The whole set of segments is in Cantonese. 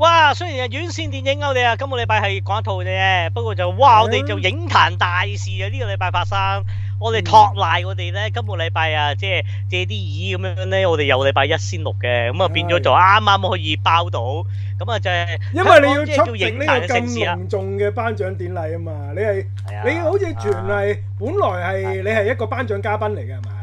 哇！雖然係院線電影我哋啊，今個禮拜係講一套啫。不過就哇，我哋就影壇大事啊！呢、呢個禮拜發生，我哋托賴我哋咧、嗯。今個禮拜啊，即係借啲耳咁樣咧，我哋有禮拜一先錄嘅，咁啊變咗就啱啱可以包到。咁啊就，就啊、就係、的因為你要出影壇大事隆重嘅頒獎典禮啊嘛，你係、啊、你好似全係、啊、本來係、啊、你係一個頒獎嘉賓嚟嘅係嘛？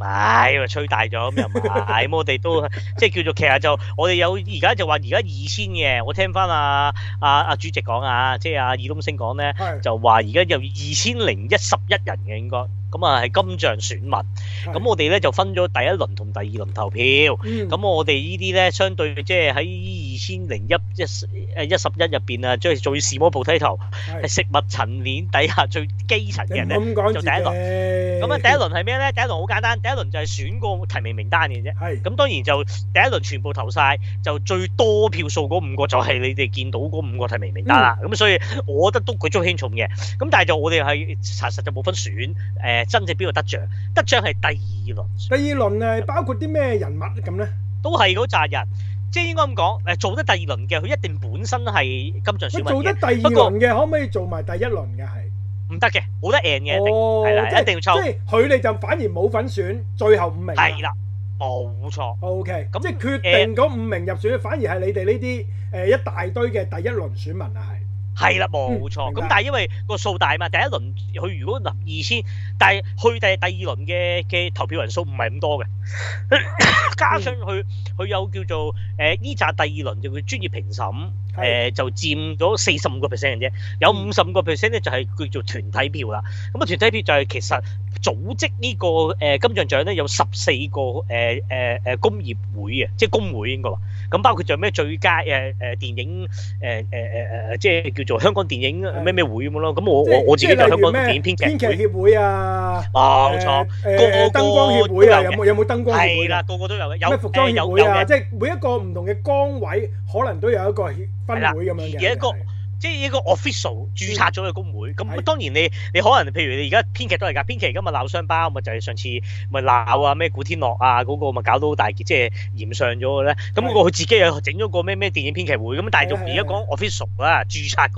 唔係，吹大咗咁又唔係， 我哋都即係叫做，其實就我哋有而家就話而家二千嘅，我聽翻阿、啊啊啊、主席講啊，即係阿爾冬陞講咧，就話而家有二千零一十一人嘅應該。咁啊，係金像選民，咁我哋咧就分咗第一輪同第二輪投票、嗯。咁我哋呢啲咧，相對即係喺二千零一一一十一入面啊，即、就、係、是、最市模步梯頭係食物層鏈底下最基層嘅人咧，就第一輪。咁啊，第一輪係咩咧？第一輪好簡單，第一輪就係選個提名名單嘅啫。咁當然就第一輪全部投晒，就最多票數嗰五個就係你哋見到嗰五個提名名單啦。咁、嗯、所以，我覺得都舉足輕重嘅。咁但係就我哋係查實就冇分選、呃誒真正邊個得獎？得獎係第二輪。第二輪誒包括啲咩人物咧咁咧？都係嗰扎人，即係應該咁講誒，做得第二輪嘅佢一定本身係金像選民嘅。做得第二輪嘅可唔可以做埋第一輪嘅？係唔得嘅，冇得贏嘅，係啦，一定要抽。即係佢哋就反而冇份選最後五名。係啦，冇錯。OK，咁即係決定嗰五名入選，反而係你哋呢啲誒一大堆嘅第一輪選民啊，係。係啦，冇錯。咁、嗯、但係因為個數大嘛，第一輪佢如果攬二千，但係去第第二輪嘅嘅投票人數唔係咁多嘅， 加上佢佢有叫做誒呢扎第二輪就叫專業評審。誒、呃、就佔咗四十五個 percent 啫，有五十五個 percent 咧就係、是、叫做團體票啦。咁啊團體票就係其實組織呢、這個誒、呃、金像獎咧有十四個誒誒誒工業會啊，即係工會應該話。咁包括仲有咩最佳誒誒電影誒誒誒誒即係叫做香港電影咩咩會咁咯。咁我我我自己就香港電影編劇,編,劇編劇協會啊。啊冇錯、呃，個個燈光協會啊有冇有冇燈光協會啊？係啦，個個都有嘅。有咩服裝協會、啊呃、有嘅，即係每一個唔同嘅崗位。可能都有一個分會咁樣嘅。即係一個 official 註冊咗嘅公會，咁當然你你可能譬如你而家編劇都係㗎，編劇今日鬧雙包，咪就係、是、上次咪鬧啊咩古天樂啊嗰、那個咪搞到好大結，即、就、係、是、炎上咗嘅咧。咁嗰個佢自己又整咗個咩咩電影編劇會，咁但係仲而家講 official 啦，註冊嗰、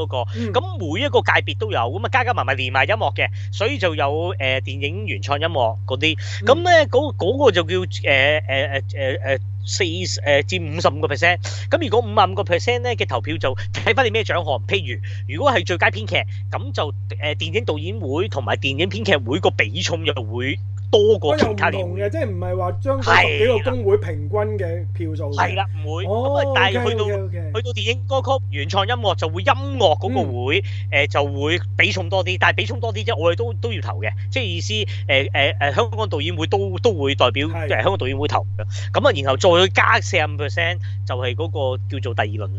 那個，咁每一個界別都有，咁啊加加埋埋連埋音樂嘅，所以就有誒、呃、電影原創音樂嗰啲，咁咧嗰個就叫誒誒誒誒誒四誒佔五十五個 percent，咁如果五十五個 percent 咧嘅投票就睇翻你咩獎項。譬如，如果係最佳編劇，咁就誒電影導演會同埋電影編劇會個比重又會多過其他年，即係唔係話將十幾個工會平均嘅票數？係啦，唔會。咁、哦、但係去到 okay, okay. 去到電影歌曲原創音樂就會音樂嗰個會、嗯呃、就會比重多啲，但係比重多啲啫。我哋都都要投嘅，即係意思誒誒誒香港導演會都都會代表香港導演會投。咁啊，然後再加四十五 percent 就係、是、嗰個叫做第二輪誒誒誒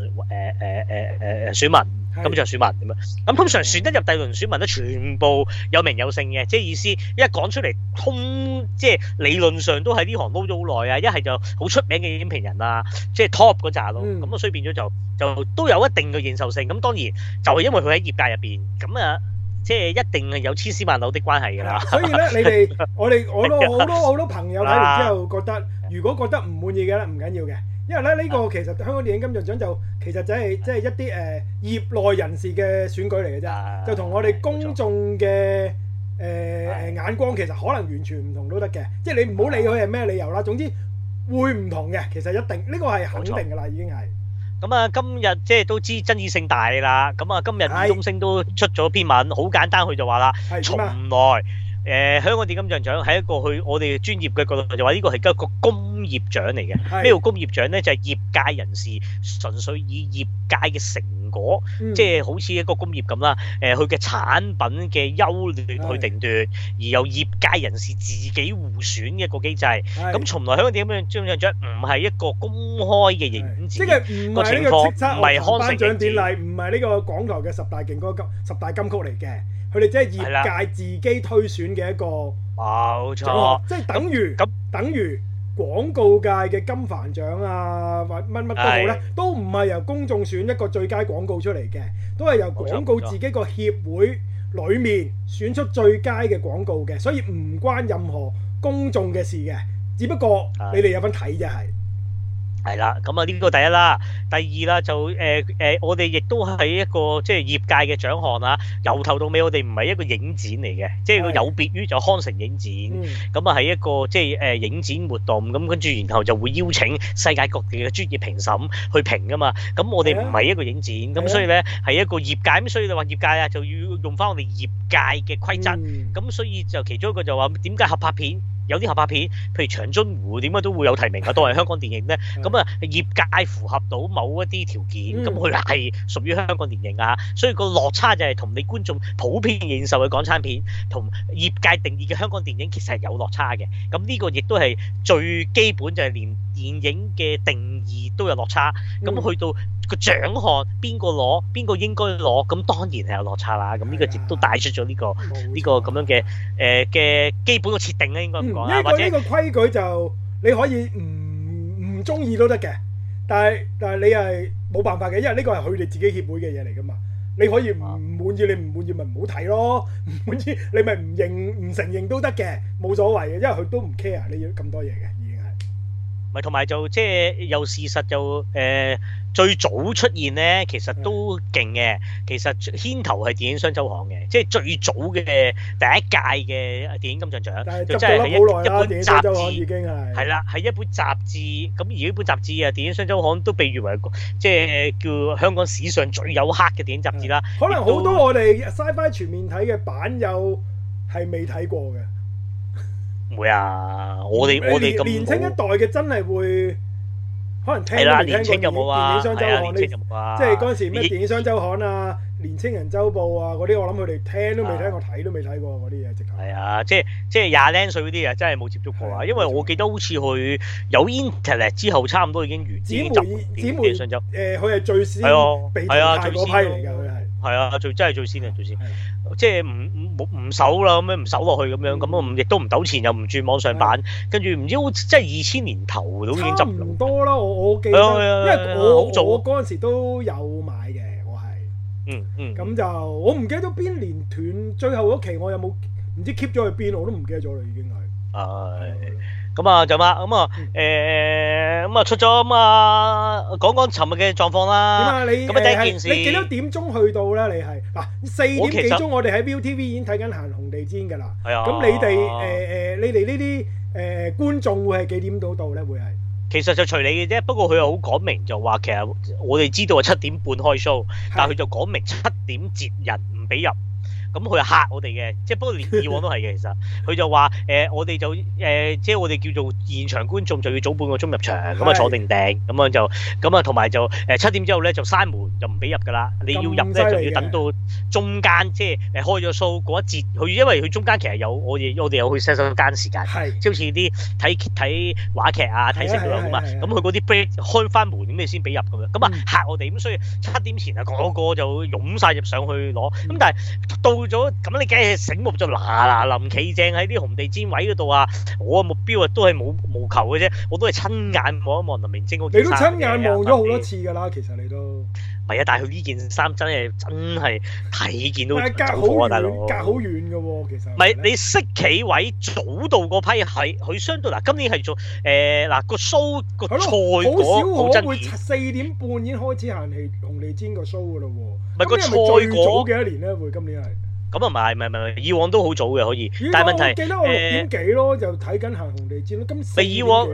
誒選民，咁就選民咁樣。咁通常選得入第二輪選民咧，全部有名有姓嘅，即係意思一講出嚟通。咁即係理論上都係呢行撈咗好耐啊，一係就好出名嘅影評人啦，即係 top 嗰扎咯。咁啊，所以變咗就就都有一定嘅認受性。咁當然就係因為佢喺業界入邊，咁啊即係一定係有千絲萬縷啲關係㗎啦。所以咧，你哋我哋我都好多好多朋友睇完之後覺得，如果覺得唔滿意嘅咧，唔緊要嘅，因為咧呢個其實香港電影金像獎就其實就係即係一啲誒業內人士嘅選舉嚟嘅啫，就同我哋公眾嘅。誒、呃、誒眼光其實可能完全唔同都得嘅，即係你唔好理佢係咩理由啦。總之會唔同嘅，其實一定呢個係肯定嘅啦，已經係。咁啊，今日即係都知道爭議性大啦。咁啊，今日李東升都出咗篇文，好簡單，佢就話啦，從來誒、呃、香港電金像獎獎喺一個去我哋專業嘅角度就話呢個係一個工業獎嚟嘅。咩叫工業獎咧？就係、是、業界人士純粹以業界嘅成果即係好似一個工業咁啦，誒佢嘅產品嘅優劣去定奪，而有業界人士自己互選嘅一個機制，咁從來香港電影金像獎唔係一個公開嘅認字，即係唔係呢個政策，唔係康成獎，唔係呢個廣球嘅十大勁歌金十大金曲嚟嘅，佢哋即係業界自己推選嘅一個，冇錯，即係等於咁，等於。廣告界嘅金帆獎啊，或乜乜都好咧，都唔係由公眾選一個最佳廣告出嚟嘅，都係由廣告自己個協會裏面選出最佳嘅廣告嘅，所以唔關任何公眾嘅事嘅，只不過你哋有份睇啫係。係啦，咁啊呢個第一啦，第二啦就誒誒，我哋亦都係一個即係業界嘅獎項啊。由頭到尾，我哋唔係一個影展嚟嘅，即係有別於就康城影展。咁啊係一個即係誒影展活動，咁跟住然後就會邀請世界各地嘅專業評審去評㗎嘛。咁我哋唔係一個影展，咁所以咧係一個業界，咁所以你話業界啊，就要用返我哋業界嘅規則。咁、嗯、所以就其中一個就話點解合拍片？有啲合拍片，譬如長津湖點解都會有提名啊，當係香港電影呢，咁、嗯、啊，咁業界符合到某一啲條件，咁佢係屬於香港電影啊。所以個落差就係同你觀眾普遍認受嘅港產片，同業界定義嘅香港電影其實係有落差嘅。咁呢個亦都係最基本就係、係、連電影嘅定義都有落差。咁、嗯、去到個獎項邊個攞，邊個應該攞，咁當然係有落差啦。咁、嗯、呢個亦都帶出咗呢、個呢、個咁樣嘅誒嘅基本嘅設定咧，應該。呢個呢個規矩就你可以唔唔中意都得嘅，但係但係你係冇辦法嘅，因為呢個係佢哋自己協會嘅嘢嚟噶嘛。你可以唔唔滿意，你唔滿意咪唔好睇咯。唔滿意你咪唔認唔承認都得嘅，冇所謂嘅，因為佢都唔 care 你要咁多嘢嘅。同埋就即係有事實就誒、呃、最早出現咧，其實都勁嘅。其實牽頭係電影雙周刊嘅，即係最早嘅第一屆嘅電影金像獎，就真係一,一本雜誌。已經係係啦，係一本雜誌。咁而呢本雜誌啊，電影雙周刊都被譽為即係叫香港史上最有黑嘅電影雜誌啦。可能好多我哋 SciFi 全面睇嘅版友係未睇過嘅。會啊！我哋我哋年年青一代嘅真係會可能聽都未聽過，年年青有、啊、電影雙周刊啲、啊啊，即係嗰陣時咩電影雙周刊啊、年青人周報啊嗰啲，我諗佢哋聽都未聽過，睇、啊、都未睇過嗰啲嘢，係啊，即係即係廿零歲嗰啲啊，真係冇接觸過啊！因為我記得好似去有 Internet 之後，差唔多已經完，紙媒紙上就誒，佢係、呃、最先係啊，最先批嚟噶，佢係、啊。係啊，最真係最先啊，最先，最先即係唔唔冇唔搜啦，咁樣唔守落去咁樣，咁、嗯、啊亦都唔糾纏又唔轉網上版，跟住唔知好即係二千年頭都已經執唔多啦，我我記得，因為我好早我嗰陣時都有買嘅，我係，嗯嗯，咁就我唔記得咗邊年斷最後嗰期，我有冇唔知 keep 咗去邊，我都唔記得咗啦，已經係。哎咁啊就，就，就嘛，咁啊誒咁啊出咗，咁啊講講尋日嘅狀況啦。點啊你？咁啊第一件事，是是是你幾多點鐘去到咧？你係嗱四點幾鐘我哋喺 ViuTV 已經睇緊《行紅地氈》噶啦。係啊。咁你哋誒誒，你哋呢啲誒觀眾會係幾點到到咧？會係其實就隨你嘅啫。不過佢又好講明就，就話其實我哋知道係七點半開 show，但係佢就講明七點接人唔俾入。咁佢嚇我哋嘅，即係不過連以往都係嘅，其實佢就話、呃、我哋就、呃、即係我哋叫做現場觀眾就要早半個鐘入場，咁 啊坐定定，咁樣就咁啊，同埋就、呃、七點之後咧就閂門，就唔俾入㗎喇。你要入咧就要等到中間， 即係開開咗 show 嗰一節，佢因為佢中間其實有我哋我哋有去洗手間時間，即 好似啲睇睇話劇啊睇成咁啊，咁佢嗰啲 break 開返門咁你先俾入咁樣，咁 啊那 嚇我哋，咁 所以七點前啊嗰、那個、個就湧晒入上去攞，咁 但係到。咗咁你梗係醒目就嗱嗱臨企正喺啲紅地氈位嗰度啊！我嘅目標啊都係冇冇球嘅啫，我都係親眼望一望林明晶嗰件衫。你都親眼望咗好多次㗎啦，其實你都。唔係啊，但係佢呢件衫真係真係睇見都走。但係大佬。隔好遠，隔好遠㗎喎，其實。唔係你識企位早到嗰批係佢相對嗱，今年係做誒嗱、呃嗰個 show 個賽果好真。四點半已經開始行起紅地氈個 show 㗎咯喎。唔係個賽果幾多年咧？會今年係。咁啊唔係唔係唔係以往都好早嘅可以，但係問題記得我六點幾咯、呃，就睇緊行紅地氈咯。咁係以往，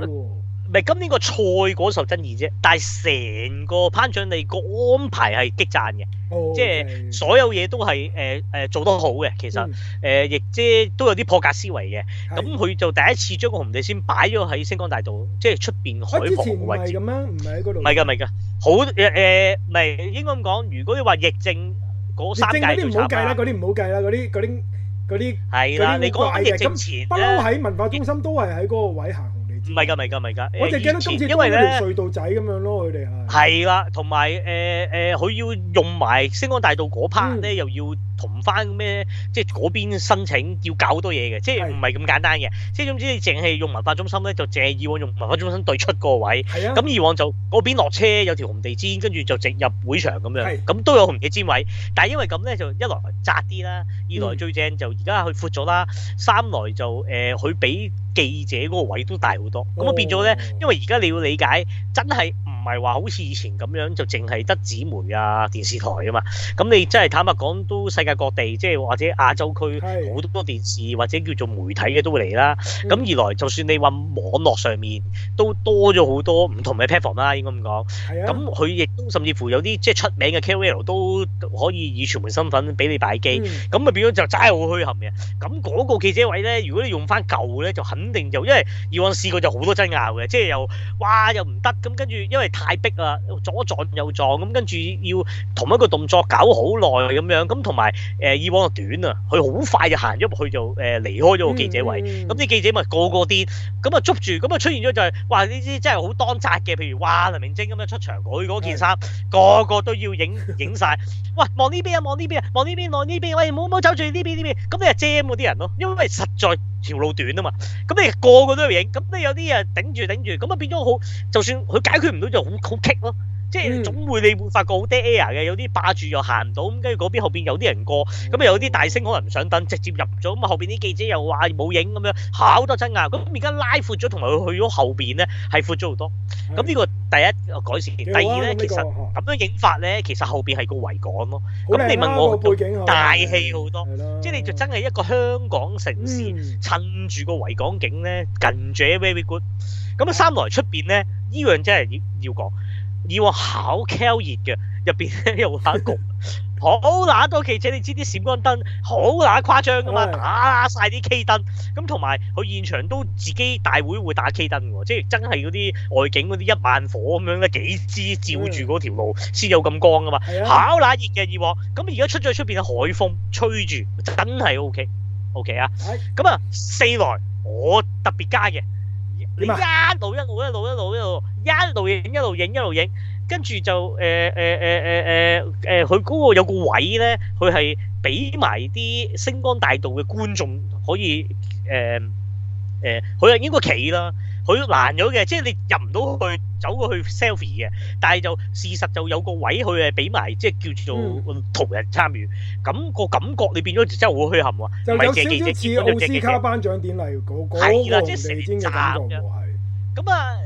咪今年個賽嗰時候爭議啫。但係成個頒獎禮個安排係激讚嘅，即、oh, 係、okay. 所有嘢都係、呃呃、做得好嘅。其實誒，亦、嗯、即、就是、都有啲破格思維嘅。咁佢、嗯、就第一次將個紅地氈擺咗喺星光大道，即係出面海旁嘅位置。唔係唔係喺嗰度。唔係㗎，唔係㗎。好咪、呃呃、應該咁講。如果你話疫症。嗰、那個、正啲唔好計啦，嗰啲唔好計啦，嗰啲嗰啲嗰啲嗰啲，你講嘅咁，不嬲喺文化中心都係喺嗰個位行。唔係㗎，唔係㗎，唔係㗎。我凈係記得總之因為咧條隧道仔咁樣咯，佢哋係係啦，同埋誒誒，佢、呃呃、要用埋星光大道嗰 part 咧，又要同翻咩即係嗰邊申請要搞好多嘢嘅，即係唔係咁簡單嘅。即係總之，你淨係用文化中心咧，就借以往用文化中心對出個位，咁以往就嗰邊落車有條紅地氈，跟住就直入會場咁樣，咁都有紅地氈位，但係因為咁咧，就一來窄啲啦，二來最正、嗯、就而家佢闊咗啦，三來就誒佢俾。呃他比記者嗰個位都大好多，咁啊變咗咧，因為而家你要理解，真係唔係話好似以前咁樣就淨係得紙媒啊電視台啊嘛，咁你真係坦白講都世界各地即係或者亞洲區好多電視或者叫做媒體嘅都會嚟啦。咁、嗯、二來就算你話網絡上面都多咗好多唔同嘅 platform 啦，應該咁講。咁佢亦都甚至乎有啲即係出名嘅 KOL 都可以以傳媒身份俾你擺機，咁、嗯、啊變咗就齋好虛陷嘅。咁嗰個記者位咧，如果你用翻舊咧就很肯定就因為以往試過就好多爭拗嘅，即係又哇又唔得咁，跟住因為太逼啦，左撞右撞咁，跟住要同一個動作搞好耐咁樣，咁同埋誒以往就短啊，佢好快就行咗入去，就誒離開咗個記者位，咁、嗯、啲、嗯、記者咪個個啲，咁啊捉住，咁啊出現咗就係、是、哇呢啲真係好當紮嘅，譬如哇黎明晶咁樣出場，佢嗰件衫個個都要影影晒，喂望呢邊啊望呢邊啊望呢邊望呢邊，喂唔好唔好走住呢邊呢邊，咁你啊遮 a 嗰啲人咯，因為實在條路短啊嘛。咁你個個都要影，咁你有啲嘢頂住頂住，咁啊變咗好，就算佢解決唔到就好好棘咯。即、嗯、係總會你會發覺好 dead air 嘅，有啲霸住又行唔到咁，跟住嗰邊後邊有啲人過咁，嗯、有啲大聲可能唔想等直接入咗咁啊。後邊啲記者又話冇影咁樣好、啊、多真啊咁。而家拉闊咗，同埋佢去咗後邊咧係闊咗好多。咁呢個第一改善，第二咧、這個、其實咁、啊、樣影法咧，其實後邊係個維港咯。咁你問我、那個、大氣好多，即係你就真係一個香港城市襯住個維港景咧，近住 very good。咁啊，三來出面咧，依樣真係要要講。以往好乸熱嘅入邊咧又打焗， 好乸多記者，你知啲閃光燈好乸誇張噶嘛，打晒啲 K 燈，咁同埋佢現場都自己大會會打 K 燈㗎，即係真係嗰啲外景嗰啲一萬火咁樣咧，幾支照住嗰條路先有咁光噶嘛，好乸熱嘅以往，咁而家出咗出邊嘅海風吹住，真係 OK OK 啊，咁啊四來我特別加嘅。你一路一路一路一路一路一路影一路影一路影，跟住就誒誒誒誒誒誒，佢、呃、嗰、呃呃呃呃、個有個位咧，佢係俾埋啲星光大道嘅觀眾可以誒誒，佢係應該企啦。佢難咗嘅，即係你入唔到去、哦，走過去 selfie 嘅。但係就事實就有個位去誒俾埋，即係叫做同人參與。咁、嗯那個感覺你變咗真係好虛冚喎，就係有少少似奧斯卡頒獎典禮嗰嗰啲啦，即係成片嘅感覺咁、就是、啊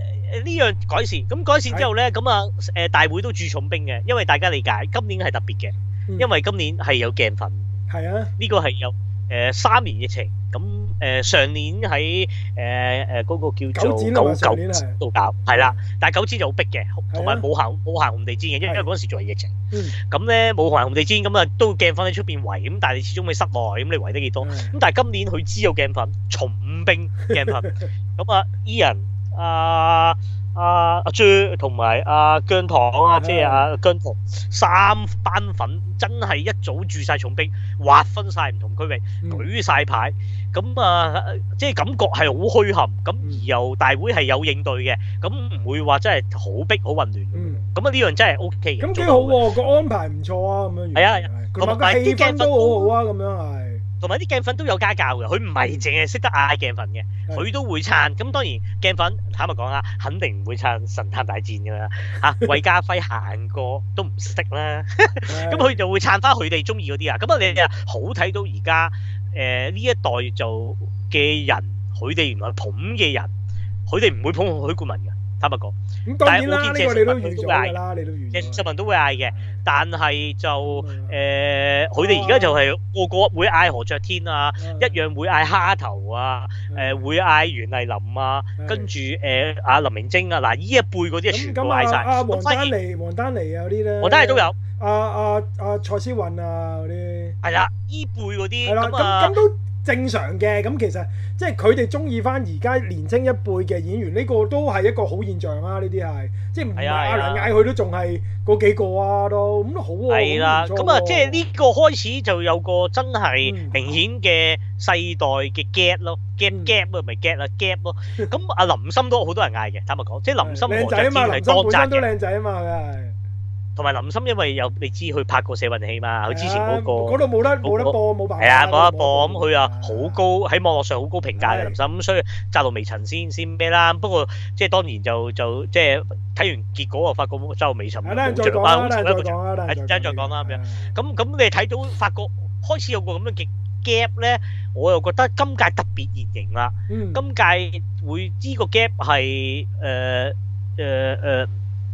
呢樣、這個、改善，咁改善之後咧，咁啊誒大會都注重兵嘅，因為大家理解今年係特別嘅、嗯，因為今年係有鏡粉。係啊，呢、這個係有。誒、呃、三年疫情，咁、呃、誒上年喺誒誒嗰個叫做 99, 九九支度搞，係啦，但係九支就好逼嘅，同埋冇行冇行紅地氈嘅，因為嗰陣時仲係疫情。咁咧冇行紅地氈，咁啊都鏡粉喺出邊圍，咁但係你始終喺室內，咁你圍得幾多？咁、啊、但係今年佢知有鏡粉，重兵鏡粉。咁 啊，Ian 啊～阿阿朱同埋阿姜糖啊，即係阿姜糖、啊啊啊、三班粉，真係一早駐晒重兵，劃分晒唔同區域，舉晒牌，咁啊，即係感覺係好墟冚，咁而又大會係有應對嘅，咁唔會話真係好逼好混亂。咁啊呢樣真係 O K 嘅，咁幾好喎、啊，個安排唔錯啊，咁樣。係啊，同埋氣氛都好好啊，咁、嗯、樣係。同埋啲鏡粉都有家教嘅，佢唔係淨係識得嗌鏡粉嘅，佢都會撐。咁當然鏡粉坦白講啦，肯定唔會撐神探大戰㗎、 啊、啦。嚇， 韋家輝行過都唔識啦。咁佢就會撐翻佢哋中意嗰啲啊。咁啊，你啊好睇到而家誒呢一代做嘅人，佢哋原來捧嘅人，佢哋唔會捧許冠文嘅。啱唔啱講？咁當然啦，呢個都嗌咗啦，你都預，市民都會嗌嘅。但係就誒，佢哋而家就係個個會嗌何卓天啊，啊一樣會嗌蝦頭啊，誒會嗌袁麗琳啊，啊跟住誒阿林明晶啊，嗱依一輩嗰啲全部嗌晒，王丹妮、王丹妮啊，嗰啲咧，王丹妮都有。阿阿阿蔡思韻啊，嗰啲係啦，依輩嗰啲係啦，咁、啊、都。正常嘅，咁其實即係佢哋鍾意返而家年青一輩嘅演員，呢個都係一個好現象啦。呢啲係即係唔係呀，阿梁嗌佢都仲係嗰幾個呀，都咁都好喎。係啦，咁啊，啊啊即係呢個開始就有個真係明顯嘅世代嘅 gap 咯、嗯，gap gap 啊、嗯，咪 gap 啦，gap 咯、嗯。咁阿 林森都好多人嗌嘅，坦白講，即 係林森靚仔嘛，嚟多爭都靚仔嘛。同埋林，、啊那個啊啊、林森，因為有你知佢拍過《社運戲》嘛，佢之前嗰個嗰度冇得冇得播，冇辦法，係啊冇得播。咁佢啊好高喺網絡上好高評價嘅林森咁，所以窄路微塵先先咩啦。不過即係當然就就即係睇完結果啊，我發覺窄路微塵。好啦、啊，再講啦，好啦，再講啦，係再講啦咁樣咁咁，啊、你睇到發覺開始有個咁嘅極 gap 咧，我又覺得今屆特別現形啦、嗯。今屆會呢個 gap 係誒誒誒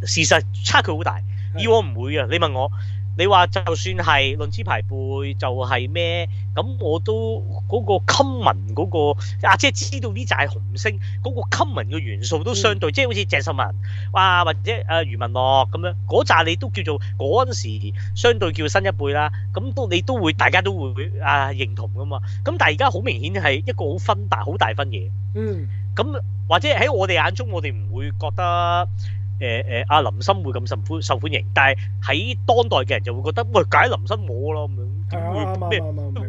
事實差距好大。以我唔會啊！你問我，你話就算係論資排輩，就係咩？咁我都嗰個 common 嗰個啊，即係知道呢紮係紅星，嗰個 common 嘅元素都相對，嗯、即係好似鄭秀文哇，或者啊、呃、余文樂咁樣嗰扎，你都叫做嗰陣時相對叫新一輩啦。咁都你都會大家都會啊認同噶嘛。咁但係而家好明顯係一個好分但係好大分野。嗯。咁或者喺我哋眼中，我哋唔會覺得。誒誒，阿林森會咁受歡受歡迎，但係喺當代嘅人就會覺得，喂，解林森我啦，點會咩？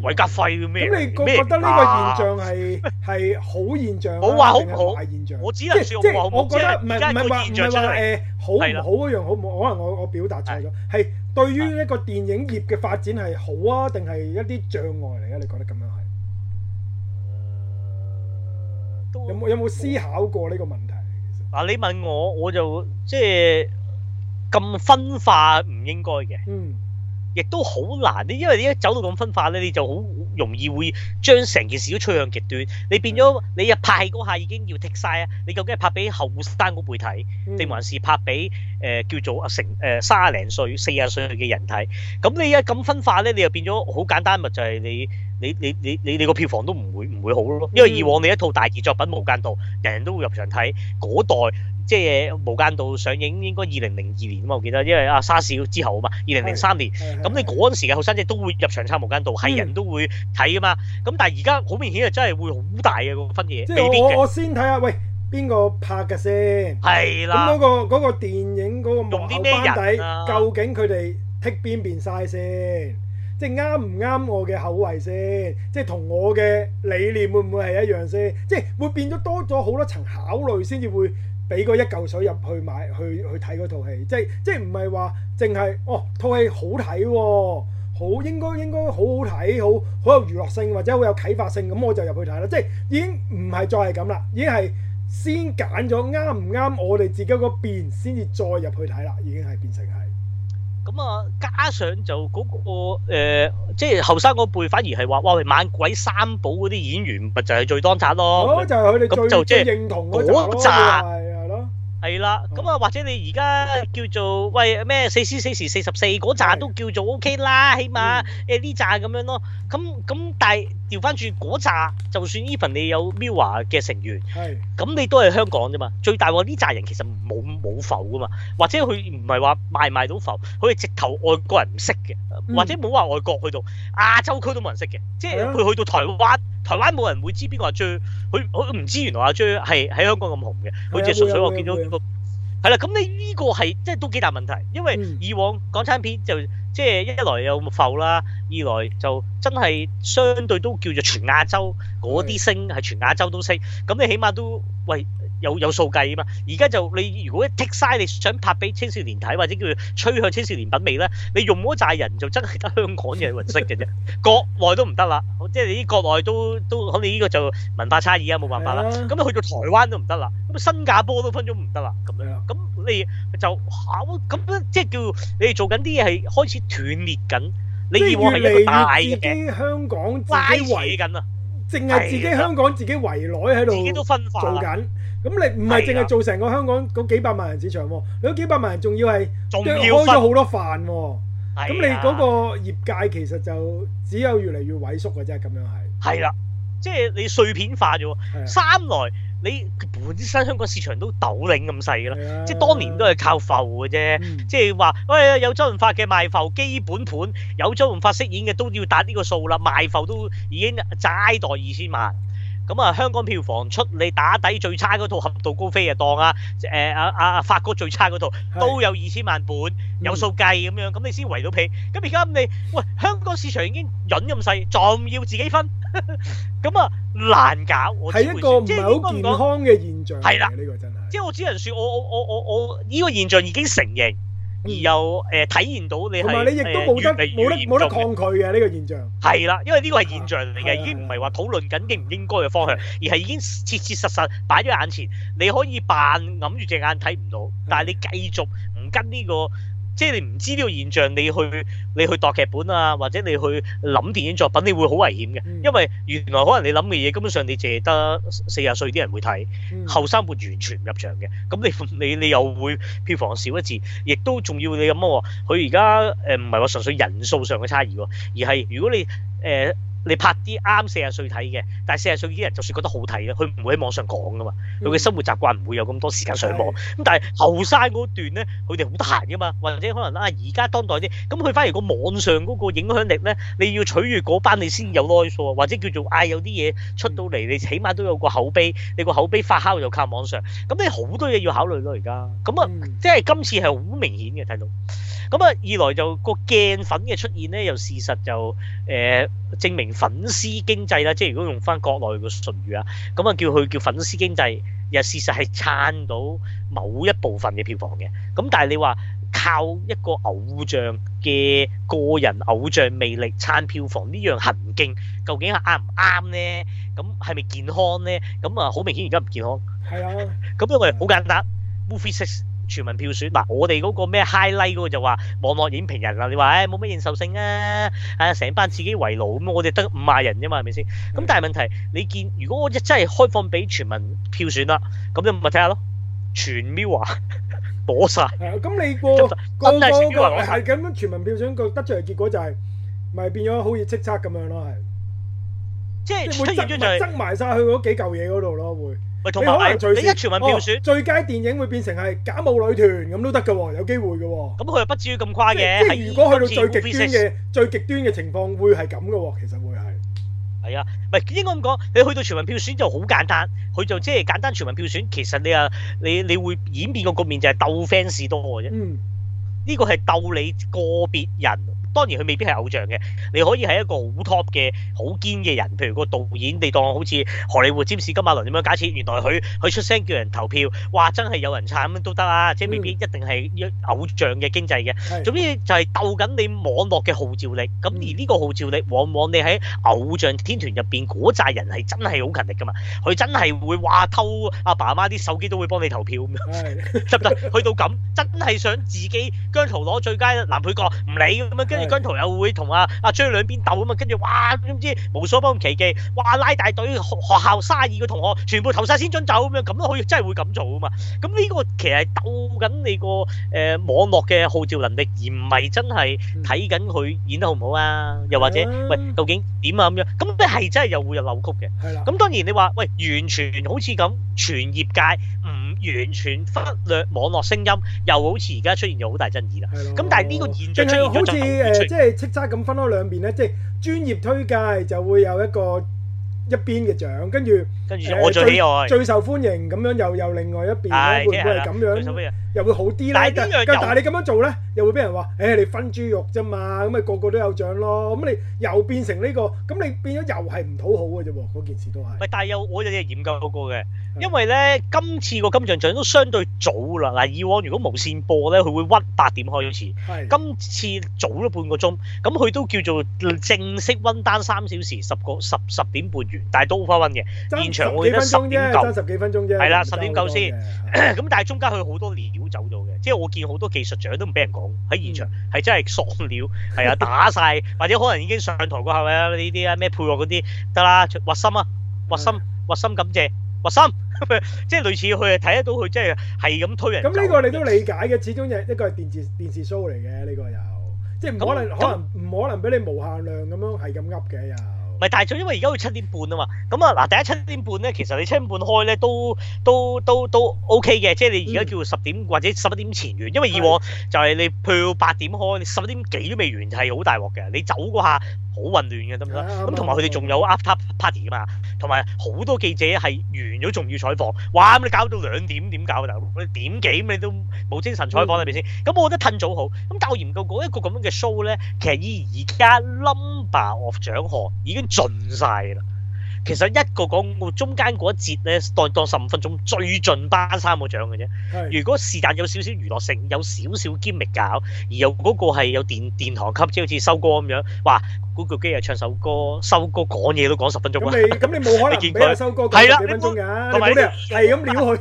韋家輝咩？咁你覺覺得呢個現象係係好現象？我話好唔好現象。我只能算我話好啫。即係個現象真係。係啦。好唔好一樣好唔好？可能我我表達錯咗。係對於一個電影業嘅發展係好啊，定係一啲障礙嚟啊？你覺得咁樣係？有冇有冇思考過呢個問題？嗱，你問我，我就即係咁分化，唔應該嘅。嗯亦都好難，你因為你一走到咁分化咧，你就好容易會將成件事都趨向極端。你變咗你一拍嗰下已經要剔晒，啊！你究竟係拍俾後生嗰輩睇，定、嗯、還是拍俾誒、呃、叫做啊成誒、呃、三廿零歲、四廿歲嘅人睇？咁你一咁分化咧，你又變咗好簡單咪就係、是、你你你你你你個票房都唔會唔會好咯。因為以往你一套大熱作品《無間道》，人人都會入場睇。嗰代即係《無間道》上映應該二零零二年嘛，我記得，因為阿沙士之後啊嘛，二零零三年。嗯嗯。咁你嗰陣時嘅後生仔都會入長衫無間道，係人都會睇啊嘛。咁但係而家好明顯啊，真係會好大嘅個分野。未必嘅。即係我我先睇下，喂，邊個拍嘅先？係啦。咁嗰、嗰個嗰、嗰個、電影嗰個幕後班底、啊，究竟佢哋剔邊邊晒先？即係啱唔啱我嘅口味先？即係同我嘅理念會唔會係一樣先？即係會變咗多咗好多層考慮先至會。俾個一嚿水入去買去去睇嗰套戲，即係即係唔係話淨係哦套戲好睇喎、哦，好應該應該好好睇，好好有娛樂性或者好有啟發性，咁我就入去睇啦。即係已經唔係再係咁啦，已經係先揀咗啱唔啱我哋自己嗰邊，先至再入去睇啦。已經係變成係咁啊！加上就嗰、嗰個、呃、即係後生嗰輩反而係話哇，猛鬼三寶嗰啲演員咪就係、係、最當紮咯，就係佢哋最認同嗰紮。係啦，咁啊，或者你而家叫做喂咩四時四時四,四十四嗰扎都叫做 O、OK、K 啦，起碼呢扎咁樣咯。咁咁但係調翻轉嗰扎，就算 Even 你有 Mirror 嘅成員，咁、嗯、你都係香港啫嘛。最大鑊呢扎人其實冇冇浮噶嘛，或者佢唔係話賣賣到浮，佢係直頭外國人唔識嘅，或者冇話外國去到亞洲區都冇人識嘅、嗯，即係佢去到台灣。台灣冇人會知邊個阿 Jay 佢佢唔知原來阿 Jay 係喺香港咁紅嘅，佢就純粹我見到個係啦。咁、嗯、你呢個係即係都幾大問題，因為以往港產片就即係一來冇浮啦，二來就真係相對都叫做全亞洲嗰啲星係全亞洲都識，咁你起碼都喂。有有數計啊嘛！而家就你如果一剔曬，你想拍俾青少年睇，或者叫佢吹向青少年品味咧，你用好扎人就真係得香港嘅形式嘅啫， 國內都唔得啦，即係啲國內都都可能依個就文化差異沒啊，冇辦法啦。咁啊去到台灣都唔得啦，咁新加坡都分咗唔得啦，咁樣咁你就好咁即係叫你哋做緊啲嘢係開始斷裂緊。你以往係一個大嘅香港自己圍緊啊，淨係自，自己香港自己圍內喺度、啊、自己都分化緊。咁你唔係淨係做成個香港嗰幾百萬人市場喎？你嗰、啊、幾百萬人仲要係仲要要咗好多飯喎、啊？咁、啊、你嗰個業界其實就只有越嚟越萎縮嘅啫，咁樣係。係啦、啊，即、就、係、是、你碎片化咗、啊。三來，你本身香港市場都斗零咁細啦，即係當年都係靠埠嘅啫，即係話喂，有周潤發嘅賣埠基本盤，有周潤發飾演嘅都要打呢個數啦，賣埠都已經齋袋二千萬。咁啊，香港票房出你打底最差嗰套《俠盜高飛當啊》啊檔啊，誒啊啊發哥最差嗰套都有二千萬本，有數計咁樣，咁、嗯、你先圍到皮。咁而家你，喂，香港市場已經韌咁細，仲要自己分，咁 啊難搞。我只能講，係一個唔健康嘅現象。係、就、啦、是，呢、這個真係。即、就、係、是、我只能説，我我我我我呢個現象已經承認。嗯、而又誒、呃、體現到你係冇得冇得冇得抗拒嘅呢個現象係啦，因為呢個係現象嚟嘅、啊，已經唔係話討論緊應唔應該嘅方向，而係已經切切實實擺咗眼前。你可以扮揞住隻眼睇唔到，但係你繼續唔跟呢個。即係你唔知呢個現象，你去你去度劇本啊，或者你去諗電影作品，你會好危險嘅。嗯、因為原來可能你諗嘅嘢根本上你淨係得四十歲啲人會睇，後生輩完全唔入場嘅。咁你你你又會票房少一次，亦都仲要你咁啊！佢而家誒唔係話純粹人數上嘅差異喎，而係如果你誒。呃你拍啲啱四十歲睇嘅，但四十歲啲人就算覺得好睇咧，佢唔會喺網上講噶嘛。佢、嗯、嘅生活習慣唔會有咁多時間上網。咁但係後生嗰段咧，佢哋好得閒噶嘛，或者可能啊，而家當代啲，咁佢反而個網上嗰個影響力咧，你要取悅嗰班你先有囉嗦，啊，或者叫做嗌有啲嘢出到嚟、嗯，你起碼都有個口碑，你個口碑發酵就靠網上。咁你好多嘢要考慮咯，而家咁啊，即係今次係好明顯嘅睇到。咁啊，二來就、嗰個鏡粉嘅出現咧，又事實就、呃、證明。粉絲經濟啦，即係如果用翻國內嘅術語啊，咁啊叫佢叫粉絲經濟，又事實係撐到某一部分嘅票房嘅。咁但係你話靠一個偶像嘅個人偶像魅力撐票房呢樣行徑，究竟係啱唔啱呢？咁係咪健康呢？咁啊好明顯而家唔健康。係啊，咁因為好簡單。嗯、Movie six。全民票選嗱、啊，我哋嗰個咩 highlight 嗰個就話網絡影評人啦、啊，你話誒冇乜認受性啊，誒、啊、成班自己圍爐咁，我哋得五萬人啫嘛，係咪先？咁但係問題，你見如果我一真係開放俾全民票選啦，咁就咪睇下咯，全 MIRROR 攞曬。咁、啊、你個、那個個係咁樣全民票選個得出嚟結果就係、是、咪變咗好似叱咤咁樣咯？係，即係、就是、會爭埋爭埋曬去嗰幾嚿嘢嗰度咯，會。喂，同埋你一全民票選、哦，最佳電影會變成係假冒女團咁都得㗎喎，有機會㗎。咁佢又不至於咁誇嘅。即係如果去到最極端嘅最極端嘅情況，會係咁㗎？其實會係係啊，唔係應該咁講。你去到全民票選就好簡單，佢就即係簡單全民票選。其實你啊，你你會演變個局面就係鬥 fans 多嘅啫。嗯、呢、這個係鬥你個別人。當然佢未必係偶像嘅，你可以係一個好 top 嘅、好堅嘅人，譬如個導演，你當好似荷里活占士金馬倫咁樣，假設原來佢佢出聲叫人投票，話真係有人撐咁都得啦，即係未必一定係偶像嘅經濟嘅。總之就係鬥緊你網絡嘅號召力。咁而呢個號召力，往往你喺偶像天團入邊嗰扎人係真係好勤力噶嘛，佢真係會話偷阿爸阿媽啲手機都會幫你投票咁 樣，得唔得？去到咁真係想自己姜濤攞最佳男配角，唔理咁樣。姜濤又會同阿阿張兩邊鬥啊嘛，跟住哇，知知無所不用其技，哇拉大隊學校卅二嘅同學全部投晒先准走咁樣，咁都可以真係會咁做啊嘛，咁呢個其實鬥緊你個誒網絡嘅號召能力，而唔係真係睇緊佢演得好唔好啊，又或者、嗯、喂究竟點啊咁樣，咁都係真係又會有扭曲嘅。咁當然你話喂完全好似咁全業界唔。完全忽略網絡聲音，又好似而家出現咗好大爭議啦。咁但係呢個現象出現好似、呃、即係叱咤咁分開兩邊呢，即係專業推介就會有一個。一邊嘅獎，跟住跟住我最喜愛最,最受歡迎咁樣又，又又另外一邊，會唔會係咁樣，又會好啲咧？但係咁，但係你咁樣做咧，又會俾人話，誒、哎、你分豬肉啫嘛，咁咪個個都有獎咯，咁你又變成呢、這個，咁你變咗又係唔討好嘅啫喎，嗰件事都係。唔係，但係有我有係研究嗰嘅，因為咧今次個金像獎都相對早啦。嗱，以往如果無線播咧，佢會屈八點開始，今次早咗半個鐘，咁佢都叫做正式温單三小時，十個十十點半完。但係都好快完嘅，現場我記得十點九，三十幾分鐘啫，係啦，十點九先。咁但係中間佢好多料走咗嘅，即係我見好多技術獎都唔俾人講喺現場是真的了，係真係縮料，係啊，打晒， 或者可能已經上台過係咪啊？呢啲啊咩配樂嗰啲得啦，衷心啊，衷心，衷心感謝，衷心，即 係類似佢睇得到佢即係係咁推人。咁呢個你都理解嘅，始終又一個係電視電視 show 嚟嘅呢個又，即係唔可能，可能唔可能俾你無限量咁樣係咁噏嘅又。唔係大早，因為而家要七點半啊嘛，咁啊嗱，第一七點半咧，其實你七點半開咧都都都都 O K 嘅，即係你而家叫做十點、嗯、或者十一點前完，因為以往就係你譬如八點開，你十一點幾都未完就係好大鑊嘅，你走嗰下。好混亂嘅咁樣，咁同埋佢哋仲有 after party 嘛，同埋好多記者係完咗仲要採訪，哇！你、嗯、搞到兩點點搞，大佬，你點幾咁你都冇精神採訪係咪先？咁、嗯啊、我覺得吞早好。咁教研究嗰一個咁樣嘅 show 咧，其實依而家 number of 獎項已經盡晒啦。其實一個講過中間嗰一節咧，當當十五分鐘最盡頒三個獎嘅啫。如果時間有少少娛樂性，有少少 gamey 搞，而又嗰個係有電電台級，即係好似收歌咁樣。哇，古巨基又唱首歌，收歌講嘢都講十分鐘啦。咁你冇可能俾佢？係啦，幾分鐘㗎？係咁撩佢。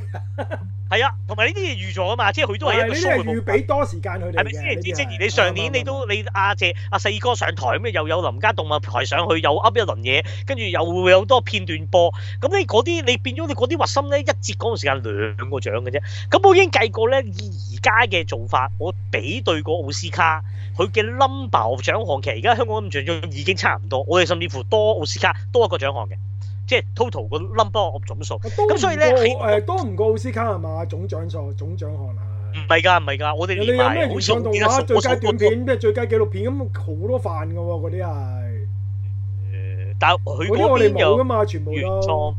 係啊，同埋呢啲嘢預咗啊嘛，即係佢都係一個縮嘅部分。你多時間佢哋嘅。係咪先？即係你上年你都、嗯、你阿姐阿四哥上台咁，又有林家動物台上去，又 u p 一輪嘢，跟住又會有多片段播。咁你嗰啲你變咗你嗰啲核心咧，一節嗰個時間兩個獎嘅啫。咁我已經計過咧，以而家嘅做法，我比對過奧斯卡佢嘅 number 獎項期，而家香港咁長咗已經差唔多。我哋甚至乎多奧斯卡多一個獎項嘅。即係 total 個 number，總數。咁所以咧，誒都唔過奧斯卡係嘛？總獎數、總獎項啊。唔係㗎，唔係㗎，我哋連埋好長動畫、最佳短片、咩最佳紀錄片，咁好多飯㗎喎嗰啲係。誒，但佢嗰邊冇㗎嘛，全部都。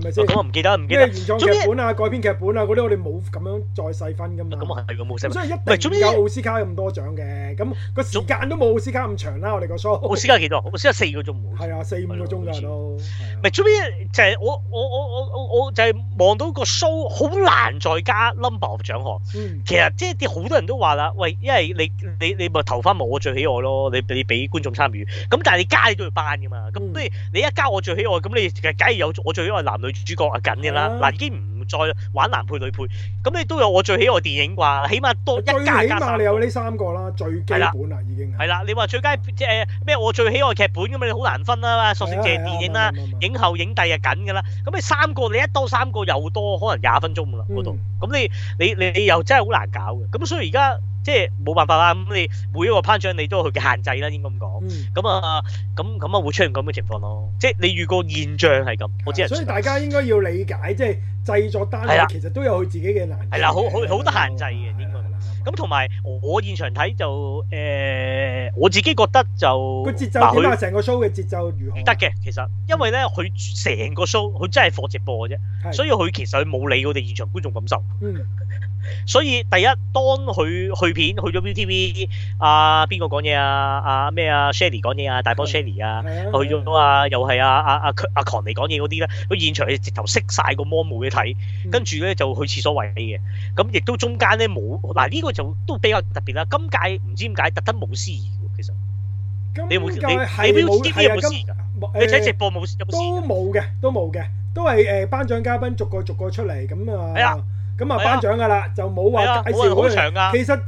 咁、嗯、我唔記得，唔記得。咩原創劇本啊、改編劇本啊嗰啲，我哋冇咁樣再細分噶嘛。咁我係，咁、啊，冇、嗯啊嗯、細分。所以一定、那個、有奧斯卡咁多獎嘅。咁個時間都冇奧斯卡咁長啦。我哋個 show。奧斯卡幾多？奧斯卡四個鐘。係啊，四五個鐘咁多。唔係，總之就係、係、我我我我我就係望到個 show 好難再加 number 獎項，嗯。其實即係啲好多人都話啦，喂，因為你你你咪投翻我最喜愛咯，你你俾觀眾參與。咁但係你加你都要頒噶嘛。咁不如你一加我最喜愛，咁你假如有我最喜愛男女主角啊梗嘅啦，嗱已經唔。Huh? 再玩男配女配，咁你都有我最喜愛的電影啩？起碼多一格你有呢三個啦，最基本啦已經。係啦，你話最佳即係咩？我最喜愛的劇本咁啊，你好難分啦。索性借電影啦，影後影帝係緊㗎啦。咁你三個你一多三個又多，可能廿分鐘㗎啦，嗰度。咁、嗯、你你你你又真係好難搞嘅。咁所以而家即係冇辦法啦。咁你每一個頒獎你都有佢嘅限制啦，應該咁講。咁、嗯、啊，咁咁啊會出現咁嘅情況咯。即係你遇過現象係咁，我只能。所以大家應該要理解即係、就是、製作。係啦，其實都有佢自己嘅難度。係、嗯、啦，好好好多限制嘅，應該咁，同埋我我現場睇就誒、呃，我自己覺得就個節奏點啊，成個 show 嘅節奏如何？得嘅，其實因為咧，佢成個 show 佢真係放直播嘅啫，所以佢其實佢冇理我哋現場觀眾感受。嗯所以第一，當佢去片去咗 VTV，阿邊個講嘢啊？阿咩啊 Sherry 講嘢啊？大波 Sherry 啊，去咗啊，又係啊，阿阿阿狂嚟講嘢嗰啲咧。佢現場係直頭熄晒個芒，冇嘢睇，跟住咧就去廁所圍嘅。咁亦都中間咧冇。嗱，呢個就都比較特別啦、啊。今屆唔知點解特登冇司儀嘅。其實你有冇你你 VTV 冇司儀㗎？你睇直播冇都冇嘅，都冇嘅，都係誒頒獎嘉賓逐個逐個，逐個出嚟咁、uh... 啊。咁啊，頒獎噶啦，就冇話介紹好、啊、長噶、啊。其實、啊、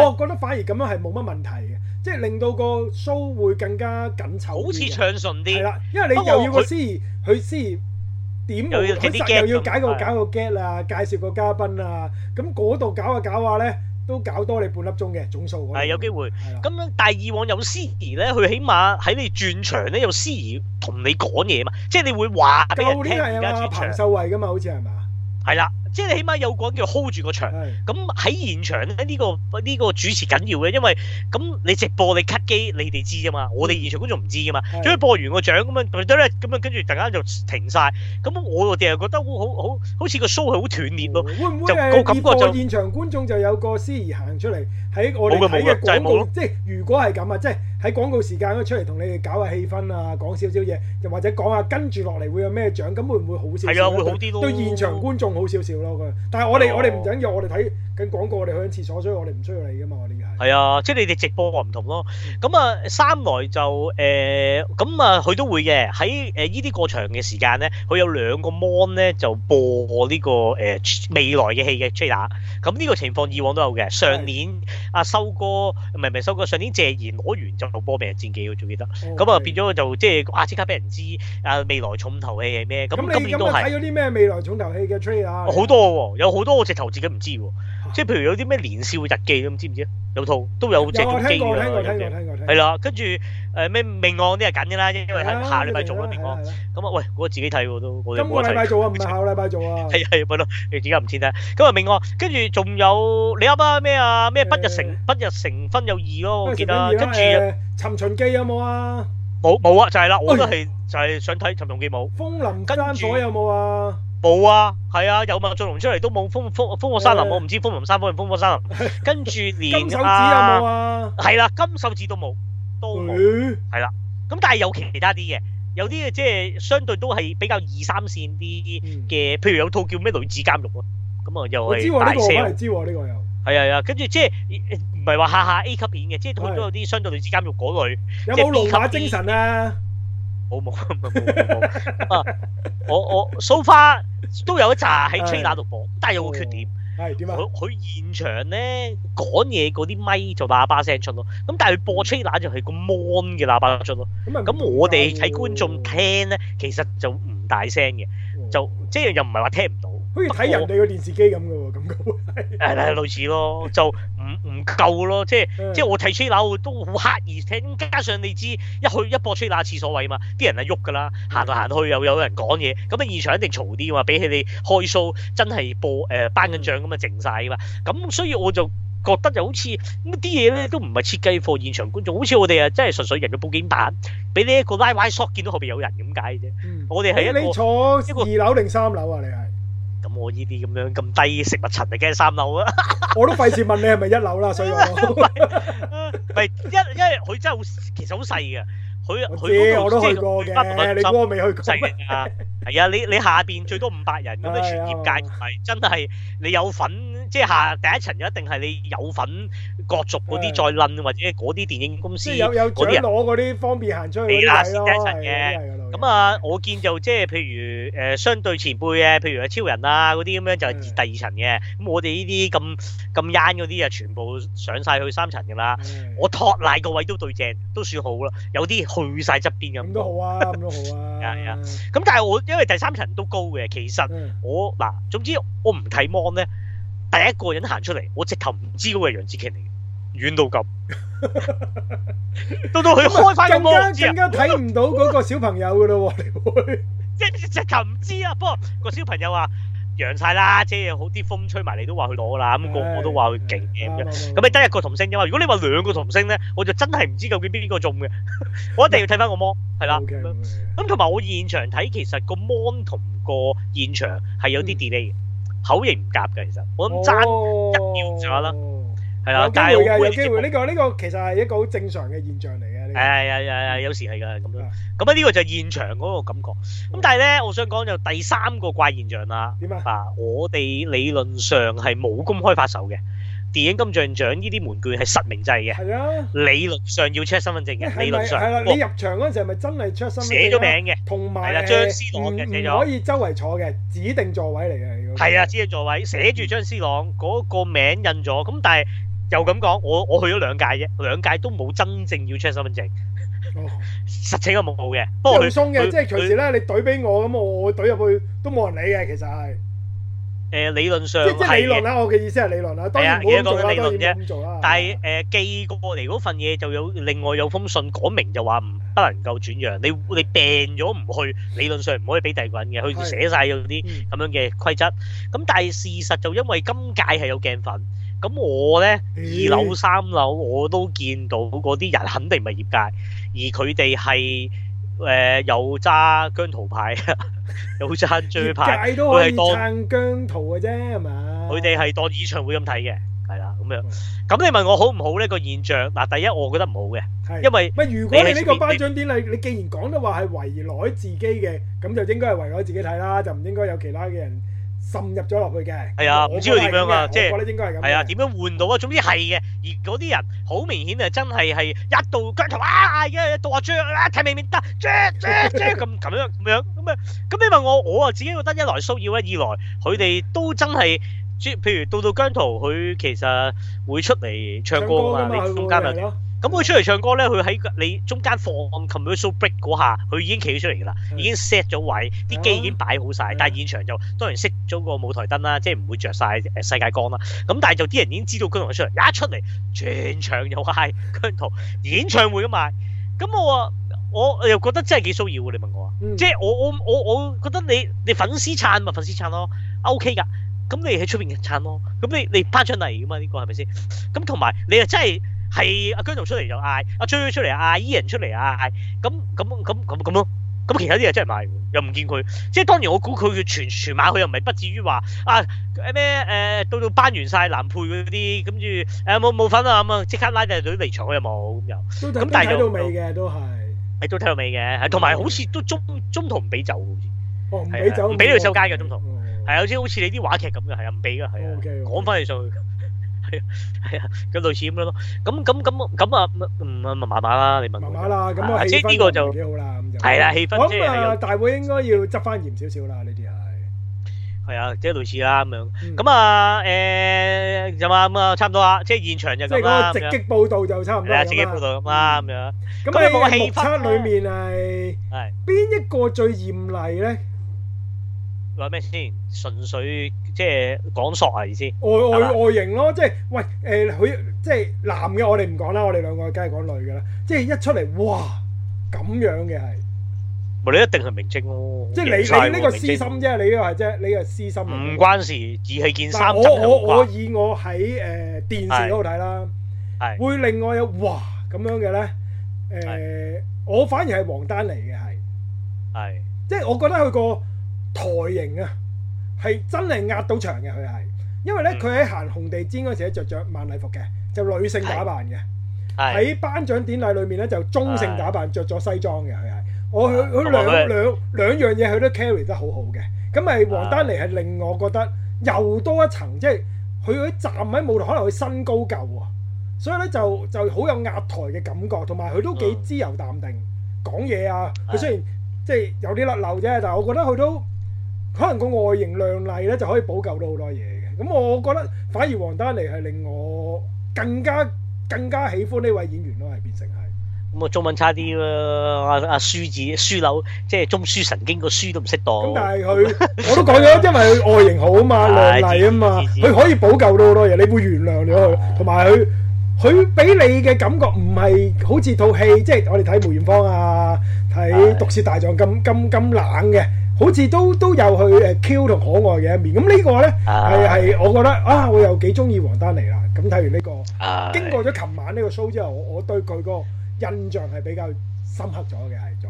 我覺得反而咁樣係冇乜問題嘅，即係、啊就是、令到個 show 會更加緊湊，好似暢順啲。啦、啊，因為你又要個司儀，佢司儀點？佢實又要搞個搞、啊、get 啊，介紹個嘉賓啊。咁嗰度搞下、啊、搞下咧，都搞多你半粒鐘嘅總數。係、啊、有機會。咁樣、啊、但係以往有司儀咧，佢起碼喺你轉場咧有司儀同你講嘢嘛，即係你會話俾人聽。而家轉場。有彭秀慧噶嘛，好似係嘛？係啦，即係你起碼有個人叫 hold 住個場，咁喺現場咧呢、呢個呢、呢個主持緊要嘅，因為咁你直播你 cut 機，你哋知啫嘛，我哋現場觀眾唔知噶嘛，仲要播完個獎咁樣，咁樣跟住大家就停晒。咁我哋又覺得好好好似個 show 係好斷裂咯。會唔會係二播現場觀眾就有個司儀行出嚟喺我哋睇嘅廣告？就是、即係如果係咁啊，即係喺廣告時間嗰出嚟同你哋搞下氣氛啊，講少少嘢，又或者講下跟住落嚟會有咩獎，咁會唔會好少少，係啊，會好啲囉，對現場觀眾？好少少咯佢，但係我哋、oh. 我哋唔緊要，我哋睇。講過我哋去緊廁所，所以我哋唔追佢哋㗎嘛？點解係？係啊，即係你哋直播我唔同咯。咁、嗯、啊，三來就誒，咁、呃、啊，佢都會嘅。喺誒依啲過場嘅時間咧，佢有兩個 mon 咧就播呢、這個誒、呃、未來嘅戲嘅 trailer。咁呢個情況以往都有嘅。上年阿修哥唔係，唔係修哥，上年謝賢攞完就播《明日戰記》喎，仲記得？咁、okay. 啊變咗就即係啊，即刻俾人知啊未來重頭戲係咩？咁今年都係。咁你咁樣睇咗啲咩未來重頭戲嘅 trailer？好、啊、多喎，有好多我直頭自己唔知喎。即係譬如有啲咩年少日記咁，知唔知啊？有套都有這種機嘅。係啦，跟住誒咩命案啲係緊㗎啦，因為係下禮拜做啦命案。咁啊喂，我自己睇喎都。咁下禮拜做啊，唔係下個禮拜做啊。係係咪咯？你而家唔知啦。咁啊命案，跟住仲有你啱啱咩啊？咩不日成不日成婚有二咯，我見啊。跟住尋秦記有冇啊？冇冇啊，就係啦。我都係就係想睇尋秦記冇。風林火山有冇啊？冇啊，係啊，有麥浚龍出嚟都冇風風風火山林，啊、我唔知道風林山方定風火山林。 跟住連啊，係啦、啊啊，金手指都冇，都冇，係啦、啊。咁、啊、但係有其他啲嘅，有啲即係相對都係比較二三線啲嘅，譬、嗯、如有套叫咩女子監獄啊。咁、這個、啊又係大笑。知、這、呢個係又。係啊係啊，跟住即係唔係話下下 A 級片嘅，即、就、係、是、佢都有啲相對女子監獄嗰類。有冇龍馬精神啊？好冇冇冇啊！我我 so far 都有一集喺 trailer 度播，但係有個缺點，係點佢佢現場咧講嘢嗰啲咪就喇叭聲出咯，咁但係佢播 trailer 就係個 mon 嘅喇叭出咯。咁我哋喺觀眾聽咧、哦，其實就唔大聲嘅、哦，就即係又唔係話聽唔到，好似睇人哋嘅電視機咁嘅感覺。誒， 類似咯，就。唔唔夠咯，即係、嗯、即係我睇吹喇都好刻意，加上你知一去一播吹喇，廁所位啊嘛，啲人係喐噶啦，行嚟行去又有人講嘢，咁啊現場一定嘈啲嘛，比起你開 show 真係播誒頒緊獎咁啊靜晒啊嘛，咁、嗯、所以我就覺得就好似啲嘢咧都唔係設計俾現場觀眾，好似我哋啊真係純粹人嘅報警版，俾你一個 live shot 見到後邊有人咁解啫。嗯、我哋係一個你坐二樓定三樓啊你，你係。咁我呢啲咁樣咁低的食物層，梗係三樓啊？我都費事問你係咪一樓啦，所以唔係因一，佢真係好，其實好細嘅。佢佢嗰度，我知我都去過嘅、就是。你估我未去過？細㗎，係啊！你你下邊最多五百人咁樣 全業界、就是，唔係真係你有份。即係下第一層，就一定係你有份角逐嗰啲再攬，或者嗰啲電影公司嗰啲攞嗰啲方便行出去。係第一層嘅咁啊，我見就即係譬如誒、呃、相對前輩嘅，譬如阿超人啊嗰啲咁樣就係第二層嘅。咁我哋呢啲咁咁 young 嗰啲啊，全部上晒去三層㗎啦。我托賴個位置都對正，都算好啦。有啲去晒側邊咁。都好啊，咁 都好啊。係 啊，咁但係我因為第三層都高嘅，其實我嗱總之我唔睇芒 o 咧。第一個人行出嚟，我直頭唔知嗰個係楊紫瓊嚟嘅，遠到咁， 到到佢開翻個芒，更加睇唔、啊、到嗰個小朋友嘅咯喎，即 係直頭唔知啊！不過個小朋友話贏晒啦，即係、就是、好啲風吹埋嚟都話佢攞啦，咁個個都話佢勁嘅，咁 你得一個童星啫嘛！如果你話兩個童星咧，我就真係唔知究竟邊個中嘅， 我一定要睇翻個芒，係啦，咁同埋我現場睇，其實個芒同個現場係有啲 delay 嘅。嗯口型唔夾嘅，其實我諗爭一秒就話啦，係、哦、啦，但係有機會呢、這個呢、這個其實係一個好正常嘅現象嚟嘅。係係係係，有時係㗎咁樣。咁啊呢個就現場嗰個感覺。咁、嗯、但係咧，我想講就第三個怪現象啦。點樣啊？啊，我哋理論上係冇公開發售嘅。電影金像獎呢啲門券係實名制嘅，理論上要 check 身份證嘅。理論上，係啦。你入場嗰陣時係咪真係 check 身份證？寫咗名嘅，同埋張思朗嘅印咗。唔可以周圍坐嘅，指定座位嚟嘅。係啊，指定座位，寫住張思朗嗰個名印咗。咁但係又咁講，我我去咗兩屆啫，兩屆都冇真正要 check 身份證。哦，實情嘅冇嘅。都唔鬆嘅，即係隨時咧，你懟俾我咁，我懟入去都冇人理嘅。其實係。誒理論上，係，即係理論啦，我嘅意思係理論啦，當然冇做啦，都係咁做啦。但係誒寄過嚟嗰份嘢就有另外有封信講明，就話唔不能夠轉讓，你你病咗唔去，理論上唔可以俾第二個人嘅，佢寫曬咗啲咁樣嘅規則。咁但係事實就因為今屆係有鏡粉，咁我咧二樓三樓我都見到嗰啲人肯定唔係業界，而佢哋係。誒有揸姜濤派，有揸 J 派，佢係當姜濤嘅啫，係嘛？佢哋係當演唱會咁睇嘅，係啦，咁樣。咁、嗯、你問我好唔好呢、呢個現象嗱，第一我覺得唔好嘅，因為唔如果你呢個頒獎典禮，你既然講得話係圍內自己嘅，咁就應該係圍內自己睇啦，就唔應該有其他嘅人。滲入咗落去嘅，係啊，唔知佢點樣啊，即係，我覺得應該係咁，係、就是、啊，點樣換到啊？總之係嘅，而嗰啲人好明顯啊，真係係一度姜濤啊，一一度話啊，睇面面得咁咁樣咁樣咁啊！咁你問我，我啊自己覺得一來騷擾咧，二來佢哋都真係，譬如到到姜濤，佢其實會出嚟唱歌㗎嘛，你中間咁佢出嚟唱歌咧，佢喺你中間放 commercial break 嗰下，佢已經企咗出嚟㗎啦，已經 set 咗位，啲機已經擺好晒、嗯嗯，但係現場就當然熄咗個舞台燈啦，即係唔會着晒世界光啦。咁但係就啲人已經知道姜濤出嚟，一出嚟全場又嗌姜濤演唱會啊嘛。咁我話我又覺得真係幾騷擾，你問我，即係我我我我覺得你你粉絲撐嘛，粉絲撐咯、啊、，OK 㗎。咁你喺出邊撐咯，咁你你拋出嚟㗎嘛？呢個係咪先？咁同埋你又真係～係阿，姜濤出嚟就嗌，阿追出嚟嗌，伊人出嚟嗌，咁咁咁咁咁咯，咁其他啲又真係買，又唔見佢，即係當然我估佢全全買，佢又唔係不至於話啊咩誒、呃、到到頒完晒男配嗰啲，跟住誒冇冇份啦咁啊，即刻拉啲隊離場，佢又冇咁又，咁但係都睇到尾嘅都係，誒都睇到尾嘅，同埋好似都中中途唔俾走好似唔俾走唔俾你收街嘅中途，係有啲好似你啲話劇咁嘅，係啊唔俾嘅係啊，講翻佢上去。嗯。係啊，咁類似咁樣咯。咁咁咁咁啊，唔咪咪麻麻啦。你問麻麻啦。咁啊，即係呢個就幾好啦。咁就係啦，氣氛即係。咁啊，大會應該要執翻嚴少少啦。呢啲係係啊，即係類似啦咁樣。咁啊，誒，有冇啊？咁啊，差唔多啦。即係現場就咁啦。即係嗰個直擊報道就差唔多。係啊，直擊報道咁樣。咁有冇氣氛裏面係係邊一個最嚴厲咧？話咩先？純粹即係講索啊，意思外外外形咯，即係喂誒，佢即係男嘅，我哋唔講啦，我哋兩個梗係講女嘅啦。即係一出嚟，哇咁樣嘅係，冇你一定係明星咯，即係你你呢個私心啫，你呢個係啫，你個私心唔關事，只係件衫唔關。我我我以我喺誒電視嗰度睇啦，係會另外有哇咁樣嘅咧，誒我反而係黃丹嚟嘅係，係即係我覺得佢個。台型啊，係真係壓到場嘅佢係，因為咧佢喺行紅地毯嗰時咧著著晚禮服嘅，就女性打扮嘅；喺頒獎典禮裏面咧就中性打扮，著咗西裝嘅佢係。我佢佢兩兩兩樣嘢佢都 carry 得好好嘅。咁咪黃丹妮係令我覺得又多一層，即係佢佢站喺舞台可能佢身高夠啊，所以咧就就好有壓台嘅感覺，同埋佢都幾自由淡定講嘢啊。佢雖然即係有啲甩漏啫，但係我覺得佢都。可能個外形亮麗咧，就可以補救到好多嘢嘅。咁我覺得反而黃丹妮係令我更加更加喜歡呢位演員咯，係變成係。咁啊，中文差啲咯，阿阿書字書樓即係中樞神經個書都唔識讀。咁但係佢，我都講咗，因為佢外形好啊嘛，亮麗啊嘛，佢可以補救到好多嘢。你會原諒咗佢，同埋佢佢俾你嘅感覺唔係好似套戲，即係我哋睇梅豔芳啊，睇《毒舌大狀》咁咁咁冷嘅。好似都都有佢誒 Q 同可愛嘅一面，咁呢個咧係係我覺得啊，我又幾中意王丹妮啦。咁睇完呢個，經過咗琴晚呢個 show 之後，我我對佢個印象係比較深刻咗嘅，係在。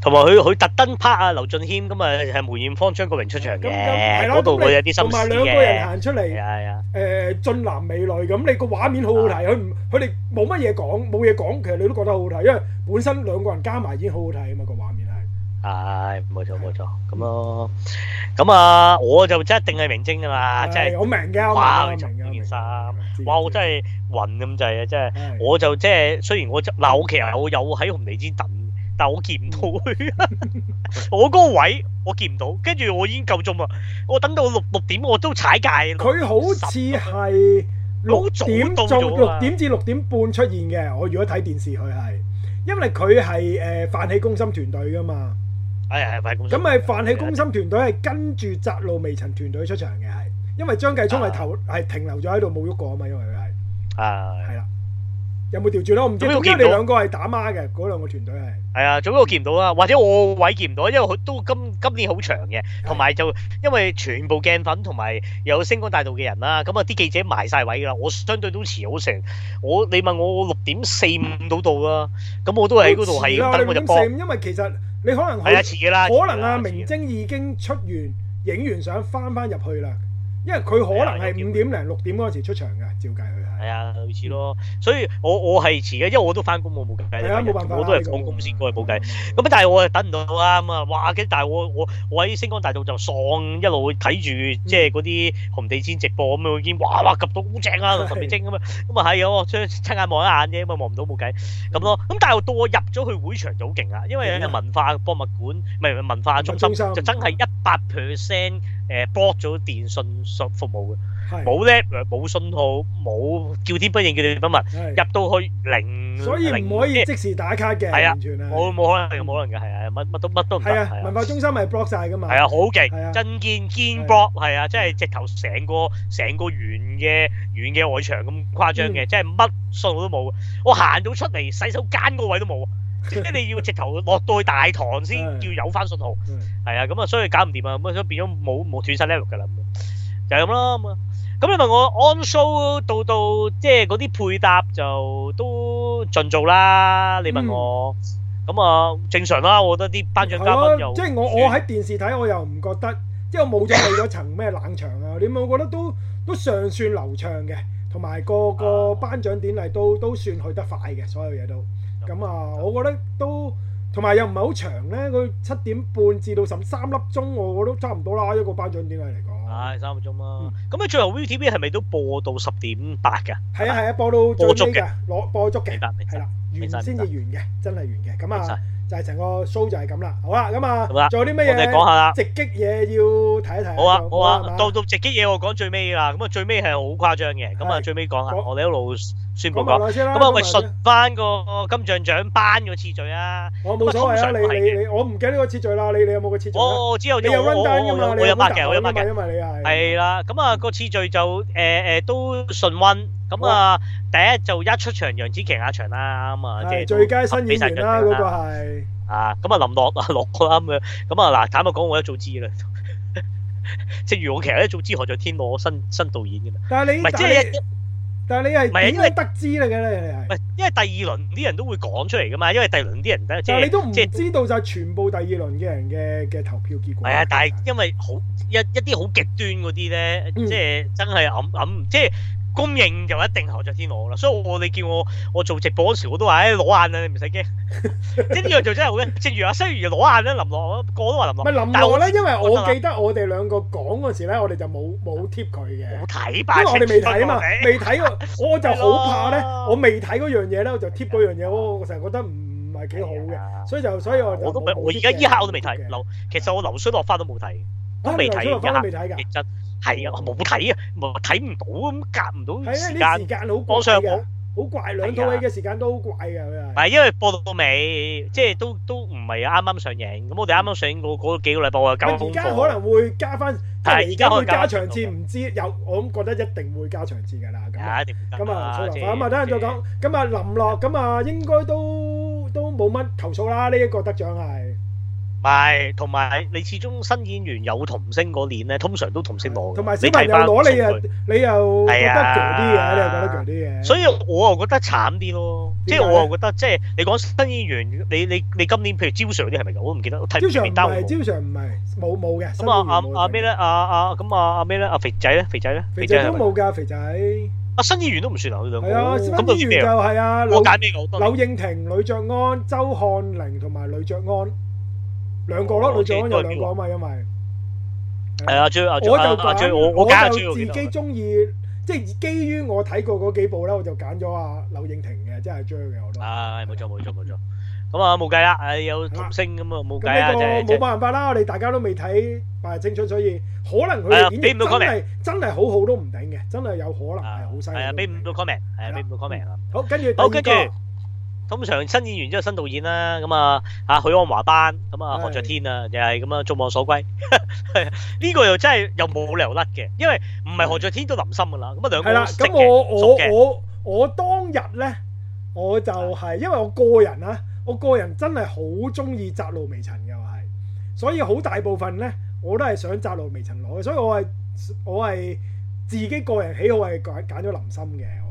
同埋佢佢特登拍啊，劉俊謙咁啊係梅豔芳、張國榮出場嘅，係咯，嗰度會有啲新鮮嘅。同埋兩個人行出嚟，係啊誒，俊男美女咁，你個畫面好好睇，佢唔佢哋冇乜嘢講，冇嘢講，其實你都覺得好好睇，因為本身兩個人加埋已經好好睇啊嘛，個畫面。係冇錯冇錯，咁咯，咁、嗯嗯嗯嗯嗯、啊，我就一定係明星噶嘛，即係我明嘅。哇，着呢件衫，哇，我真係暈咁滯啊！即係我就即係，雖然我就嗱，我其實我有喺紅地毯等，但我見唔到佢。嗯嗯 我嗰個位我見唔到，跟住我已經夠鐘啦。我等到六六點，我都踩界 6, 6, 6。佢好似係六點到六點至六點半出現嘅。我如果睇電視，佢係，因為佢係誒泛起攻心團隊噶嘛。係係飯戲攻心，咁咪飯戲攻心團隊係跟住窄路微塵團隊出場嘅係，因為張繼聰係投係停留咗喺度冇喐過啊嘛，因為佢係，係啦，有冇調轉咯？唔知，最屘我哋兩個係打孖嘅，嗰兩個團隊係，係啊，總之我見唔到啦，或者我位見唔到，因為佢都今今年好長嘅，同埋就因為全部鏡粉同埋又有星光大道嘅人啦，咁啊啲記者埋晒位㗎喇，我相對都遲好成，我你問我六點四五到度啊，咁我都係喺嗰度係等我入波，因為其實。你可能、啊、遲了可能啊，遲了明星已經出完影完相，翻翻入去啦，因為佢可能係五點零六點陣時出場，嘅，照計佢。係啊，類似咯，所以我我係遲嘅，因為我都翻工，我冇計、啊。我都係放工先過去，冇計、啊。咁、啊、但係我又等唔到，啱啊！哇，幾大！我我我喺星光大道就喪，一路睇住、嗯、即係嗰啲紅地毯直播咁、啊啊啊、樣，已經哇哇及到好正啊，特別精咁嘛。咁啊係啊，我即係親眼望一眼啫，咁啊望唔到冇計，咁咯。咁但係到我入咗去了會場就好勁啊，因為文化博物館唔係、啊、文化中心就真係一百 percent。誒、嗯、block 咗電信信服務嘅，冇咧，冇信號，冇叫天不應叫地不聞，入到去零，所以唔可以即時打卡嘅，唔全啊，冇冇可能係冇、嗯、可能嘅，係啊，乜乜都乜都唔得、啊啊，文化中心係 block 曬嘅嘛，係啊，好勁、啊，真見見 block 係啊，即係直頭成個成個圓嘅圓嘅外牆咁誇張嘅，即係乜信號都冇，我行到出嚟洗手間個位都冇。即係你要直頭落到去大堂先，要有返信號，係啊，咁啊，所以搞唔掂啊，咁啊所以變咗冇冇斷晒 level 㗎啦，就係咁咯。咁你問我 on show 到到即係嗰啲配搭就都盡做啦。你問我，咁啊正常啦，我覺得啲頒獎嘉賓又即係我我喺電視睇我又唔覺得，即係我冇咗去咗層咩冷場啊。你有冇覺得都都尚算流暢嘅，同埋個個頒獎典禮都都算去得快嘅，所有嘢都。咁啊，我覺得都同埋又唔係好長咧，佢七點半至到十三粒鐘，我覺得都差唔多啦。一個頒獎典禮嚟講，唉、哎，三個鐘啦。咁、嗯、咧最後 VTV 係咪都播到十點八嘅？係啊係啊，播到的播足嘅，攞播足嘅，係啦，完先至完嘅，真係完嘅。咁啊。就係成個 show 就係咁啦，好啦，咁啊，仲有啲咩嘢咧？我哋講下啦，直擊嘢要睇一睇。好啊，好啊，到到直擊嘢我講最尾啦。咁啊，最尾係好誇張嘅。咁啊，最尾講下，我哋一路宣佈講。咁啊，咪順翻個金像獎頒嗰次序啊。我冇錯啊，你你我唔記得個次序啦。你你有冇個次序咧？我我只有有我我我有八嘅，我有八嘅，因為你係。係啦，咁啊個次序就誒誒都順勻。咁啊第一就一出場楊紫瓊阿翔啦。咁啊，最佳新人啦嗰個係。啊，咁啊，林諾啊，落啦咁樣，咁啊嗱，坦白講，我一早知啦，正如我其實一早知，何在天我新新導演嘅。但係你唔係即係，但係你係唔係因為得知啦嘅你係係因為第二輪啲人都會講出嚟噶嘛，因為第二輪啲人唔得即係，但係你都唔知道就係全部第二輪嘅人嘅嘅投票結果係啊。但係因為好一一啲好極端嗰啲咧，即、嗯、係、即係、真係揞揞即係。供應就一定後着天羅啦，所以我哋你叫我我做直播嗰時候，我都話誒攞眼啦，你唔使驚。即呢樣做真係好嘅，正如阿西如攞眼咧，林樂我都話林樂。唔係林樂咧，因為我記得我哋兩個講嗰時咧，我哋就冇冇 tip 佢嘅。冇睇吧，因為我哋未睇啊嘛，未睇我就好怕咧。我未睇嗰樣嘢咧，我就 tip 嗰樣嘢，我成日、啊、覺得唔係幾好嘅、啊，所以就所以我我而家依刻我都未睇。流其實我流水落花都冇睇。都未睇噶，認真係啊！我冇睇啊，冇睇唔到啊，咁隔唔到時間，好拖長嘅，好怪兩套戲嘅時間都好怪嘅，係咪啊？唔係因為播到尾，即係都都唔係啱啱上映，咁我哋啱啱上映嗰嗰幾個禮拜我又搞功課。而家可能會加翻，但係而家會加長節，唔知有我咁覺得一定會加長節㗎啦。係啊，一定加。咁啊，初六，咁啊，等陣再講。咁啊，林樂，咁啊，應該都都冇乜投訴啦。呢一個得獎係。唔係，同埋你始終新演員有童星嗰年咧，通常都童星攞嘅。同埋小文又攞你啊，你又覺得弱啲嘅，你又覺得弱啲嘅。所以我就覺得慘啲咯，即係我又覺得即係你講新演員，你你你今年譬如招 Sir 啲係咪咁？我都唔記得，睇唔到名單喎。招 Sir 唔係，招 Sir 唔係冇冇嘅。咁啊啊啊咩咧？啊啊咁啊啊咩咧？啊肥仔咧？肥仔咧？肥仔都冇㗎。肥仔啊，新演員都唔算啊，佢哋。係啊，新演員就係啊，柳柳應廷、呂爵安、周漢寧同埋呂爵安。兩個咯，李俊安有兩個嘛，因為係啊，張我就講，我就自己中意，即係基於我睇過嗰幾部咧，我就揀咗阿柳應廷嘅，即係張嘅我都。係冇錯冇錯冇錯，咁啊冇計啦，誒有同星咁啊冇計啊，即係。咁呢個冇辦法啦，我哋大家都未睇《八十年代青春》，所以可能佢演員真係真係好好都唔頂嘅，真係有可能係好犀利。俾唔到 comment 係俾唔到 comment 啊！好跟住，好跟住。通常新演員之後新導演啦，咁啊，啊許安華班，咁啊何卓天啊，又係咁啊眾望所歸。呢、呢個又真係又冇理由甩嘅，因為唔係何卓天都林心噶啦，咁啊兩個都識嘅熟嘅。咁我我我我當日咧，我就係、係、因為我個人啊，我個人真係好中意窄路微塵嘅，係，所以好大部分咧，我都係想窄路微塵攞，所以我係我係自己個人喜好係揀揀咗林心嘅。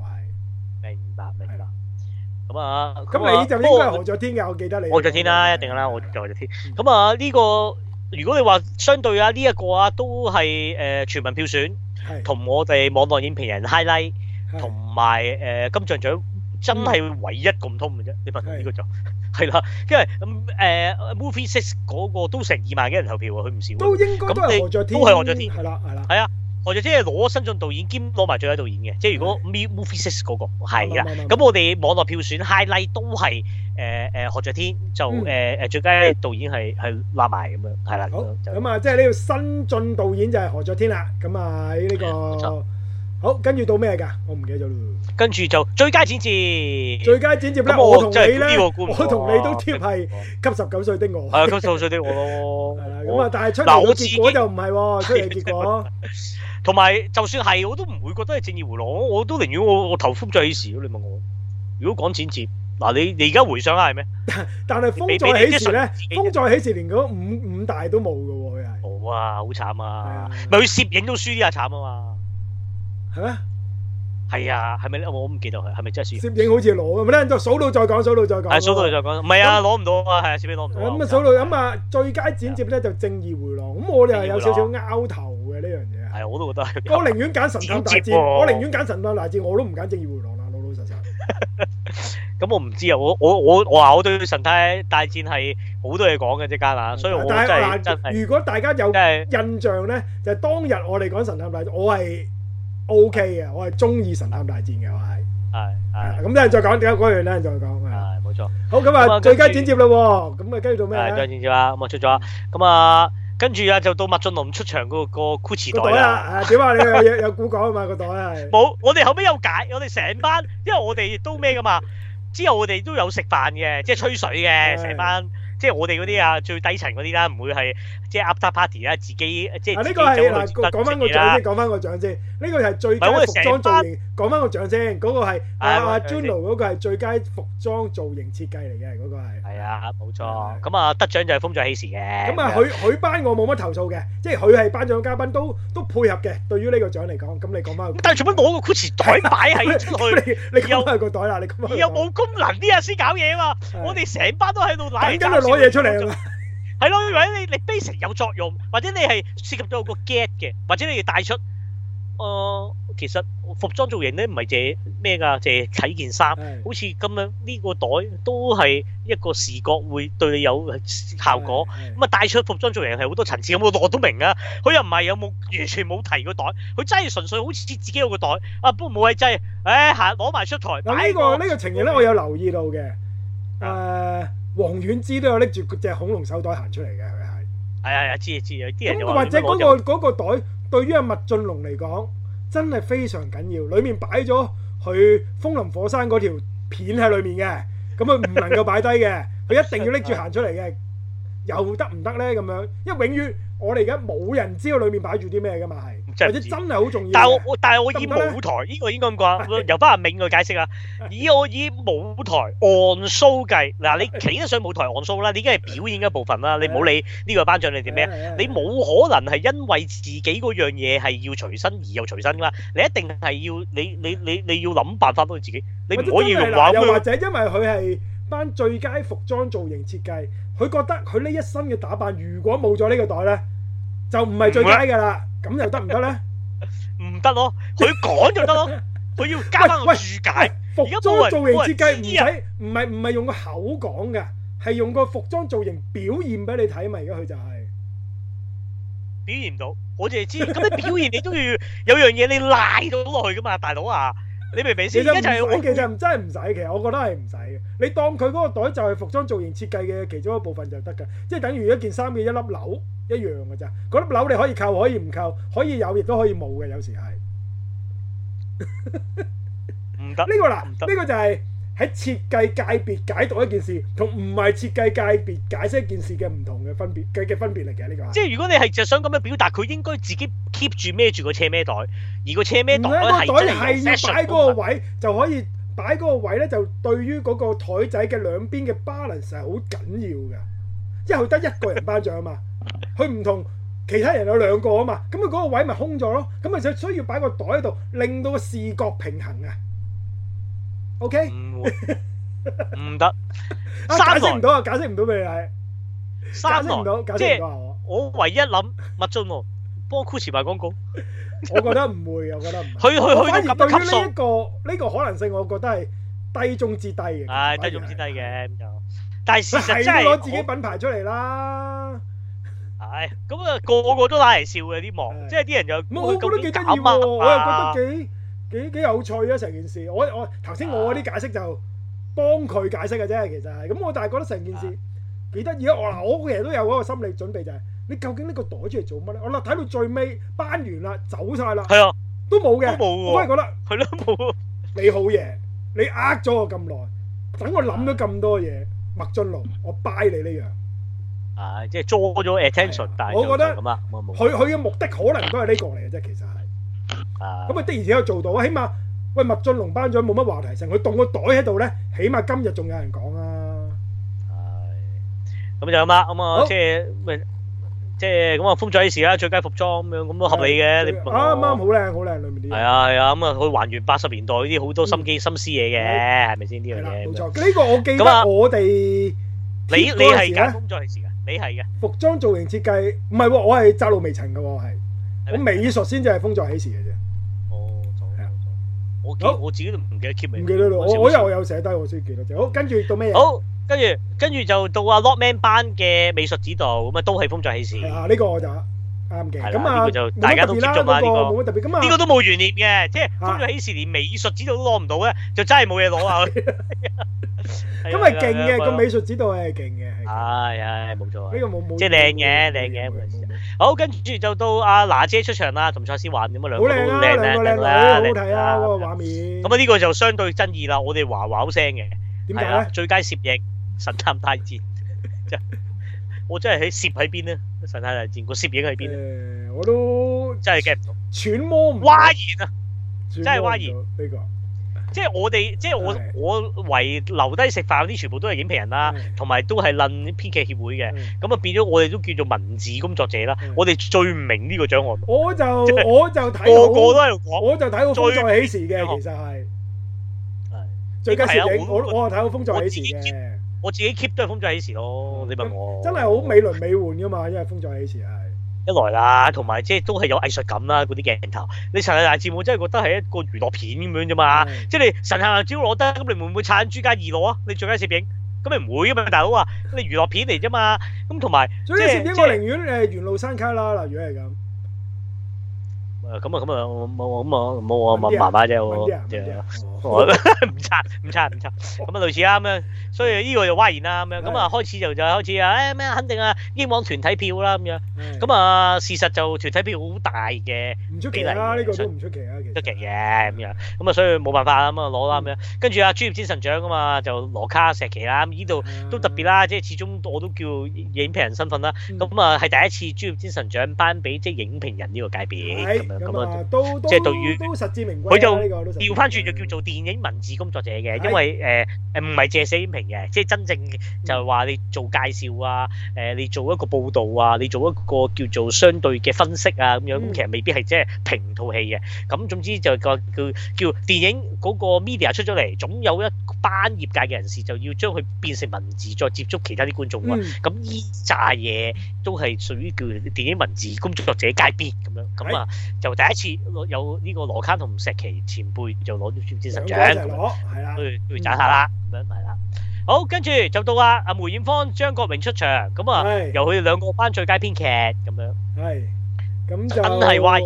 咁啊，咁你就應該係何爵天嘅，我記得你。何爵天啦、啊，一定啦、啊，我何爵天。咁、嗯、啊，呢、這個如果你話相對啊，呢、這、一個啊，都係誒全民票選，同我哋網絡影評人 highlight，同埋誒、呃、金像獎真係唯一咁通嘅啫、嗯。你問呢個就係啦， 因為誒、呃、Movie Six、那、嗰個都成二萬幾人投票佢唔少。都應該都係何爵天。都係何爵天。係啦，係啦。係啊。何爵即係攞新晉導演兼攞埋最佳導演嘅，即係如果 Movies Six 嗰個係啊，咁我哋網絡票選 high list 都係誒誒何爵天就誒誒、嗯呃、最佳導演係係攞埋咁樣，係啦。咁啊，即係呢個新晉導演就係何爵天啦。咁啊喺呢個好，跟住到咩噶？我唔記得咗咯。跟住就最佳剪接，最佳剪接咧，我同你咧，我同你都貼係給十九歲的我，係啊，給十九歲的我咯。係啦，咁啊，但係出嚟嗱，我自己就唔係喎，出嚟結果。同埋就算係，我都唔會覺得係正義回廊。我都寧願我我投風再起時咯。你問我，如果講剪接嗱，你你而家回想下係咩？但係風再起時咧，風再起時連嗰五五大都冇噶喎，又係冇啊，好慘啊！咪佢攝影都輸啊，慘啊嘛～係啊，係咪咧？我唔記得佢係咪真係攝攝影好似攞咁咧？再數到再講，數到再講，係數到再講，唔係啊，攞唔到啊，係啊，少少攞唔到。咁啊，數到咁啊，最佳剪接咧就正義回廊。咁我哋係有少少拗頭嘅呢樣嘢。係啊，我都覺得係。我寧願揀神探大戰，我寧願揀神探大戰，我都唔揀正義回廊啦，老老實實。咁我唔知啊，我我我我話我對神探大戰係好多嘢講嘅啫，家下，所以我真係。如果大家有印象咧，就係當日我哋講神探大戰，我係。O K 啊，我係中意神探大戰嘅我係，係係咁等人再講，等解嗰樣咧再講，係冇錯。好咁啊，最佳剪接啦，咁啊跟住做咩最佳剪接啦，咁啊出咗，咁啊跟住啊就到麥浚龍出場嗰、嗰個酷匙袋，袋啊，點啊，啊？你有 有古講啊嘛？個袋啊，冇、啊。 我哋後尾有解，我哋成班， 因為我哋都咩噶嘛，之後我哋都有食飯嘅，即係吹水嘅成班。即係我哋嗰啲啊，最低層嗰啲啦，唔會係即係 after party 啊，自己即係唔記得做。啊，呢個係講翻個獎先，講翻個獎先。呢個係最佳服裝造型。唔係我哋成班。講翻個獎先，嗰個係阿阿 Juno，嗰個係最佳服裝造型設計嚟嘅，嗰個係。係啊，冇錯。咁啊，得獎就係風再起時嘅。咁啊，佢佢班我冇乜投訴嘅，即係佢係頒獎嘉賓都都配合嘅。對於呢個獎嚟講，咁你講翻。但係做乜攞個褲袋擺係出嚟？你你又係個袋啦，你咁。而又冇功能啲啊先搞嘢啊嘛！我哋成班都喺度攋。多嘢出嚟咯， 係咯，或者你你 basic 有作用，或者你係涉及到個 get 嘅，或者你哋帶出，誒、呃，其實服裝造型咧唔係借咩噶，借睇件衫，好似咁樣呢、這個袋都係一個視覺會對你有效果，咁啊帶出服裝造型係好多層次，咁我我都明啊，佢又唔係有冇完全冇提個袋，佢真係純粹好似自己有個袋，啊，不過冇係擠，誒、哎，行攞埋出台，咁呢個呢、這個這個情形咧我有留意到嘅，誒、嗯呃。王菀之都有拎住隻恐龍手袋行出嚟嘅，佢係，係係啊知啊知啊，啲人又話或者嗰、嗰個嗰個袋對於阿麥浚龍嚟講，真係非常緊要，裡面擺咗佢《風林火山》嗰條片喺裏面嘅，咁佢唔能夠擺低嘅，佢 一定要拎住行出嚟嘅，又得唔得呢？咁樣，因為永遠我哋而家冇人知道裏面擺住啲咩㗎嘛係。真係好重要，但，但係我但係我以舞台呢、呢個應該咁講，由翻阿明佢解釋啊。 以我以舞台 on show 計，嗱你企得上舞台 on show 啦，你已經係表演一部分啦。你唔好理呢個頒獎你哋咩， 你冇可能係因為自己嗰樣嘢係要隨身而又隨身啦。你一定係要你你你你，你要諗辦法幫自己，你唔可以話佢。又或者因為佢係頒最佳服裝造型設計，佢覺得佢呢一身嘅打扮如果冇咗呢個袋咧，就唔係最佳㗎啦。咁又得唔得咧？唔得咯，佢講就得咯，佢要加翻解服裝造型設計，唔使唔係用個口講嘅，係用個服裝造型表現俾你睇，咪而家佢就係、是、表現到。我哋知咁你表現你都要有樣嘢你賴到落去噶嘛，大佬啊！你明明先，而家我其實真係唔使，其實我覺得係唔使嘅。你當佢嗰個袋就係服裝造型設計嘅其中一部分就得㗎，即係等於一件衫嘅一粒紐一樣㗎咋，嗰粒紐你可以扣，可以唔扣，可以有亦都可以冇嘅，有時係唔得。呢 個嗱，呢、呢個就係、是。喺設計界別解讀一件事，同唔係設計界別解釋一件事嘅唔同嘅分別嘅嘅分別嚟嘅呢個。即係如果你係就想咁樣表達，佢應該自己 keep 住孭住個車孭袋，而車袋、嗰個車孭袋咧係擺嗰個位就可以擺嗰個位咧，就對於嗰個台仔嘅兩邊嘅 balance 係好緊要㗎，因為佢得一個人頒獎啊嘛，佢 唔同其他人有兩個啊嘛，咁佢嗰個位咪空咗咯，咁咪就需要擺個袋喺度，令到個視覺平衡啊。OK、嗯。唔得，解釋唔到啊！解釋唔到咪係，解釋唔到，即係我唯一諗，麥尊，幫我箍錢賣廣告，我覺得唔會，我覺得唔會。佢佢佢都冚冚數。對於呢一個呢個可能性，我覺得係低中至低。係低中至低嘅，咁就，但係事實真係攞自己品牌出嚟啦。係咁啊，個個都拉嚟笑嘅，啲忙，即係啲人又冇，我覺得幾得意喎，我又覺得幾。幾幾有趣啊成件事，我我頭先我嗰啲解釋就幫佢解釋嘅啫，其實咁我但係覺得成件事幾得意咯。我嗱，我其實都有嗰個心理準備就係，你究竟呢個袋出嚟做乜咧？我啦睇到最尾，班完啦，走曬啦，係啊，都冇嘅，都冇喎，我係覺得係咯冇喎。你好嘢，你呃咗我咁耐，等我諗咗咁多嘢，麥浚龍，我 buy 你呢樣。係即係抓咗 attention，但係我覺得咁啊，佢佢嘅目的可能都係呢個嚟嘅啫，其實。咁啊，的而且確做到啊，起碼喂麥俊龍班長冇乜話題性，佢凍個袋喺度咧，起碼今日仲有人講啊。咁就咁啦，咁啊，即係咩？即係咁啊，風再起時啦，最佳服裝咁樣，咁都合理嘅。你啊啱啱好靚，好靚裏面啲係啊係啊，咁啊，佢還原八十年代啲好多心機心思嘢嘅，係咪先呢樣嘢？冇錯，呢個我記得我哋，你你係緊風再起時嘅，你係嘅服裝造型設計唔係喎，我係窄路微塵嘅喎，係我美術先至係風再起時嘅啫。我、哦、我自己都唔記，記，記得 keep 名，唔記得啦。我我又有寫低，我先記得。好，跟住到咩？好，跟住跟住就到阿 Lockman 班嘅美術指導咁啊，都係風象起事。啊，呢、呢個我就。啱嘅，咁啊呢個就大家都接觸啊呢個，呢個都冇懸念嘅，即係風再起時連美術指導都攞唔到嘅，就真係冇嘢攞啊！咁係勁嘅，個美術指導係勁嘅，係係冇錯啊，呢個冇冇即係靚嘅靚嘅，好跟住就到阿娜姐出場啦，同蔡思華玩咁啊兩個都靚靚，好靚啦，好睇啊嗰個畫面。咁啊呢個就相對爭議啦，我哋哇哇聲嘅，點解咧？最佳攝影神探大戰，我真係喺攝喺邊咧？神探大戰，個攝影喺邊咧？我都真係嘅，揣摩唔嘩然啊，真係嘩然呢個。即係我哋，即係我我，我為留低食飯嗰啲，全部都係影評人啦，同埋都係論編劇協會嘅。咁啊，咪變咗我哋都叫做文字工作者啦。我哋最唔明呢個獎項。我就我就睇個個都係，我就睇個就睇過風再起時嘅，其實係係最佳攝影我我睇個風再起時嘅。我自己 keep 都係風再起時咯，你問我。嗯、真係好美輪美奐噶嘛，因為風再起時係一來啦，同埋即係都係有藝術感啦，嗰啲鏡頭。你神探大戰真係覺得係一個娛樂片咁樣啫嘛，即係神探只要攞得，咁你會唔會擦眼珠加二攞啊？你做緊攝影，咁你唔會噶嘛，大佬啊，你娛樂片嚟啫嘛，咁同埋。即啲攝影我寧願誒沿路山旮旯，嗱，如果係咁。咁啊咁啊冇冇咁啊冇我問媽媽啫喎，唔差唔差唔差，咁啊類似啦，咁樣，所以呢個就嘩然啦咁樣。咁啊開始就就開始啊咩肯定啊英往團體票啦咁樣，咁啊事實就團體票好大嘅，唔出奇啦呢個唔出奇啦，出奇嘅咁樣，咁啊所以冇辦法咁啊攞啦咁樣，跟住啊專業精神獎啊嘛就羅卡石奇啦，咁呢度都特別啦，即係始終我都叫影評人身份啦，咁啊係第一次專業精神獎頒俾即係影評人呢個界別咁樣。咁啊，都都都實至名歸。佢就調翻轉就叫做電影文字工作者嘅，因為誒誒唔係寫寫影評嘅，即係真正就係話你做介紹啊，誒你做一個報道啊，你做一個叫做相對嘅分析啊咁樣，咁其實未必係即係評套戲嘅。咁總之就個叫叫電影嗰個 media 出咗嚟，總有一班業界嘅人士就要將佢變成文字再接觸其他啲觀眾啊。咁依紮嘢都係屬於叫電影文字工作者界別咁樣，咁啊就。第一次攞有呢個羅卡同石琪前輩就攞咗專業精神獎。係啦，跟住跟住讚下啦，咁樣咪啦。好，跟住就到阿阿梅艷芳、張國榮出場，咁啊由佢哋兩個頒最佳編劇咁樣。係，咁就真係歪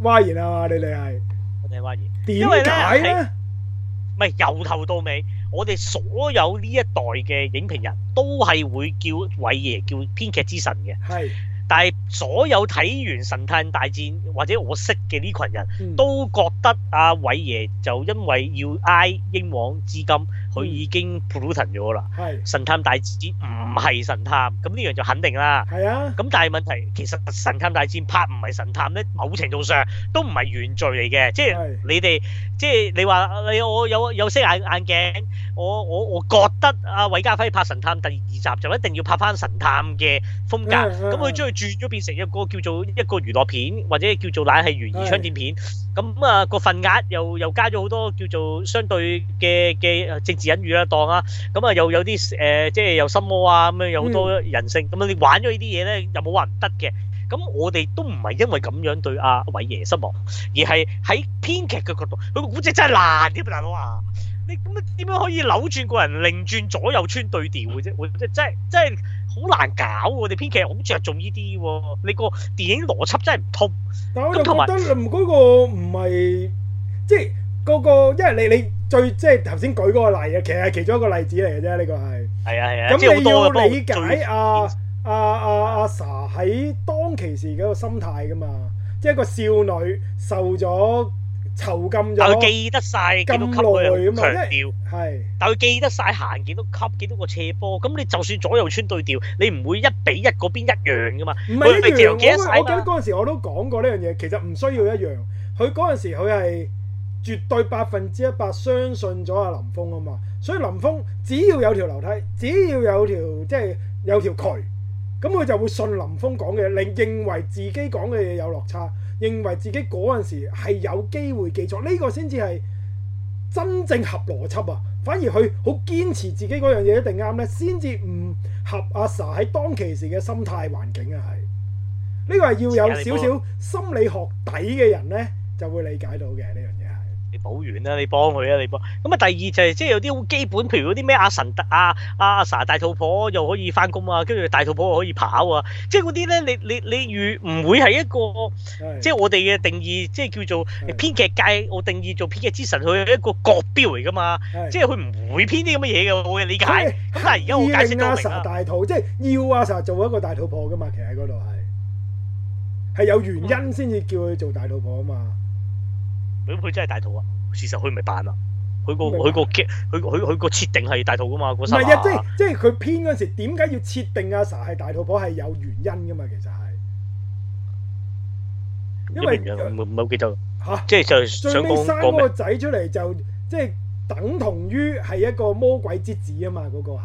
歪言啊嘛，你哋係真係歪言。點解咧？唔係由頭到尾，我哋所有呢一代嘅影評人都係會叫偉爺叫編劇之神嘅。係。但係所有睇完神、嗯啊嗯嗯《神探大戰》或者我識嘅呢群人都覺得阿偉爺就因為要挨英皇資金，佢已經 p l o 咗啦。係《神探大戰》唔係神探，咁呢樣就肯定啦。係啊。咁但係問題其實神探大戰拍唔係神探咧，某程度上都唔係原罪嚟嘅，即、就、係、是、你哋即係你話你我有有色眼眼鏡，我我我覺得阿韋家輝拍《神探》第二集就一定要拍翻神探嘅風格，咁佢中意。轉咗變成一個叫做一個娛樂片，或者叫做懶係懸疑槍戰片，咁啊個份額又又加咗好多叫做相對嘅嘅政治隱喻啦，當啊，咁啊又有啲誒即係有心魔啊，咁樣有好多人性，咁啊你玩咗呢啲嘢咧，又冇話唔得嘅，咁我哋都唔係因為咁樣對阿偉爺失望，而係喺編劇嘅角度，佢個古仔真係爛添，大佬啊！你咁點樣可以扭轉個人，另轉，轉左右穿對調嘅啫？我即即即係好難搞喎！你編劇好著重呢啲喎，你個電影邏輯真係唔通。但係我覺得嗰個唔係即係嗰個，因為你你最即係頭先舉嗰個例啊，其實係其中一個例子嚟嘅啫。呢、呢個係係啊係啊，咁、啊、你要理解阿阿阿阿 Sa 喺當其時嗰個心態噶嘛？即係一個少女受咗。酬金，但佢記得晒，幾多級佢又強調，係，但佢記得晒行幾多級，幾多個斜坡，咁你就算左右穿對調，你唔會一比一嗰邊一樣噶嘛。唔係得晒。我記得嗰陣時我都講過呢樣嘢，其實唔需要一樣。佢嗰陣時佢係絕對百分之一百相信咗阿林峯啊嘛，所以林峯只要有條樓梯，只要有條即係有條渠，咁佢就會信林峯講嘅，另認為自己講嘅嘢有落差。認為自己嗰陣時係有機會記錯，呢、這個先至係真正合邏輯啊！反而佢好堅持自己嗰樣嘢一定啱咧，先至唔合阿 Sir 喺當其時嘅心態環境啊！係、這、呢個係要有少少心理學底嘅人咧，就會理解到嘅呢樣嘢。保遠啦！你幫佢啊，你幫咁啊幫。第二就係、是、即係有啲好基本，譬如嗰啲咩阿神特啊、阿阿 sa 大肚婆又可以翻工啊，跟住大肚婆又可以跑啊。即係嗰啲咧，你你你預唔會係一個即係我哋嘅定義，即係叫做編劇界我定義做編劇之神，佢係一個國標嚟噶嘛。即係佢唔會編啲咁嘅嘢嘅，我嘅理解。咁但係而家我解釋咗啦。二零阿 sa 大肚，即係要阿 sa 做一個大肚婆嘅嘛，其實企喺嗰度。係係有原因先至叫佢做大肚婆啊嘛。佢真係大肚啊，事實佢唔係扮啊。佢個佢個佢佢佢個設定係大肚噶嘛？嗰三下，唔係啊！即係即係佢編嗰時，點解要設定阿 Sa 係大肚婆？係有原因噶嘛？其實係，因為唔好、啊、記得吓，即係就是想生個仔出嚟，就即、是、係等同於係一個魔鬼之子啊嘛！嗰、那個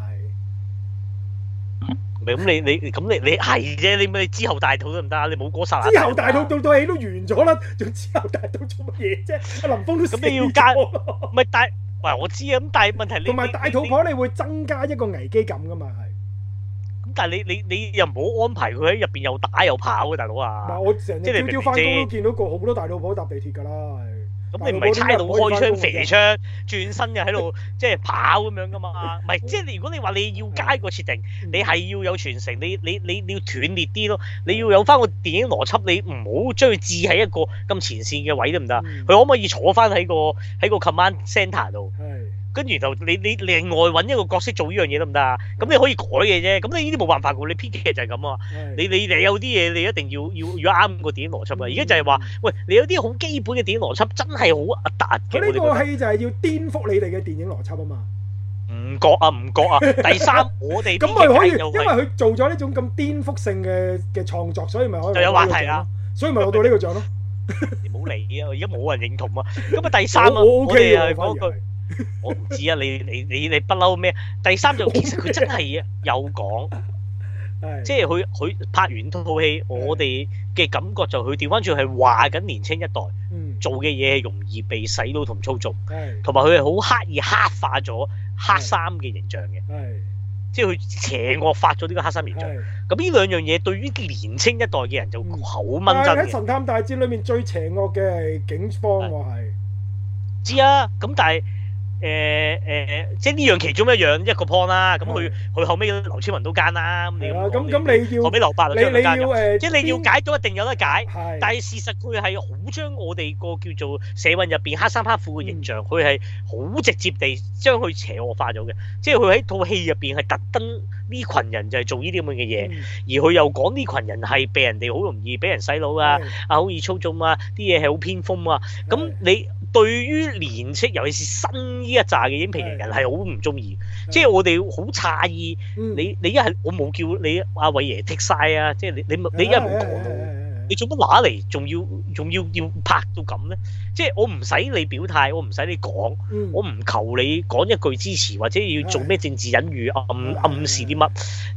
咁你你咁你你係啫，你咪之後大肚得唔得啊？你冇嗰晒之後大肚，套套戲都完咗啦，仲之後大肚做乜嘢啫？阿林峰都死咗。咁你要加，唔係但係喂，我知啊，咁但係問題你同埋大肚婆，你會增加一個危機感噶嘛？係咁，但係你你你又唔好安排佢喺入邊又打又跑嘅、啊，大佬啊！嗱，我成日朝朝翻工都見到過好多大肚婆搭地鐵噶啦。咁你唔係猜到開槍、射槍，槍、轉身又喺度即係跑咁樣噶嘛？唔係，即係你如果你話你要街個設定，你係要有傳承，你你你你要斷裂啲咯，你要有翻個電影邏輯，你唔好將佢置喺一個咁前線嘅位得唔得？佢 可唔可以坐翻喺個喺個 command center 度？ 跟住就你你另外揾一個角色做呢樣嘢得唔得啊？咁、嗯、你可以改嘅啫。咁你呢啲冇辦法嘅你編劇就係咁啊是你你你有啲嘢你一定要要果啱個電影邏輯啊。而、嗯、家就係話，喂，你有啲好基本嘅電影邏輯真係好核突嘅。呢、這個戲就係要顛覆你哋嘅電影邏輯啊嘛。唔覺啊，唔覺啊。第三， 我哋咁咪可以，因為佢做咗呢種咁顛覆性嘅嘅創作，所以咪就，就有話題啊。這個、所以咪攞到呢個獎咯。你冇理啊，而家冇人認同啊。咁啊，第三啊， 我 OK 啊，講句。 我唔知啊，你你你你不嬲咩？第三就其實佢真係有講，即係佢佢拍完套戲，我哋嘅感覺就佢調翻轉係話緊年青一代，做嘅嘢，容易被洗腦同操縱，同埋佢係好刻意刻化黑化咗黑衫嘅形象嘅，即係佢邪惡化咗呢個黑衫形象。咁呢兩樣嘢對於年青一代嘅人就好掹真、嗯、神探大戰裏面最邪惡嘅係警方，我係知啊，咁但係。誒誒誒，即係呢樣其中一樣一個 point 啦。咁佢佢後尾劉千雯都奸啦。咁、嗯、你咁、嗯、後尾劉伯就將佢奸咗、呃？即係你要解到一定有得解。但係事實佢係好將我哋個叫做社運入邊黑衫黑褲嘅形象，佢係好直接地將佢邪惡化咗嘅。嗯、即係佢喺套戲入邊係特登呢群人就係做呢啲咁嘅嘢，嗯、而佢又講呢群人係被人哋好容易俾人洗腦啊，嗯、啊好易操縱啊，啲嘢係好偏鋒啊。咁、嗯嗯嗯、你。對於年青，尤其是新呢一揸嘅影評人係好唔中意，即係我哋好詫異、嗯、你你一係我冇叫你阿偉、啊、爺 take 曬啊，即係你你你一係冇講到，你做乜揦嚟？仲要仲要要拍到咁咧？即係我唔使你表態，我唔使你講、嗯，我唔求你講一句支持或者要做咩政治隱喻暗暗示啲乜，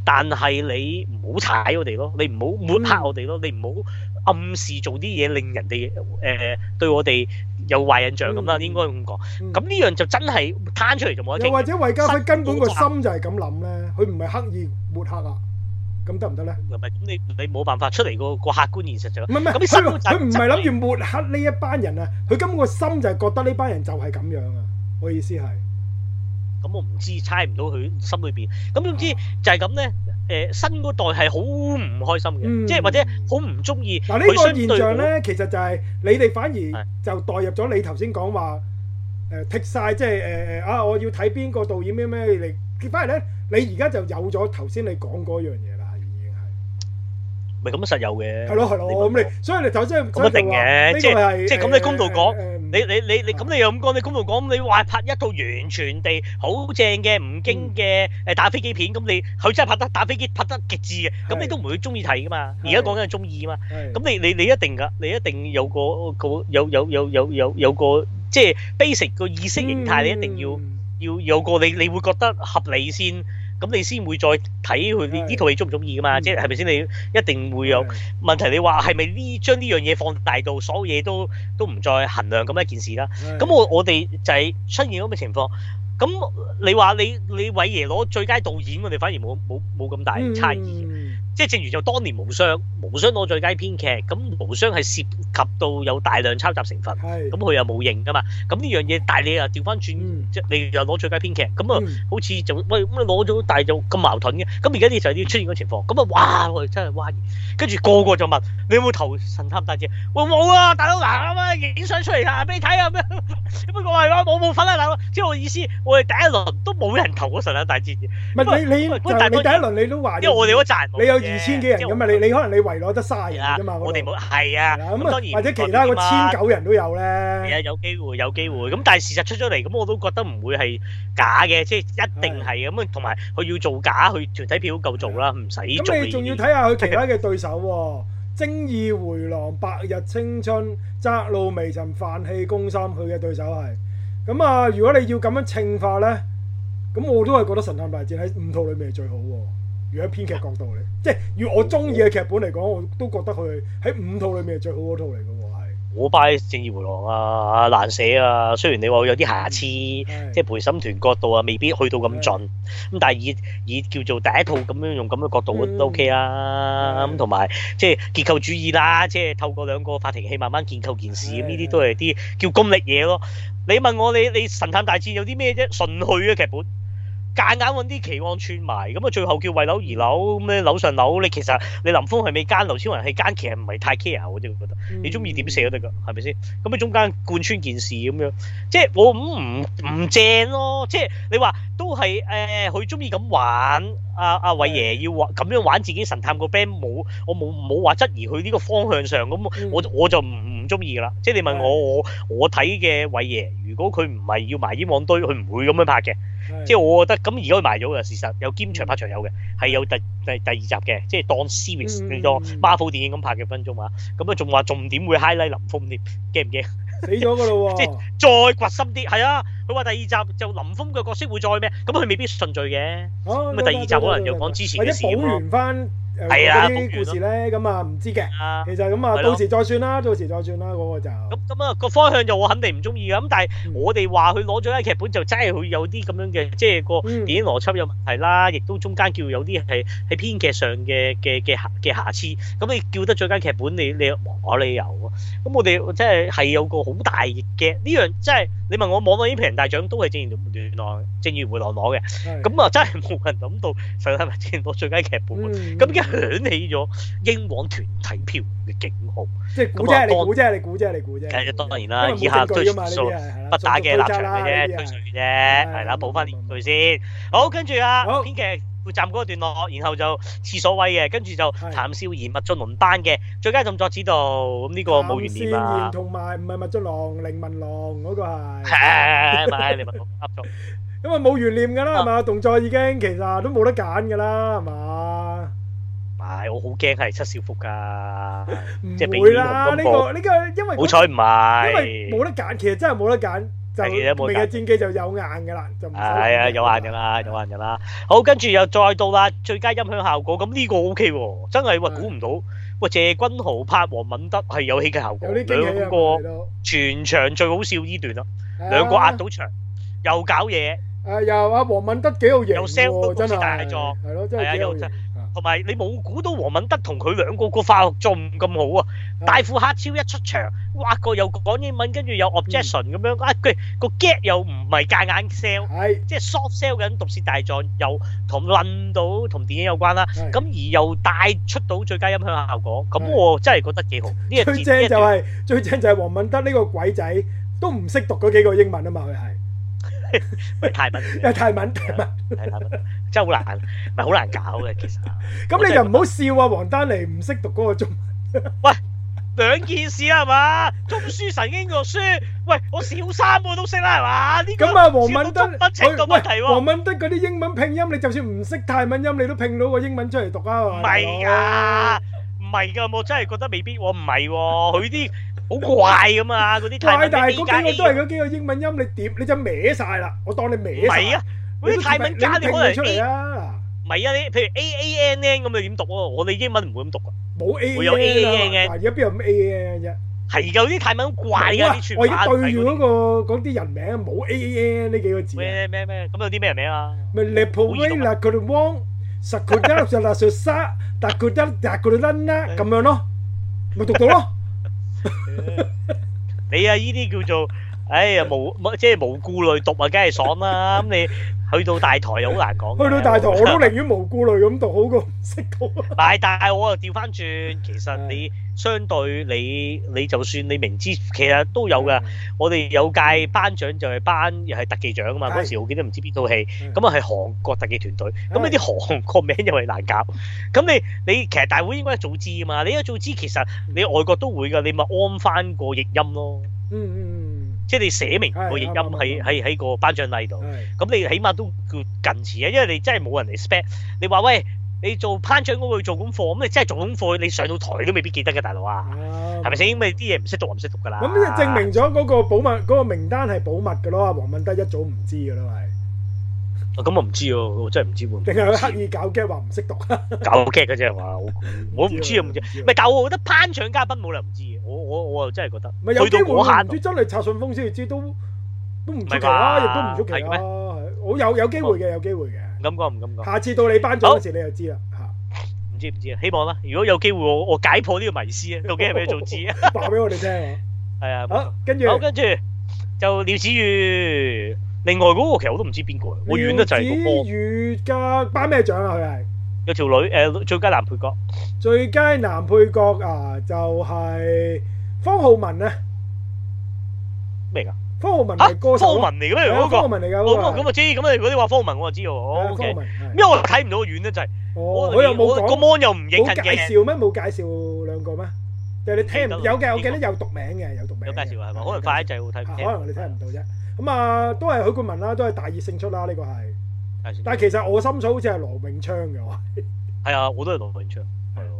但係你唔好踩我哋咯，你唔好抹黑我哋咯，嗯、你唔好暗示做啲嘢令人哋誒、呃、對我哋，有壞印象咁啦、嗯，應該咁講。咁、嗯、呢樣就真係攤出嚟就冇得。又或者魏家輝根本個心就係咁諗咧，佢唔係刻意抹黑啊，咁得唔得咧？唔係，咁你你冇辦法，出嚟個個客觀現實就係。唔係唔係，佢佢唔係諗住抹黑呢一班人啊，佢根本個心就係覺得呢班人就係咁樣啊。我意思係。咁我唔知，猜唔到佢心裏邊。咁總之就係咁咧。啊呢誒、呃，新嗰代係好唔開心嘅，即、嗯、係或者好唔中意嗱呢個現象咧，其實就係你哋反而就代入咗你頭先講話誒，剔晒、呃、即係誒誒啊，我要睇邊個導演咩咩嚟，結果反而咧你而家就有咗頭先你講樣嘢。咪咁實有嘅，係咯係咯，咁你，你所以你就真、係、咁一定嘅，即係即係咁你公道講、呃，你你你你咁、呃、你又咁講、呃，你公道講，你話拍一套完全地好正嘅、唔經嘅誒打飛機片，咁你佢真係拍得打飛機拍得極致嘅，咁你都唔會中意睇㗎嘛？而家講緊係中意嘛？咁你你你一定㗎，你一定有個個有有有有有有，有，有個即係 basic 個意識形態，你一定要、嗯、要有個你你會覺得合理先。咁你先會再睇佢呢套戲中唔中意噶嘛？即係係咪先？係係你一定會有問題。你話係咪呢？將呢樣嘢放大到所有嘢都都唔再衡量咁一件事啦。咁我我哋就係出現咁嘅情況。咁你話你你偉爺攞最佳導演，我哋反而冇冇冇咁大猜疑。即係正如就當年無雙，無雙攞最佳編劇，咁無雙係涉及到有大量抄襲成分，咁佢又冇認㗎嘛。咁呢樣嘢，但你又調翻轉，你又攞最佳編劇，咁、嗯、啊好似就喂咁你攞咗，大又咁矛盾嘅。咁而家呢就係要出現嗰情況，咁啊哇我哋真係哇！跟住個，個個就問你有冇投神探大戰？我冇啊，大佬嗱咁啊影相出嚟啊，俾你睇下咩？咁 我話、啊就是、我冇冇份啊嗱，即係我意思，我哋第一輪都冇人投神探大戰嘅。唔係你你，你第一輪你都話，因為我哋嗰陣二千幾人咁啊！你你可能你圍攞得卅人啫嘛。我哋冇係啊，咁當然，或者其他個千九人都有咧。係啊，有機會有機會。咁但係事實出咗嚟，咁我都覺得唔會係假嘅，即係一定係咁啊。同埋佢要做假，佢團體票夠做啦，唔使做。咁你仲要睇下佢其他嘅對手喎，《正義迴廊》、《白日青春》、《窄路微塵》、《飯氣攻心》，佢嘅對手係咁啊！如果你要咁樣稱化咧，咁我都係覺得《神探大戰》喺五套裏面係最好喎。如果編劇角度嚟，即係以我中意嘅劇本嚟講，我都覺得佢喺五套裏面係最好嗰套嚟嘅我係。我拜正義迴廊啊，難寫啊，雖然你話有啲瑕疵，即係陪審團角度啊，未必去到咁盡。咁但係以以叫做第一套咁樣用咁嘅角度都 OK 啦。咁同埋即係結構主義啦，即係透過兩個法庭戲慢慢建構件事，咁呢啲都係啲叫功力嘢咯。你問我你你神探大戰有啲咩啫？順序嘅劇本。夾硬搵啲期望串埋，咁啊最後叫為樓而樓，咩樓上樓？你其實你林峰係咪奸劉千雲，係奸，其實唔係太 care，我真係覺得。你中意點寫都得噶，係咪先？咁你中間貫穿件事咁樣，即係我唔唔正咯。即係你話都係誒，佢中意咁玩。阿阿韋爺要玩咁樣玩自己神探個 band，冇我冇冇話質疑佢呢個方向上咁，我我就唔唔中意㗎啦。即係你問我，我我睇嘅韋爺，如果佢唔係要埋煙網堆，佢唔會咁樣拍嘅、嗯。即係我覺得，咁而家佢埋咗㗎事實有場，嗯、場有兼長拍長有嘅，係有第第第二集嘅，即係當 series 嚟、嗯、當 Marvel 電影咁拍嘅分鐘啊。咁啊仲話重點會 highlight 林峰，啲驚唔驚？死咗噶咯喎！即係再掘深啲，係啊！佢話第二集就林峰嘅角色會再咩？咁佢未必順序嘅、啊。咁啊，第二集可能就講之前嘅事。可以補完翻。係、呃、啊！嗰啲故事咧，咁啊唔知嘅、啊。其實咁啊，啊，到時再算啦，到時再算啦，嗰、嗰個就咁咁啊個方向就我肯定唔中意嘅。咁但係、嗯、我哋話佢攞咗咧劇本就真係佢有啲咁樣嘅，即係個電影邏輯有問題啦，亦、嗯、都中間叫有啲係喺編劇上嘅嘅嘅嘅瑕疵。咁你叫得最佳劇本，你你冇理由喎。咁我哋即係係有個好大嘅呢樣，即係你問我網絡影評人大獎都係正義迴廊正義迴廊攞嘅。咁啊、嗯、真係冇人諗到上禮咪正義攞最佳劇本。咁、嗯嗯響起咗英皇團體票嘅警號，即係、嗯、估即係你估即係你估即當然,你估你估當然啦，以下都純屬不打嘅立場嘅啫，推算啫，係、哎、啦、嗯，補翻連句先。好，跟住啊編劇會站嗰個段落，然後就廁所位嘅，跟住就談笑而麥浚龍丹嘅，最佳係動作指導咁呢、這個冇懸念啊。同埋唔係麥浚龍凌文龍嗰個係，唔你物噏因為冇懸念㗎啦，係嘛動作已經其實都冇得揀㗎啦，係嘛。係，我好驚係七小福噶即係病院同恐怖。呢個呢個因為好彩唔係，因為冇得揀，其實真係冇得揀，真係冇得揀，就明嘅戰機就有眼噶啦，就係啊有眼人啦，有眼人啦。好，跟住又再到啦最佳音響效果，咁呢個 O K 喎，真係喂估唔到，喂謝君豪拍王敏德係有戲嘅效果，兩個全場最好笑呢段啦，兩個壓到場又搞嘢，誒又阿王敏德幾好嘢，有聲都支持大製作，係咯真係有。同埋你冇估到王敏德同佢兩個個化學仲咁好啊！大富黑超一出場，哇個又講英文，跟住又 objection 咁樣啊，佢個 gag 又唔係戒硬 sell，即係 soft sell 人毒舌大狀又同諗到同電影有關啦，咁而又帶出到最佳音響效果，咁我真係覺得幾好。呢個最正就係、是、最正就係王敏德呢個鬼仔都唔識讀嗰幾個英文啊嘛，佢係。泰文又泰文係嘛，真係好難，係 好難搞嘅其實。咁 你又唔好笑啊，王 丹妮唔識讀嗰個中文。 喂，兩件事啦係嘛，中書神經讀書。喂，我小三個都識啦係嘛，呢、 這個跳、啊、到中等程度題王、啊、敏德嗰啲英文拼音，你就算唔識泰文音，你都拼到個英文出嚟讀啊，唔係啊，唔係噶，我真係覺得未必，我唔係喎，佢啲。 好怪咁啊！嗰啲太大嗰幾個都係嗰幾個英文音，你點你就歪曬啦！我當你歪曬啊！啲泰文加條尾出嚟啊！唔係啊！譬如 A A N N 咁，你點讀啊？我哋英文唔會咁讀噶，冇 A A N N。而家邊有咩 A A N N 啫？係有啲泰文好怪㗎，我而家對住嗰個嗰啲人名冇 A A N N 呢幾個字啊！咩咩咩？咁有啲咩人名啊？咪 Le Prouvaille 佢哋 Wong，但佢哋咧就就就沙，但佢哋但佢哋咧咁樣咯，咪讀到咯。 你啊，呢啲叫做，哎呀無，即係無顧慮讀啊，梗係爽啦咁 你。去到大台又好難講，去到大台我都寧願無顧慮咁讀好過識到。 但係我又調翻轉，其實你相對你你就算你明知其實都有㗎。Mm -hmm. 我哋有屆頒獎就係頒又係特技獎啊嘛。嗰、mm -hmm. 時候我記得唔知邊套戲，咁啊係韓國特技團隊。咁、mm -hmm. mm -hmm. 你啲韓國名又係難搞。咁你你其實大會應該早知㗎嘛？你一早知其實你外國都會㗎，你咪安翻個譯音咯。嗯嗯。即係你寫明個譯音喺喺喺個頒獎禮度，咁你起碼都叫近似啊！因為你真係冇人嚟 spell，你話喂，你做頒獎嗰個做功課，咁你真係做功課，你上到台都未必記得㗎，大佬啊，係咪先？你啲嘢唔識讀唔識讀㗎啦。咁你係證明咗嗰個保密嗰、嗰個、名單係保密㗎咯，王敏德一早唔知㗎啦係。啊咁我唔知哦，我真係唔知喎，定係刻意搞 g a 話唔識讀搞 game 嘅啫嘛，我唔 知我唔知，唔係，但我覺得頒獎嘉賓冇理由唔知嘅，我我我又真係覺得唔係有機會我唔知，唔知，唔知真係拆順風先至知都都唔出奇啊，亦都唔出奇、啊、我有有機會嘅，有機會嘅，唔敢講唔敢講，下次到你頒獎嗰時你就知啦吓，唔知唔知啊，希望啦，如果有機會我我解破呢個迷思啊，究竟係咩早知啊，話 俾我哋聽啊，係啊，啊啊跟好跟住好跟住就廖子妤。另外嗰個其實我都唔知邊個，我遠得滯個 mon。子雨加頒咩獎啊？佢係有條女誒，最佳男配角。最佳男配角啊，就係方浩文啊。咩啊？方浩文係方浩文嚟嘅咩？嗰個方浩文嚟噶嗰個。我我知，咁你嗰啲話方浩文，我就知喎。O K。因為我睇唔到，遠得滯。我我又冇個 mon 又唔引人嘅。介紹咩？冇介紹兩個咩？但係你聽唔到有嘅，我記得有讀名嘅，有讀名。有介紹係咪？可能快就會睇，可能你睇唔到啫。咁啊，都係許冠文啦，都係大熱勝出啦，呢個係。但係其實我心所心水好似係羅永昌嘅。係啊，我都係羅永昌。係啊，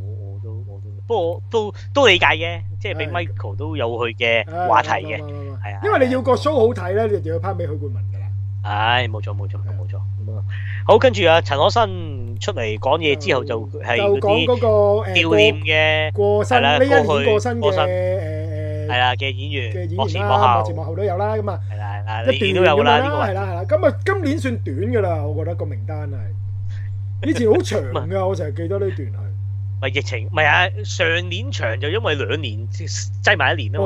我我都我都。不過都都理解嘅，即係俾 Michael 都有佢嘅話題嘅。係啊，因為你要個 show 好睇咧，你就要拍俾許冠文噶啦。唉冇錯，冇錯冇錯。好，跟住啊，陳可辛出嚟講嘢之後就係講嗰個悼念嘅過身，呢一年過身嘅誒。係啦，嘅演員，幕前幕後，幕前幕後都有啦。咁啊，係啦，一段都有噶啦。呢個係啦係啦。咁啊，今年算短噶啦，我覺得個名單係以前好長噶。我淨係記得呢段係咪疫情？唔係啊，上年長就因為兩年擠埋一年啊嘛，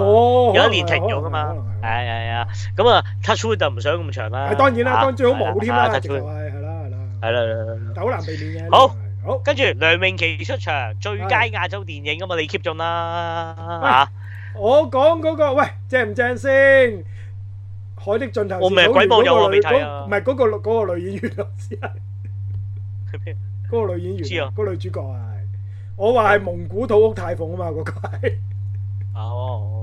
有一年停咗噶嘛。係係啊，咁啊，cut through 就唔想咁長啦。係當然啦，當然最好冇添啦。係係啦係啦，係啦係啦，但好難避免嘅。好，好，跟住梁詠琪出場最佳亞洲電影啊嘛，你 keep 中啦吓。我講嗰、那個喂正唔正先？海的盡頭。我唔係鬼幫友咯、啊那個，唔係嗰個嗰、那個女演員。嗰 個女演員知啊？嗰女主角啊，我話係蒙古土屋太鳳啊嘛，嗰、那個係哦。啊好啊好。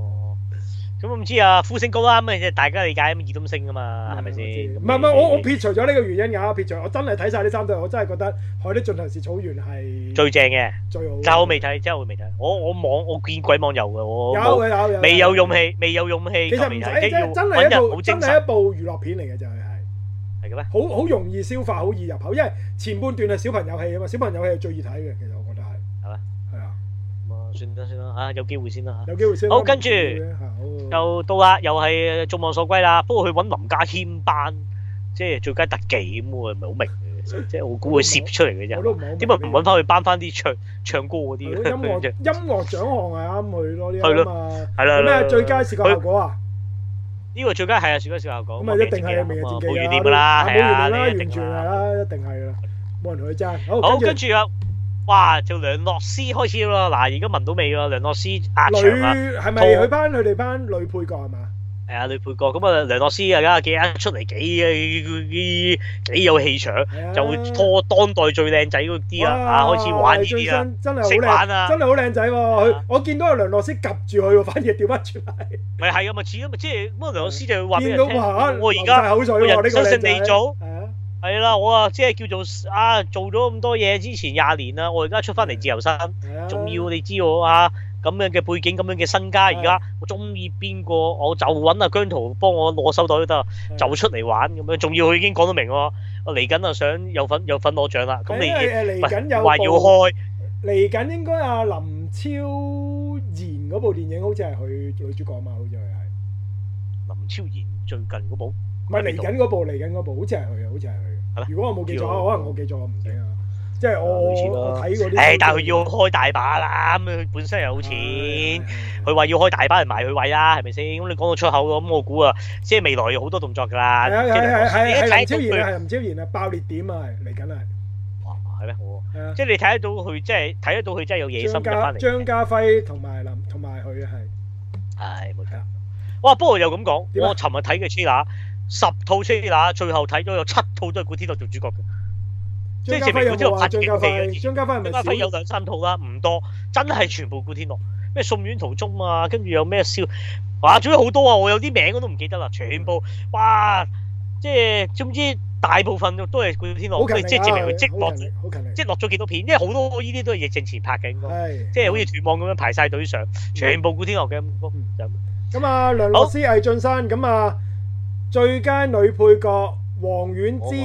咁唔知啊，呼聲高啦，咁啊即係大家理解，爾冬陞啊嘛，係咪先？唔係唔係，我我撇除咗呢個原因㗎，撇除，我真係睇晒呢三對，我真係覺得海的盡頭是草原係最正嘅，最好。但係我未睇，真係我未睇，我我網我見鬼網遊㗎，我有嘅有。未有勇氣，未有勇氣。其實唔係，即係真係一部真係一部娛樂片嚟嘅，就係係係嘅咩？好好容易消化，好易入口，因為前半段係小朋友戲啊嘛，小朋友戲係最易睇嘅。算啦，算啦嚇，有機會先啦嚇。有機會先。啊、好，跟住又到啦，又係眾望所歸啦。不過佢揾林家謙班，即係最佳特技咁喎，唔係好明、嗯、即係我估佢攝出嚟嘅啫。我都唔明。點解唔揾翻佢頒翻啲唱唱歌嗰啲、嗯嗯？音樂、嗯、音樂獎項係啱佢攞啲咯。係咯。咩、嗯、最佳視覺效果啊？呢、哎呢個最佳係啊，視覺效果。咁一定係明日戰記啊，冇怨點㗎啦，係定完全係啦，一定係啦，冇人同佢爭。好，跟住啊。哇！就梁洛施開始咯，嗱，而家聞到未喎，梁洛施壓場啊，拖。係咪佢班，佢哋班女配角係嘛？係啊，女配角咁啊，梁洛施啊，而家幾出嚟幾有氣場、啊，就拖當代最靚仔嗰啲啊，開始玩呢啲啦。真係識玩啊！真係好靚仔喎！我見到阿梁洛施夾住佢喎，反而掉翻出嚟。咪係咁嘛，似咁啊？即係梁洛施就話咩？見到啊！我而家唔係好在喎，呢、這個係啦，我啊，即係叫做啊，做咗咁多嘢之前廿年啦，我而家出翻嚟自由身，仲要你知我啊，咁樣嘅背景，咁樣嘅身家，而家我中意邊個，我就搵阿姜濤幫我攞手袋都得，就出嚟玩咁樣。仲要佢已經講得明喎，我嚟緊啊想有份有份攞獎啦，咁你唔係要開嚟緊應該阿林超賢嗰部電影好似係佢女主角嘛，好似係林超賢最近嗰部，唔係嚟緊嗰部嚟緊嗰部，部好似係佢，好似係佢。如果我冇記錯，可能我記錯唔定啊！即係我睇嗰啲，誒，我過但係佢要開大把啦，咁、嗯、佢本身又有錢，佢、哎、話要開大把嚟買佢位啦，係咪先？咁你講到出口咁、嗯，我估啊，即係未來有好多動作噶啦。係啊係啊係係啊！林超然爆裂點啊，嚟緊啊！哇，係咩？好即係你睇得到佢，即係睇得到佢，真係有野心翻嚟。張家輝同埋林同埋佢係係冇錯。哇！不過又咁講，我尋日睇嘅車十套車啦，最後睇咗有七套都係古天樂做主角嘅，即係證明古天樂拍咗幾戲嗰啲，張家輝唔係張家輝有兩三套啦，唔多，真係全部古天樂，咩送院途中啊，跟住有咩燒啊，總之好多啊，我有啲名我都唔記得啦，全部哇，即係總之大部分都都係古天樂，即係證明佢積落，即係落咗幾多,、啊多,啊啊啊、多片，因為好多呢啲都係疫情前拍嘅，應該，即係好似斷網咁樣排晒隊上，全部古天樂嘅咁，咁咁、嗯嗯、啊，梁老師係俊山，咁啊。最佳女配角王菀之，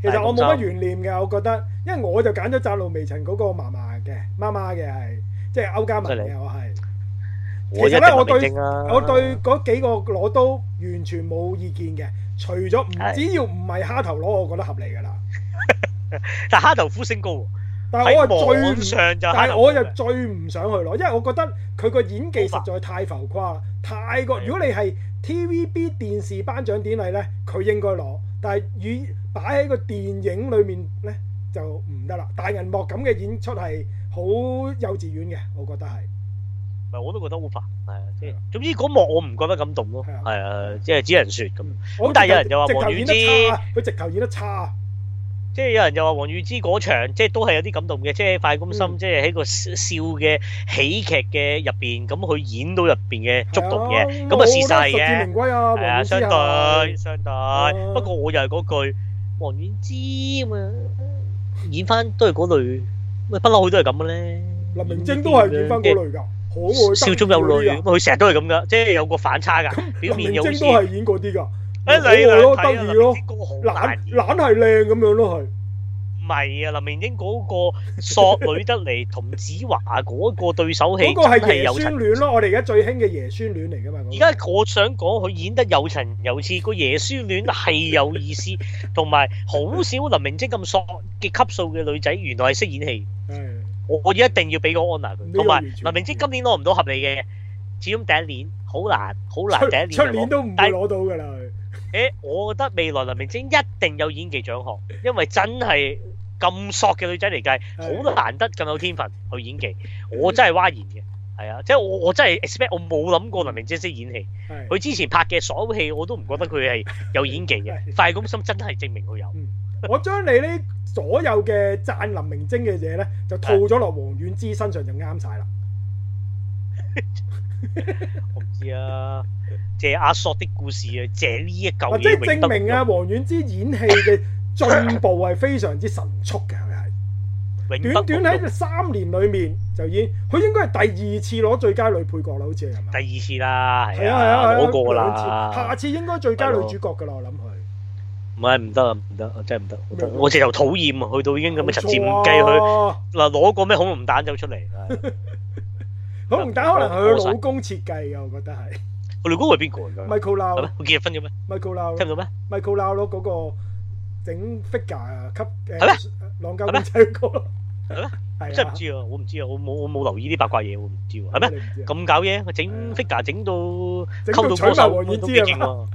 其實我冇乜懸念嘅，我覺得，因為我就揀咗《窄露微塵》嗰個嫲嫲嘅、媽媽嘅係，即係歐家文嘅我係。其實咧，我對我對嗰幾個攞都完全冇意見嘅，除咗唔只要唔係蝦頭攞，我覺得合理噶啦。但蝦頭呼聲高。但係我係最唔，但係我就最唔想去攞，因為我覺得佢個演技實在太浮誇啦，太過。如果你係 TVB 電視頒獎典禮咧，佢應該攞，但係與擺喺個電影裏面咧就唔得啦。大人幕咁嘅演出係好幼稚園嘅，我覺得係。唔係，我都覺得好煩，係啊，即係總之嗰幕我唔覺得感動咯，係啊，即係只能説咁。咁但有人又話佢直頭演得差，佢直頭演得差。即係有人又話王菀之嗰場，即係都係有啲感動嘅，即係快工心，即係喺個笑嘅喜劇嘅入邊，咁佢演到入邊嘅觸動嘅，咁啊事實嘅，係啊相對相對。不過我又係嗰句，王菀之咁啊，演翻都係嗰類，乜不嬲佢都係咁嘅咧。林明晶都係演翻嗰類㗎，笑中有淚啊！乜佢成日都係咁㗎，即係有個反差㗎。林明晶都係演嗰啲㗎。誒，你咯，得意咯，嗰個囡囡係靚咁樣咯，係唔係啊？林明禎嗰個索女得嚟，同子華嗰個對手戲，嗰個係爺孫戀咯。我哋而家最興嘅爺孫戀嚟噶嘛。而家我想講佢演得有情有切，個爺孫戀係有意思，同埋好少林明禎咁索嘅級數嘅女仔，原來係識演戲。嗯，我一定要俾個安娜佢。同埋林明禎今年攞唔到合理嘅，始終第一年好難，好難第一年攞。出年都唔攞到噶啦。誒、欸，我覺得未來林明禎一定有演技獎項，因為真係咁索嘅女仔嚟計，好難得咁有天分去演技。我真係嘩然嘅，係啊，即係我我真係 expect，我冇諗過林明禎識演戲。佢之前拍嘅所有戲，我都唔覺得佢係有演技嘅。飯戲攻心真係證明佢有、嗯。我將你呢所有嘅讚林明禎嘅嘢呢，就套咗落王菀之身上就啱晒啦。 我唔知啊，謝阿索的故事啊，謝呢一舊即係證明啊，王菀之演戲嘅進步係非常之神速嘅，佢係 短短喺三年裏面就演，佢應該係第二次攞最佳女配角啦，好似係嘛？第二次啦，係啊係啊，攞、啊啊、過啦。下次應該最佳女主角噶啦，我諗佢。唔係唔得唔得，真係唔得，我直頭討厭啊！去到已經咁樣，唔計佢嗱攞個咩恐龍蛋走出嚟。 好唔得，可能佢老公設計嘅，我覺得係。佢老公係邊個啊？Michael Lau，佢結咗婚嘅咩？Michael Lau，聽唔到咩？Michael Lau 咯，嗰個整 figure 吸誒，浪交女仔嗰個，係咩？真係唔知啊！我唔知啊！我冇我冇留意啲八卦嘢，我唔知啊！係咩？咁搞嘢，我整 figure 整到溝到歌手，我都知啊！係咯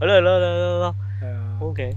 係咯係咯係啊，OK。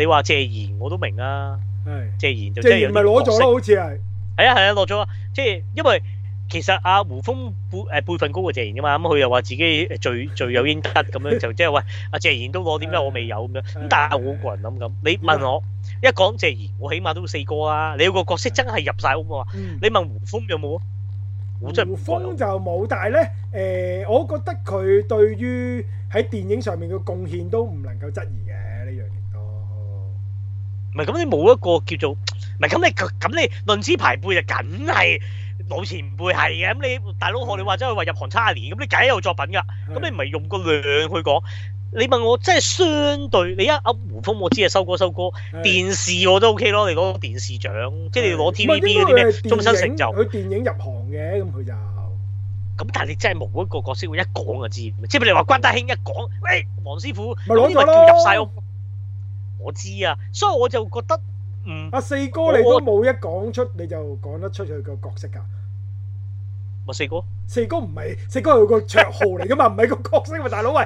你話謝賢我都明啊，謝賢就即係有角色。謝賢唔係攞咗咯，好似係。係啊係啊，攞咗啊！即係因為其實阿胡楓輩誒輩份高過謝賢噶嘛，咁佢又話自己最最有應得咁樣，就即係喂阿謝賢都攞，點解我未有咁樣。咁但係我個人諗咁，你問我一講謝賢，我起碼都四個啊！你個角色真係入曬屋㗎嘛？你問胡楓有冇啊？胡楓就冇，但係咧誒，我覺得佢對於喺電影上面嘅貢獻都唔能夠質疑嘅。唔係咁你冇一個叫做，唔係咁你咁你論資排輩就梗係老前輩係嘅，咁你大佬學你話真係話入行差年，咁你梗係有作品㗎，咁你唔係用個量去講。你問我即係相對，你一噏胡楓我知啊，修哥修哥，電視我都 OK 咯，你攞電視獎，即係你攞 TVB 嗰啲咩終身成就，佢電影入行嘅，咁佢就，咁但係你真係冇一個角色，一講就知，即係譬如話關德興一講，誒黃師傅，呢叫入晒屋。我知啊，所以我就覺得，嗯，阿四哥你都冇一講出，你就講得出佢個角色噶。咪四哥？四哥唔係四哥係個綽號嚟噶嘛，唔係個角色嘛，大佬喂。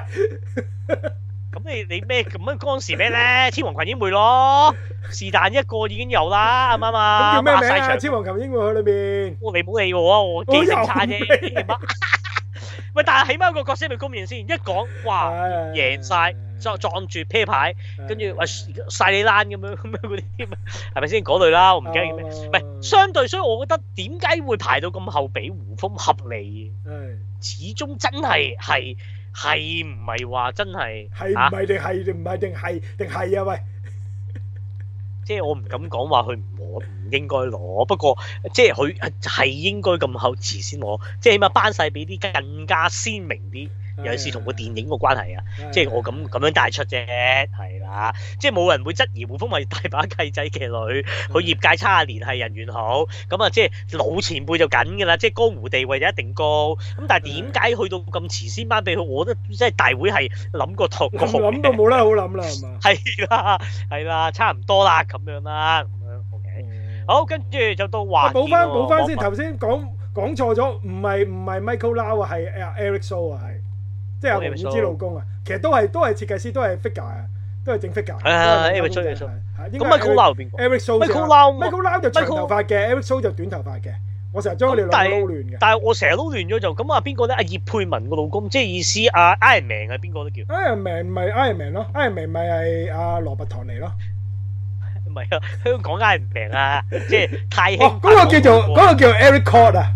咁你你咩咁樣嗰陣時咩咧？天王群英會咯，是但一個已經有啦，啱啱嘛。咁叫咩名啊？天王群英會佢裏面，我你唔好理我啊，我記性差啫。乜？喂，但係起碼一個角色咪公認先，一講哇，贏晒。撞撞住啤牌，跟住喂晒你攬咁樣咁樣嗰啲，係咪先嗰類啦？我唔記得叫咩，唔、啊、係相對，所以我覺得點解會排到咁後俾胡楓合理？是的始終真係係係唔係話真係嚇？係唔係定係定唔係定係定係啊？喂！即係我唔敢講話佢唔攞，唔應該攞。不過即係佢係應該咁後置先攞，即係起碼班晒俾啲更加鮮明啲。有時同個電影個關係啊係，即係我咁咁樣帶出啫，係啦，即係冇人會質疑胡楓係大把契仔嘅女，佢業界差廿年係人緣好，咁啊即係老前輩就緊㗎啦，即係江湖地位就一定高，咁但係點解去到咁遲先攤俾佢？我覺得即係大會係諗過同諗到冇乜好諗啦，係啦係啦，差唔多啦咁樣啦，咁樣 OK，好跟住就到話補翻補翻先，頭先講講錯咗，唔係唔係 Michael Lau 啊，係 Eric So 啊。即係胡志老公 figure, figure, 啊，其實都係都係設計師，都係 figure 啊，都係整 figure 係 Eric So。咁咪 Michael Lau 邊個？Eric So，Michael Lau，Michael Lau 就長頭髮嘅，Eric So 就短頭髮嘅。我成日將佢哋兩公都撈亂嘅。但係我成日都亂咗就咁啊？邊個咧？阿葉佩文個老公，即係意思阿 Iron Man 邊個都叫 Iron Man 咪 Iron Man 咯 Iron Man 咪係阿羅拔唐尼咯。唔係啊，香港 Iron Man 啊，即 係泰興、哦。那個叫做、那個叫、啊、Eric Kot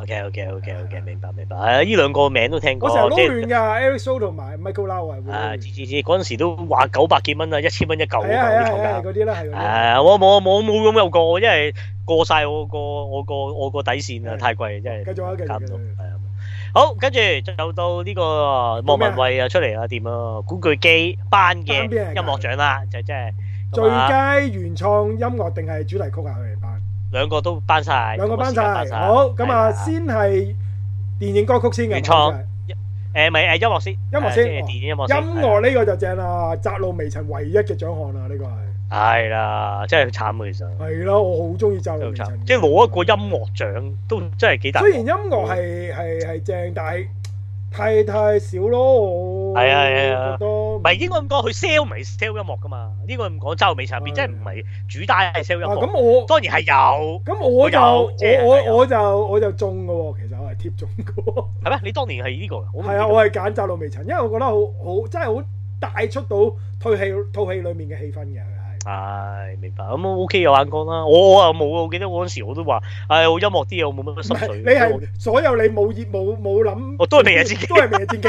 OK OK OK OK，明白明白。係啊，呢兩個名都聽過。我成日攪亂㗎，Ericsson 同埋 Michael Law 啊。係，知知知。嗰陣時都話九百幾蚊啦，一千蚊一嚿。係係係，嗰啲啦，係。誒，我冇冇冇咁有過，因為過曬我個我個我個底線啦，太貴。真係。繼續啊，繼續。係啊，好，跟住就到呢個莫文蔚啊出嚟啦，點啊？古巨基頒嘅音樂獎啦，就即係最佳原創音樂定係主題曲啊？佢。兩個都頒晒，兩個頒晒，好咁啊！先係電影歌曲先嘅原創，誒咪誒音樂先，音樂先，電影音樂音樂呢個就正啦，窄路微塵唯一嘅獎項啦，呢個係係啦，真係慘啊，其實係咯，我好鍾意窄路微塵，即係攞一個音樂獎都真係幾大，雖然音樂係係係正，但係。太太少咯，我係啊係啊，唔係應該咁講，佢 sell 咪 sell 音樂㗎嘛？呢個咁窄路微塵入邊，即係唔係主打係 sell 音樂。咁我當然係有，咁我就我我我就我就中㗎喎，其實我係貼中㗎。係咩？你當年係呢個㗎？係啊，我係揀窄路微塵，因為我覺得好好真係好帶出到套戲套戲裡面嘅氣氛㗎。係、哎、明白咁，O K 有眼光啦。我我啊冇我記得嗰陣時我都話，好、哎、音樂啲嘢我冇乜乜心水。你係所有你冇業冇冇諗，都係明日戰記，都係明日戰記。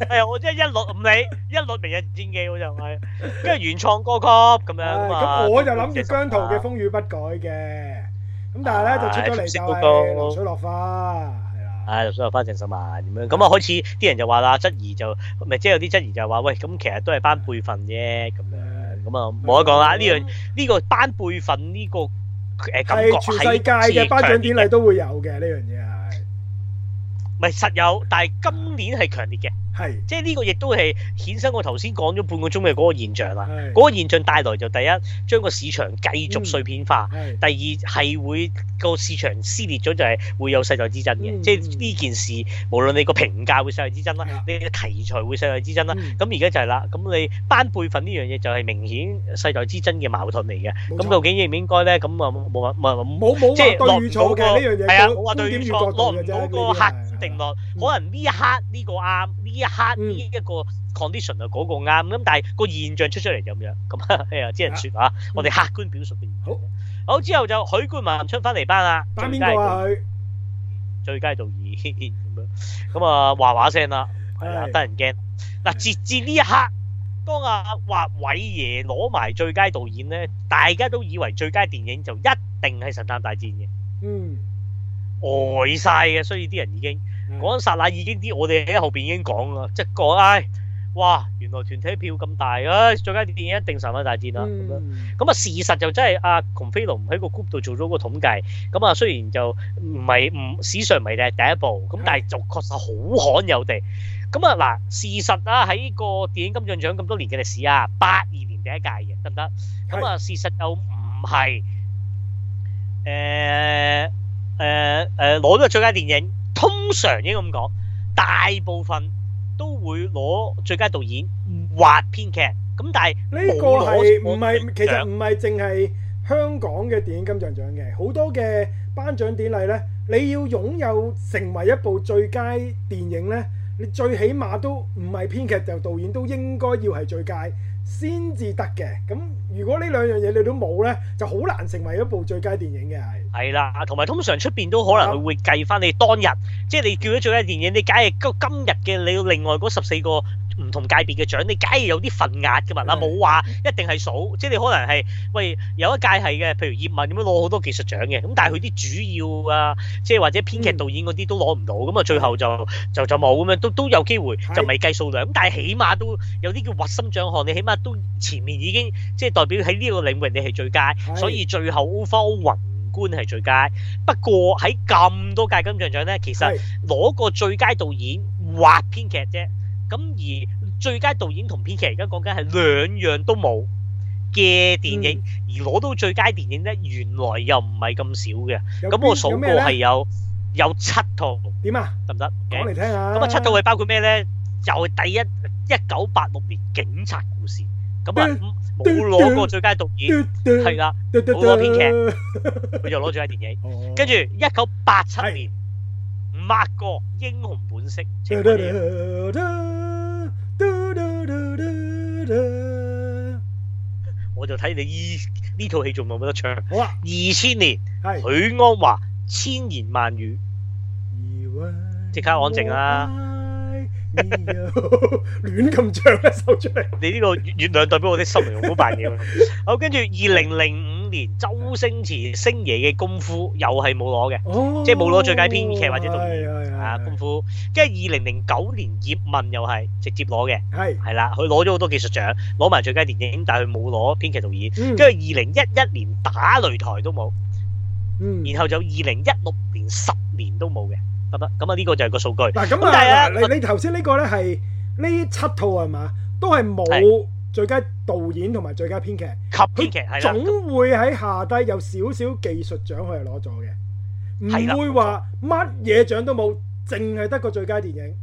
係 我真係一落唔理，一落明日戰記我就係、是，即 係原創歌曲咁樣咁、哎、我就諗住姜濤嘅風雨不改嘅，咁、哎、但係咧就出咗嚟就流、是嗯哎、水落花係啦。係、嗯、流、嗯哎、水落花成十萬咁樣，咁啊開始啲人就話啦，質疑就咪即係有啲質疑就係話喂，咁其實都係班輩份啫咁樣。咁啊，冇得講啦！呢樣呢、嗯呢個班輩份呢個誒，感覺喺世界嘅頒獎典禮都會有嘅呢樣嘢係，唔係實有，但係今年係強烈嘅。嗯係，即係呢個亦都係衍生我頭先講咗半個鐘嘅嗰個現象啦。嗰、嗰個現象帶來就第一將個市場繼續碎片化，嗯、第二係會個市場撕裂咗就係會有世代之爭嘅、嗯。即係呢件事，無論你個評價會世代之爭啦，你嘅題材會世代之爭啦。咁而家就係啦，咁你班輩份呢樣嘢就係明顯世代之爭嘅矛盾嚟嘅。咁究竟應唔應該咧？咁啊冇冇即係落與嘅呢樣嘢到嘅係啊，我、那個、對錯落唔到個客定落？可能呢一刻呢個啱呢。嗯一刻呢一個 condition 啊、嗯，嗰、那個啱咁，但係個現象出出嚟就咁樣，咁啊，啲人説話、啊嗯，我哋客觀表述嘅現象好。好，之後就許冠文出翻嚟班啊，邊個啊？最佳導演咁樣，咁啊話話聲啦，係啊，得人驚。嗱、啊，截至呢一刻，當阿、啊、華偉爺攞埋最佳導演咧，大家都以為最佳電影就一定係《神探大戰》嘅。嗯。呆晒嘅，所以啲人已經。嗰陣剎那已經啲，我哋喺後邊已經講啦，即係講，唉，哇，原來團體票咁大，唉，最佳電影一定神探大戰啦咁樣。咁啊事實就真係阿 Confero 唔喺個 group 度做咗個統計，咁啊雖然就唔係唔史上唔係第第一部，咁但係就確實好罕有地，咁啊嗱事實啊喺個電影金像獎咁多年嘅歷史啊，八二年第一屆嘅得唔得？咁啊事實就唔係，誒誒誒攞咗最佳電影。通常應該咁講，大部分都會攞最佳導演或編劇。咁但係呢個係唔係其實唔係淨係香港嘅電影金像獎嘅，好多嘅頒獎典禮呢，你要擁有成為一部最佳電影呢，你最起碼都唔係編劇就導演都應該要係最佳，先至得嘅，咁如果呢兩樣嘢你都冇呢，就好難成為一部最佳電影嘅係。係啦，同埋通常出邊都可能佢會計翻你當日，是即係你叫咗最佳電影，你梗係今日嘅，你另外嗰十四個唔同界別嘅獎，你梗係有啲份額嘅嘛，嗱冇話一定係數，即係你可能係喂有一屆係嘅，譬如葉問咁樣攞好多技術獎嘅，咁但係佢啲主要啊，即係或者編劇導演嗰啲都攞唔到，咁啊最後就就就冇咁樣，都都有機會就未計數量，咁但係起碼都有啲叫核心獎項，你起碼都前面已經即係代表喺呢個領域你係最佳，所以最後 overall 宏觀係最佳。不過喺咁多屆金像獎咧，其實攞個最佳導演或編劇啫。咁而最佳導演同編劇而家講緊係兩樣都冇嘅電影，而攞到最佳電影咧，原來又唔係咁少嘅。咁我數過係有有七套。點啊？得唔得？講嚟聽下。咁啊，七套係包括咩咧？就係第一一九八六年《警察故事》咁啊，冇攞過最佳導演，係啦，冇攞編劇，佢就攞最佳電影。跟住一九八七年。抹過英雄本色？請我就睇你呢套戲仲有冇得唱，啊？二千年，許鞍華，千言萬語，即刻安靜啦。亂咁唱一首出嚟，你呢個月月亮代表我的心，唔好扮嘢。好，跟住二零零五年周星馳《星爺嘅功夫》又係冇攞嘅，即係冇攞最佳編劇或者導演啊功夫。跟住二零零九年葉問又係直接攞嘅，係係啦，佢攞咗好多技術獎，攞埋最佳電影，但係佢冇攞編劇導演。跟住二零一一年《打擂台》都冇，然後就二零一六年十年都冇嘅。得咁啊，呢個就係個數據。嗱，咁啊，你你頭先呢個咧係呢七套係嘛？都係冇最佳導演同埋最佳編劇。編劇係啦，總會喺下低有少少技術獎佢係攞咗嘅，唔會話乜嘢獎都冇，淨係得個最佳電影。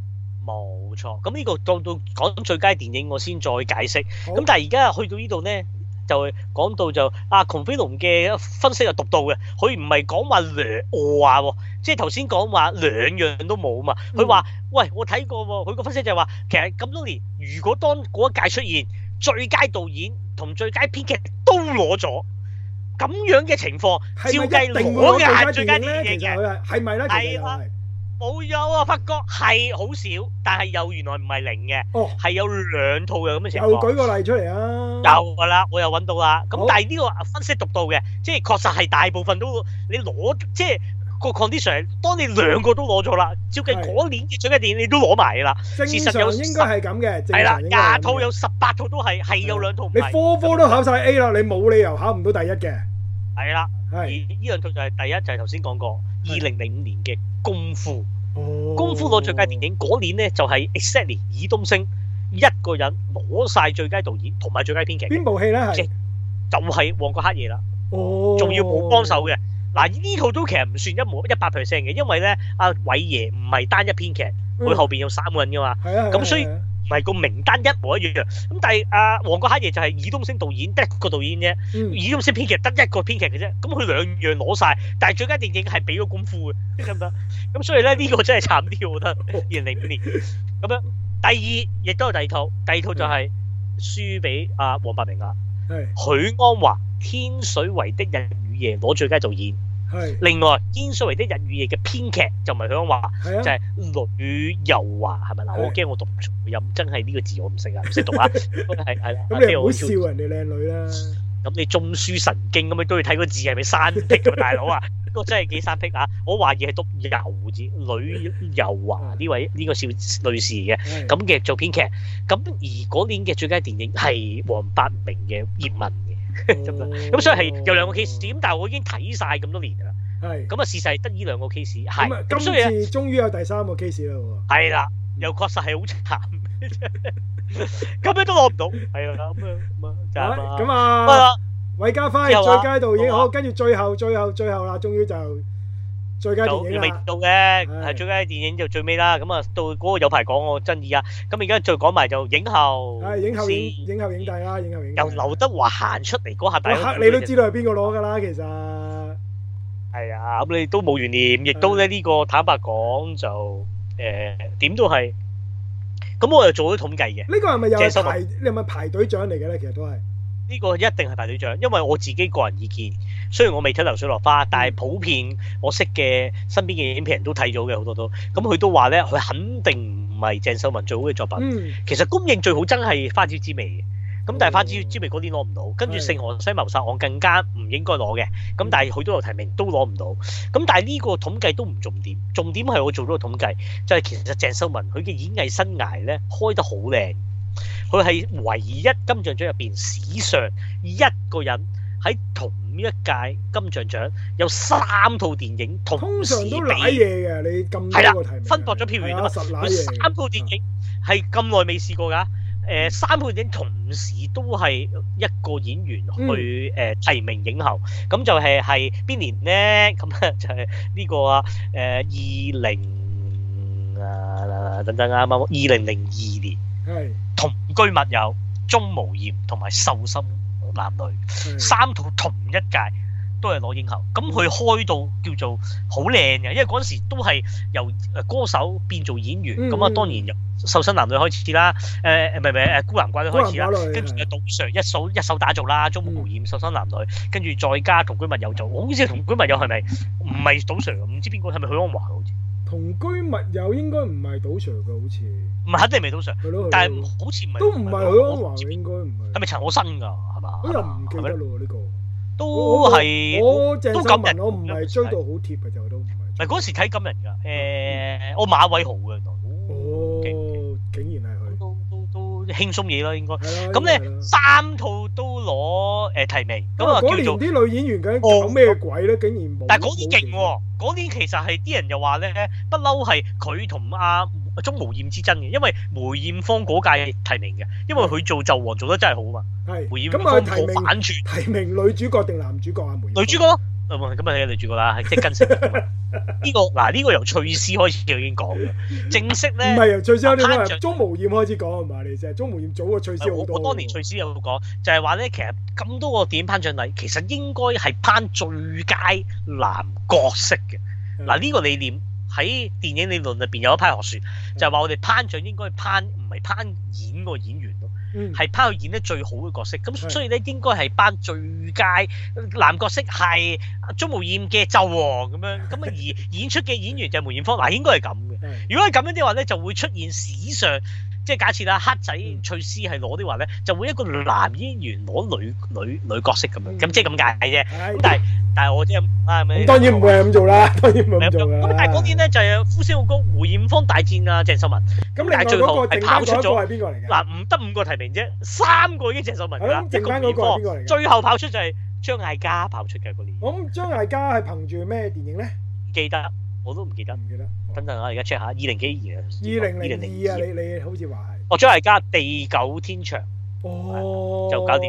冇錯，咁呢個到到講最佳電影，我先再解釋。咁但係而家去到呢度咧。就講到就阿瓊飛龍嘅分析就獨到嘅，佢唔係講話兩話喎，即係頭先講話兩樣都冇嘛。佢、嗯、話：喂，我睇過喎，佢個分析就係話，其實咁多年，如果當嗰一屆出現最佳導演同最佳編劇都攞咗咁樣嘅情況，照計我嘅係最佳編劇嘅，係咪咧？係冇有啊？發覺係好少，但係又原來唔係零嘅，係、哦、有兩套嘅咁嘅情況。又舉個例出嚟啊！有噶啦，我又揾到啦。咁、哦、但係呢個分析讀到嘅，即係確實係大部分都你攞，即係、個 condition。當你兩個都攞咗啦，照計嗰年結獎嘅電影，你都攞埋噶啦。正常應該係咁嘅。係啦，廿套有十八套都係係有兩套。你科科都考晒 A 啦，你冇理由考唔到第一嘅。係啦，係。而呢兩套就係、是、第一，就係頭先講過。二零零五年嘅功夫，哦、功夫攞最佳電影嗰年呢，就係《Xen》爾冬陞一個人攞晒最佳導演同埋最佳編劇。邊部戲呢，是就係、係《旺角黑夜》啦、哦，仲要冇幫手嘅。嗱呢套都其實唔算一模一百 percent 嘅，因為呢阿偉爺唔係單一編劇，佢、嗯、後邊有三個人㗎嘛。咁所以。唔係個名單一模一樣，咁但係阿、啊、旺角黑夜就係爾冬升導演得一個導演啫，爾冬升編劇得一個編劇嘅啫，咁佢兩樣攞晒。但係最佳電影係俾個功夫嘅，得唔得？咁所以咧呢、這個真係慘啲，我覺得 二零零五年咁樣、嗯。第二亦都係第二套，第二套就係輸俾阿黃百鳴啊，明許鞍華《天水圍的日與夜》攞最佳導演。另外，《天水圍的日與夜》嘅編劇就唔係佢講話，就係呂幼華，係咪嗱？我驚我讀唔真，係呢個字我唔識啊，唔識讀啊，係係咁你好笑人哋靚女啦。咁你中書神經咁，你都要睇個字係咪山僻？ 大佬啊，個真係幾山僻啊！ 我懷疑係讀幼字，呂幼華呢 位呢、呢個少女士嘅咁嘅做編劇。咁而嗰年嘅最佳電影係黃百鳴嘅《葉問》。咁所以係有兩個 case，咁但係我已經睇曬咁多年㗎啦。係，咁啊事實係得呢兩個 case。係，咁所以終於有第三個 case 啦喎。係啦，又確實係好慘，咁樣都攞唔到。係啊，咁啊，就係嘛。咁啊，韋家輝啊，街度已經好，跟住最後最後最後啦，終於就～最佳電影又未到嘅，係最佳電影就最尾啦。咁啊，到嗰個有排講我爭議啊。咁而家再講埋就影后，係影后影后、影帝啦，影后，影由劉德華行出嚟，嗰下，你都你都知道係邊個攞噶啦。其實係啊，咁你都冇懸念，亦都咧呢個坦白講就誒，點都係。咁我又做咗統計嘅，呢個係咪又係排你係咪排隊獎嚟嘅咧？其實都係。呢、這個一定係排隊獎，因為我自己個人意見，雖然我未睇流水落花，但係普遍我識嘅身邊嘅影評人都睇咗嘅好多都，咁佢都話呢，佢肯定唔係鄭秀文最好嘅作品。嗯、其實公認最好真係花椒之味，咁但係花椒之味嗰年攞唔到，跟住《聖荷西謀殺案》更加唔應該攞嘅，咁但係好多度提名都攞唔到，咁但係呢個統計都唔重點，重點係我做咗個統計，就係、是、其實鄭秀文佢嘅演藝生涯呢，開得好靚。佢係唯一金像獎入邊史上一個人喺同一屆金像獎有三套電影同時俾嘢嘅，你係啦，分薄咗票源啊，佢三套電影係咁耐未試過噶誒，三套電影同時都係一個演員去誒提名影后，咁就係係邊年咧？咁咧就係呢個啊，誒，二零啊，等等啊，啱啱二零零二年。同居蜜友、鍾無艷同埋瘦身男女三套同一屆都係攞影后，咁佢開到叫做好靚嘅，因為嗰陣時都係由歌手變做演員，咁啊當然由瘦身男女開始啦，誒咪咪，唔孤男寡女開始啦，跟住啊杜 Sir 一手一手打造啦，鍾無艷、瘦身男女，跟住再加同居蜜友做，好似同居蜜友係咪唔係杜 Sir 唔知邊個係咪許鞍華好似？同居密友應該唔係賭場㗎，好似唔係肯定未賭場，但係好似唔係都唔係許鞍華，不我我應該唔係，係咪陳可辛㗎？係嘛？我又唔記得咯呢、這個都係我金人，我唔係追到好貼嘅，就都唔係咪嗰時睇金人㗎？誒、欸嗯，我馬偉豪嘅哦。嗯 okay. 輕鬆嘢咯，應該咁咧，三套都攞提名，咁啊叫做啲女演員緊咩鬼咧？竟、哦、然冇但嗰啲勁喎，嗰、那個、年其實係啲人又話咧，不嬲係佢同阿鍾無艷之爭嘅，因為梅艷芳嗰屆提名嘅、嗯，因為佢做就王做得真係好嘛。係咁啊，提名提名女主角定男主角啊梅艷芳？女主角。咁、嗯、啊，今你女主角啦，即、就、係、是、跟成呢、 這個嗱，呢、這個由翠絲開始,開始已經講嘅，正式咧唔係由翠絲，你話鍾無艷開始講係咪？你成鍾無艷早過翠絲多，我我當年翠絲有講，就係話咧，其實咁多個電影頒獎禮，其實應該係頒最佳男角色嘅。嗱、嗯、呢、這個理念喺電影理論入邊有一批學説，就係、是、話我哋頒獎應該頒唔係頒演個演員。係拋去演得最好嘅角色，咁所以咧，應該係頒最佳男角色係鍾無豔嘅紂王咁樣，咁啊而演出嘅演員就係梅艷芳，嗱 應該係咁嘅。是如果係咁樣嘅話咧，就會出現史上。即係假設啦，黑仔翠絲係攞啲話咧，就會一個男演員攞女女女角色咁樣，咁即係咁解啫。咁但係但係我即係啊，當然唔會係咁做啦，當然唔會咁做啦。咁但係嗰年咧就係呼聲好高《胡艷芳大戰》啊，鄭秀文咁另外嗰個係跑出咗係邊個嚟嘅？嗱，唔得五個提名啫，三個已經鄭秀文啦，一個胡艷芳，最後跑出就係張艾嘉跑出嘅嗰年。咁張艾嘉係憑住咩電影咧？記得。我都唔記得，唔、嗯、記得。等陣啊，而家 check 下，二零幾二啊，二零零二啊，你你好似話係。哦，張艾嘉地久天長，就搞掂。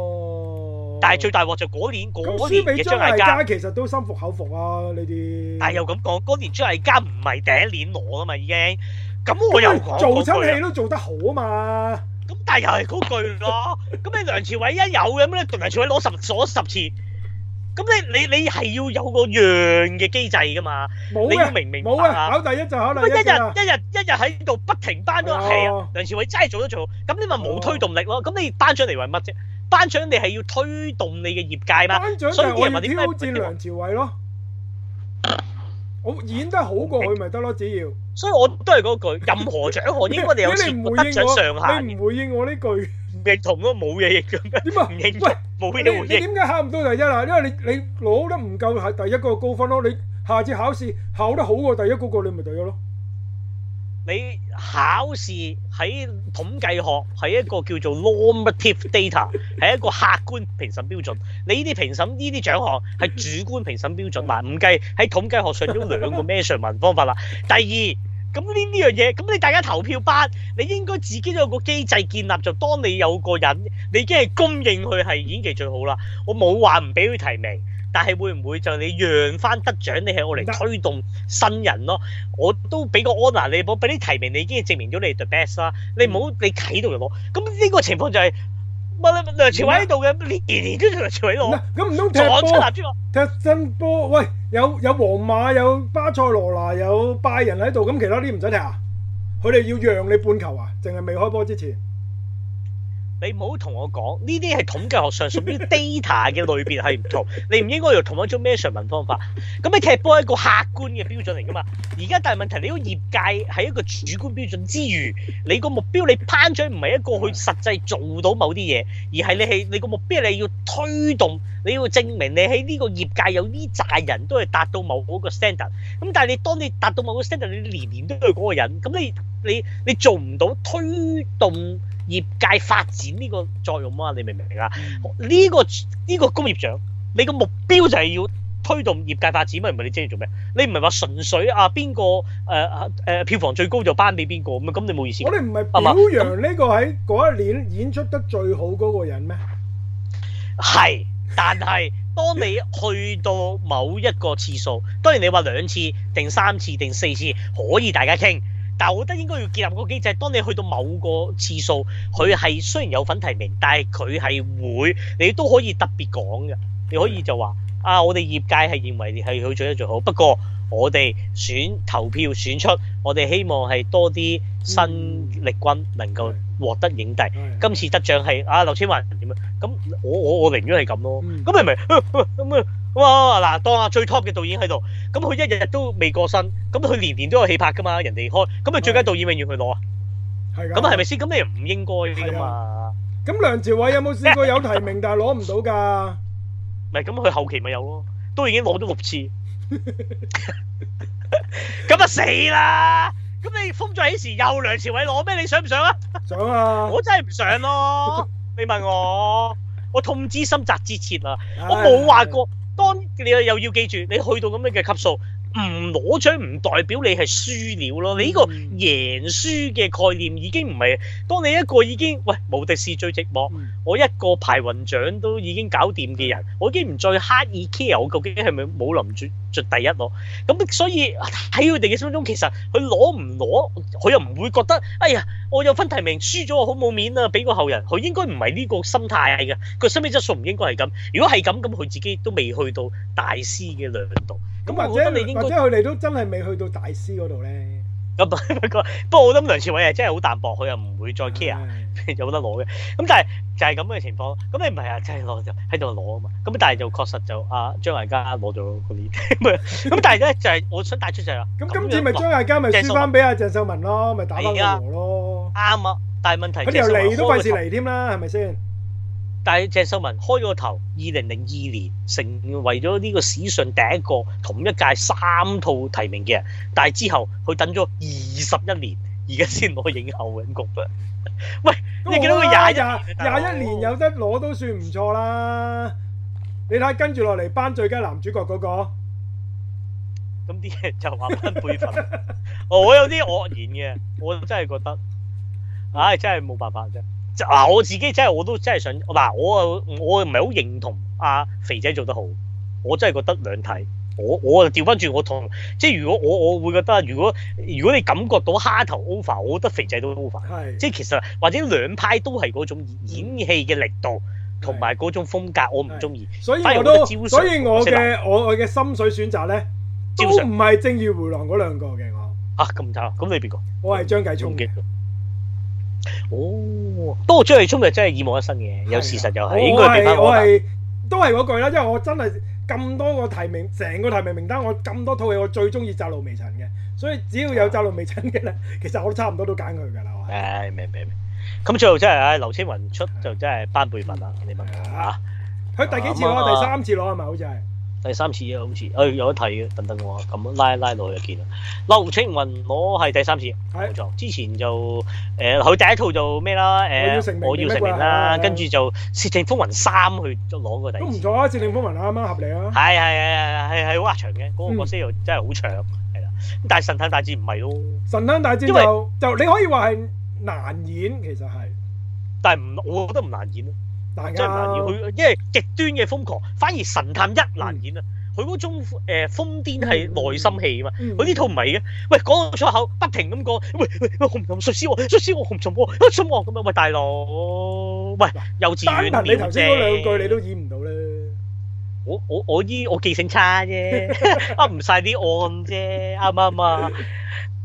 但係最大鑊就嗰年嗰、哦、年嘅張艾嘉，艾嘉其實都心服口服啊！呢啲。但係又咁講，嗰年張艾嘉唔係第一年攞啊嘛，已經。咁我又講做親戲都做得好啊嘛。咁但係又係嗰句咯。咁 你梁朝偉一有咁咧，梁朝偉攞十攞十次。咁你你你係要有個樣嘅機制噶嘛？冇你要明冇啊！考第一就考第一，一日一日一日喺度不停頒咗，係、哦、啊！梁朝偉真係做得最好，咁你咪冇推動力咯。咁、哦、你頒出嚟為乜啫？頒獎你係要推動你嘅業界嘛，所以你是你我要挑戰梁朝偉咯。 我演得好過佢咪得咯，只要。所以我都係嗰句，任何獎項應該你有全部 得獎上下嘅。你唔回應我呢句？認同咯，冇嘢應咁嘅。點解唔應喂，冇呢啲回應。你點解考唔到第一啦？因為你你攞得唔夠係第一個高分咯。你下次考試考得好過第一嗰個，你咪第一咯。你考試喺統計學係一個叫做 normative data，係 一個客觀評審標準。你呢啲評審呢啲獎項係主觀評審標準，唔計喺統計學上邊兩個 measurement 方法啦。 第二。咁呢呢樣嘢，咁你大家投票班，你應該自己都有個機制建立，就當你有個人，你已經係公認佢係演技最好啦。我冇話唔俾佢提名，但係會唔會就你讓翻得獎？你係我嚟推動新人咯。我都俾個 honor 你，我俾啲提名，你已經證明咗你係 the best 啦。你唔好，你企喺度就冇。咁呢個情況就係、是。乜梁朝偉喺度嘅，你年年都梁朝偉攞。咁唔通踢波？踢新波？喂，有有皇馬、有巴塞羅那、有拜仁喺度，咁其他啲唔使踢啊？佢哋要讓你半球啊？淨係未開波之前？你唔好同我講，呢啲係統計學上屬於 data 嘅類別係唔同，你唔應該用同一種 measurement 方法。咁你踢波係一個客觀嘅標準嚟噶嘛？而家但係問題，你個業界係一個主觀標準之餘，你個目標你頒獎唔係一個去實際做到某啲嘢，而係你係你個目標你要推動，你要證明你喺呢個業界有呢扎人都係達到某個 standard。咁但係你當你達到某個 standard，你年年都係嗰個人，咁你你你做唔到推動。業界發展呢個作用啊，你明唔明啊？呢、嗯這個呢、這個工業獎，你個目標就係要推動業界發展，唔係你即係做咩？你唔係話純粹啊邊個誒誒、呃呃、票房最高就頒俾邊個咁咁你冇意思、啊。我哋唔係表揚呢個喺嗰一年演出得最好嗰個人咩？係，但係當你去到某一個次數， 當然你話兩次定三次定四次，可以大家傾。但我覺得應該要建立個機制，當你去到某個次數，佢係雖然有份提名，但係佢係會，你都可以特別講嘅，你可以就話。啊！我哋業界係認為係佢做得最好，不過我哋選投票選出，我哋希望係多啲新力軍能夠獲得影帝。嗯嗯嗯嗯、今次得獎係啊，劉青雲點樣？咁我我我寧願係咁咯。咁係咪哇！嗱，當下最 top 嘅導演喺度，咁佢一日都未過身，咁佢年年都有戲拍㗎嘛？人哋開，咁咪最佳導演永遠去攞啊？係。咁係咪先？咁你唔應該㗎嘛？咁梁朝偉有冇試過有提名 但係攞唔到㗎？唔係咁，佢後期咪有咯，都已經攞咗六次，咁啊死啦！咁你封咗起時又梁朝偉攞咩？你想唔想啊？想啊！我真係唔想咯，你問我， 我痛之心疾之切啊、哎！我冇話過、哎，當你又要記住，你去到咁樣嘅級數。唔攞獎唔代表你係輸了咯，你呢個贏輸嘅概念已經唔係。當你一個已經喂無敵是最寂寞、嗯，我一個排雲獎都已經搞掂嘅人，我已經唔再刻意 care，我究竟係咪冇攬住奪第一咯？咁所以喺佢哋嘅心中，其實佢攞唔攞，佢又唔會覺得，哎呀，我有分提名，輸咗我好冇面啊，俾個後人。佢應該唔係呢個心態嘅，佢心理質素唔應該係咁。如果係咁，咁佢自己都未去到大師嘅量度。咁或者你應該即係佢哋都真係未去到大師嗰度咧。咁 不過不過我諗梁朝偉係真係好淡薄，佢又唔會再 care 有得攞嘅。咁 但係就係咁嘅情況。咁你唔係啊，即係攞就喺度攞啊嘛。咁但係就確實就阿張艾嘉攞咗嗰啲。咁 但係咧就係、是、我想帶出嚟啦。咁 今次咪張艾嘉咪輸翻俾阿鄭秀文咯，咪打翻個和咯。啱啊！但係問題就又嚟都費事嚟添啦，係咪先？但係鄭秀文開咗個頭，二零零二年成為咗呢個史上第一個同一屆三套提名嘅人。但係之後佢等咗、啊、二,二十一年，而家先攞影后嘅局。嘅。喂，你見到佢廿廿一年有得攞都算唔錯啦。你睇跟住落嚟，頒最佳男主角嗰、那個，咁啲嘢就話翻輩份、 哦。我有啲愕然嘅，我真係覺得，唉、啊，真係冇辦法啫。嗱，我自己真係我都真係想嗱，我啊，我唔係好認同阿、啊、肥仔做得好，我真係覺得兩睇，我我就調翻轉我同，即係如果我我會覺得如果如果你感覺到蝦頭 over，我覺得肥仔都 over，即係其實或者兩派都係嗰種演戲嘅力度同埋嗰種風格我唔中意，所以我都所以我嘅我嘅心水選擇咧都唔係正義回廊嗰兩個嘅，我嚇咁唔錯，咁你邊個？我係張繼聰。哦，不過張藝聰就真係耳目一新嘅，有事實又、就、係、是、應該變我係、哦、都係嗰句啦，因為我真係咁多個提名，成個提名名單我咁多套戲，我最中意《窄路微塵》嘅，所以只要有《窄路微塵》嘅啦，其實我都差唔多都揀佢噶啦。唉，明明明，咁、哎哎哎哎、最後真係啊，劉青雲出就真係班輩份啦，你問吓，佢第幾次攞、啊？第三次攞係咪？好似係。第三次啊，好似，哎，有得睇嘅，等等我，咁拉一拉落去就見啦。劉青雲攞係第三次，冇錯。之前就，誒、呃，佢第一套就咩啦，誒、呃，我要成名啦，跟住就《竊聽風雲三》去攞個第。都唔錯啊，《竊聽風雲》啱啱合理啊。係係係係係好壓場嘅，嗰、那個個 C 又真係好長，係、嗯、啦。咁但係《神探大戰》唔係咯，《神探大戰》就就你可以話係難演，其實係，但係唔，我覺得唔難演大家真係難演，佢因為極端嘅瘋狂，反而神探一難演啊！佢、嗯、嗰種誒、呃、瘋癲係內心戲啊嘛，佢、嗯、呢、嗯、套唔係嘅。喂，講到出口，不停咁講，喂喂喂，紅蟲術師我，術師我，紅蟲我，咁啊喂大佬，喂幼稚園。單憑你頭先嗰兩句，你都演唔到咧。我我我依我，我記性差啫，噏唔晒啲案啫，啱唔啱啊？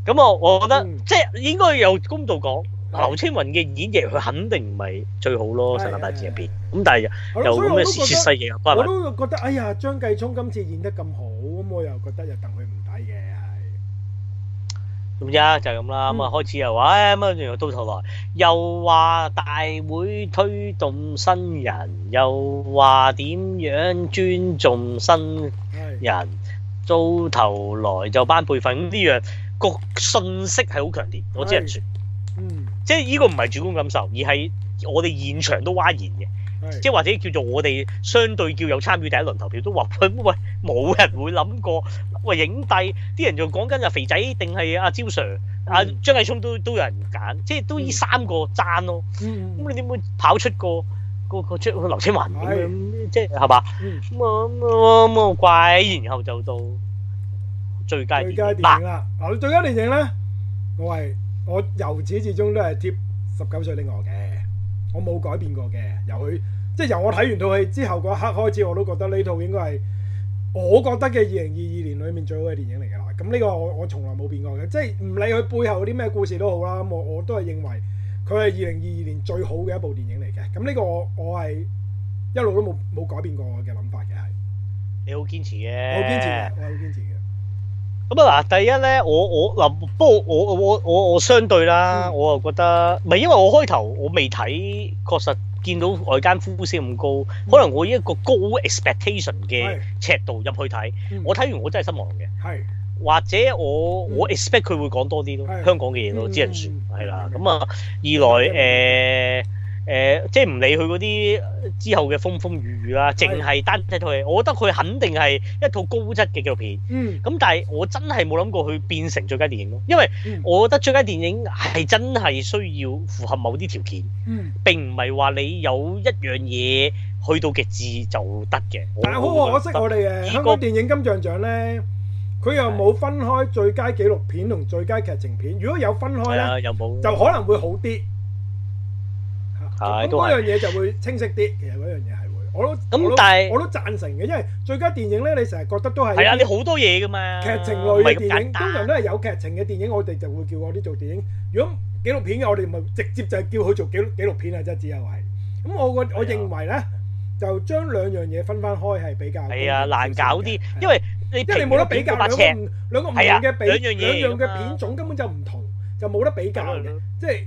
咁我我覺得、嗯、即係應該有公道講。劉青雲嘅演繹，佢肯定唔係最好咯《神探大戰》入邊。咁但係又咁事。細細嘢我都覺,覺得，哎呀，張繼聰今次演得咁好，咁我又覺得又戥佢唔抵嘅係。咁啫，就係咁啦。咁、嗯、啊，開始又話，哎，乜嘢？到頭來又話大會推動新人，又話點樣尊重新人。到頭來就班輩份，呢樣個信息係好強烈，我只能説。即係呢個唔係主觀感受，而係我哋現場都嘩然嘅，是即係或者叫做我哋相對叫有參與第一輪投票都話，喂，冇人會諗過，喂，影帝，啲人仲講緊阿肥仔定係阿張 Sir、阿張繼聰都都有人揀，即係都依三個爭咯。咁、嗯嗯、你點會跑出個個出劉青雲咁樣？即係係、嗯、嘛？咁啊怪，然後就到最佳電影啦。嗱，最佳電影咧、啊，我係。我由始至終都係給十九歲的我嘅，我冇改變過嘅。由佢即係由我睇完套戲之後嗰一刻開始，我都覺得呢套應該係我覺得嘅二零二二年裏面最好嘅電影嚟噶啦。咁、這、呢個我我從來冇變過嘅，即係唔理佢背後啲咩故事都好啦。咁我我都係認為佢係二零二二年最好嘅一部電影嚟嘅。咁、這、呢個我我係一路都冇冇改變過我嘅諗法嘅係，你好堅持嘅，我好堅持嘅，我好堅持嘅。咁啊嗱，第一咧，我我嗱，不過我我我我，我相對啦，嗯、我又覺得，唔係因為我開頭我未睇，確實見到外間呼聲咁高、嗯，可能我一個高 expectation 嘅尺度入去睇、嗯，我睇完我真係失望嘅。係、嗯，或者我、嗯、我 expect 佢會講多啲咯、嗯，香港嘅嘢咯，只能說係、嗯、啦。咁、嗯、啊、嗯嗯嗯，二來誒。嗯呃誒、呃，即係唔理佢嗰啲之後嘅風風雨雨啦、啊，淨係單睇套戲，我覺得佢肯定係一套高質嘅紀錄片。嗯，咁但係我真係冇諗過佢變成最佳電影咯、啊，因為我覺得最佳電影係真係需要符合某啲條件。嗯，並唔係話你有一樣嘢去到極致就得嘅。但係好可惜我哋嘅香港電影金像獎咧，佢又冇分開最佳紀錄片同最佳劇情片。如果有分開咧，有冇就可能會好啲。咁、嗯、嗰樣嘢就會清晰啲，其實嗰樣嘢係會，我都咁，但係我，我都贊成嘅，因為最佳電影咧，你成日覺得都係係啊，你好多嘢㗎嘛，劇情類嘅電影通常都係有劇情嘅電影，我哋就會叫我啲做電影。如果紀錄片嘅，我哋唔係直接就係叫佢做紀錄紀錄片啊，真係只有係。咁我我認為咧，就將兩樣嘢分返開係比較係啊難搞啲、啊，因為你因為你冇得比較兩,兩個唔同嘅比兩樣嘢兩樣嘅片種根本就唔同，啊、就冇得比較嘅，即係、啊。就是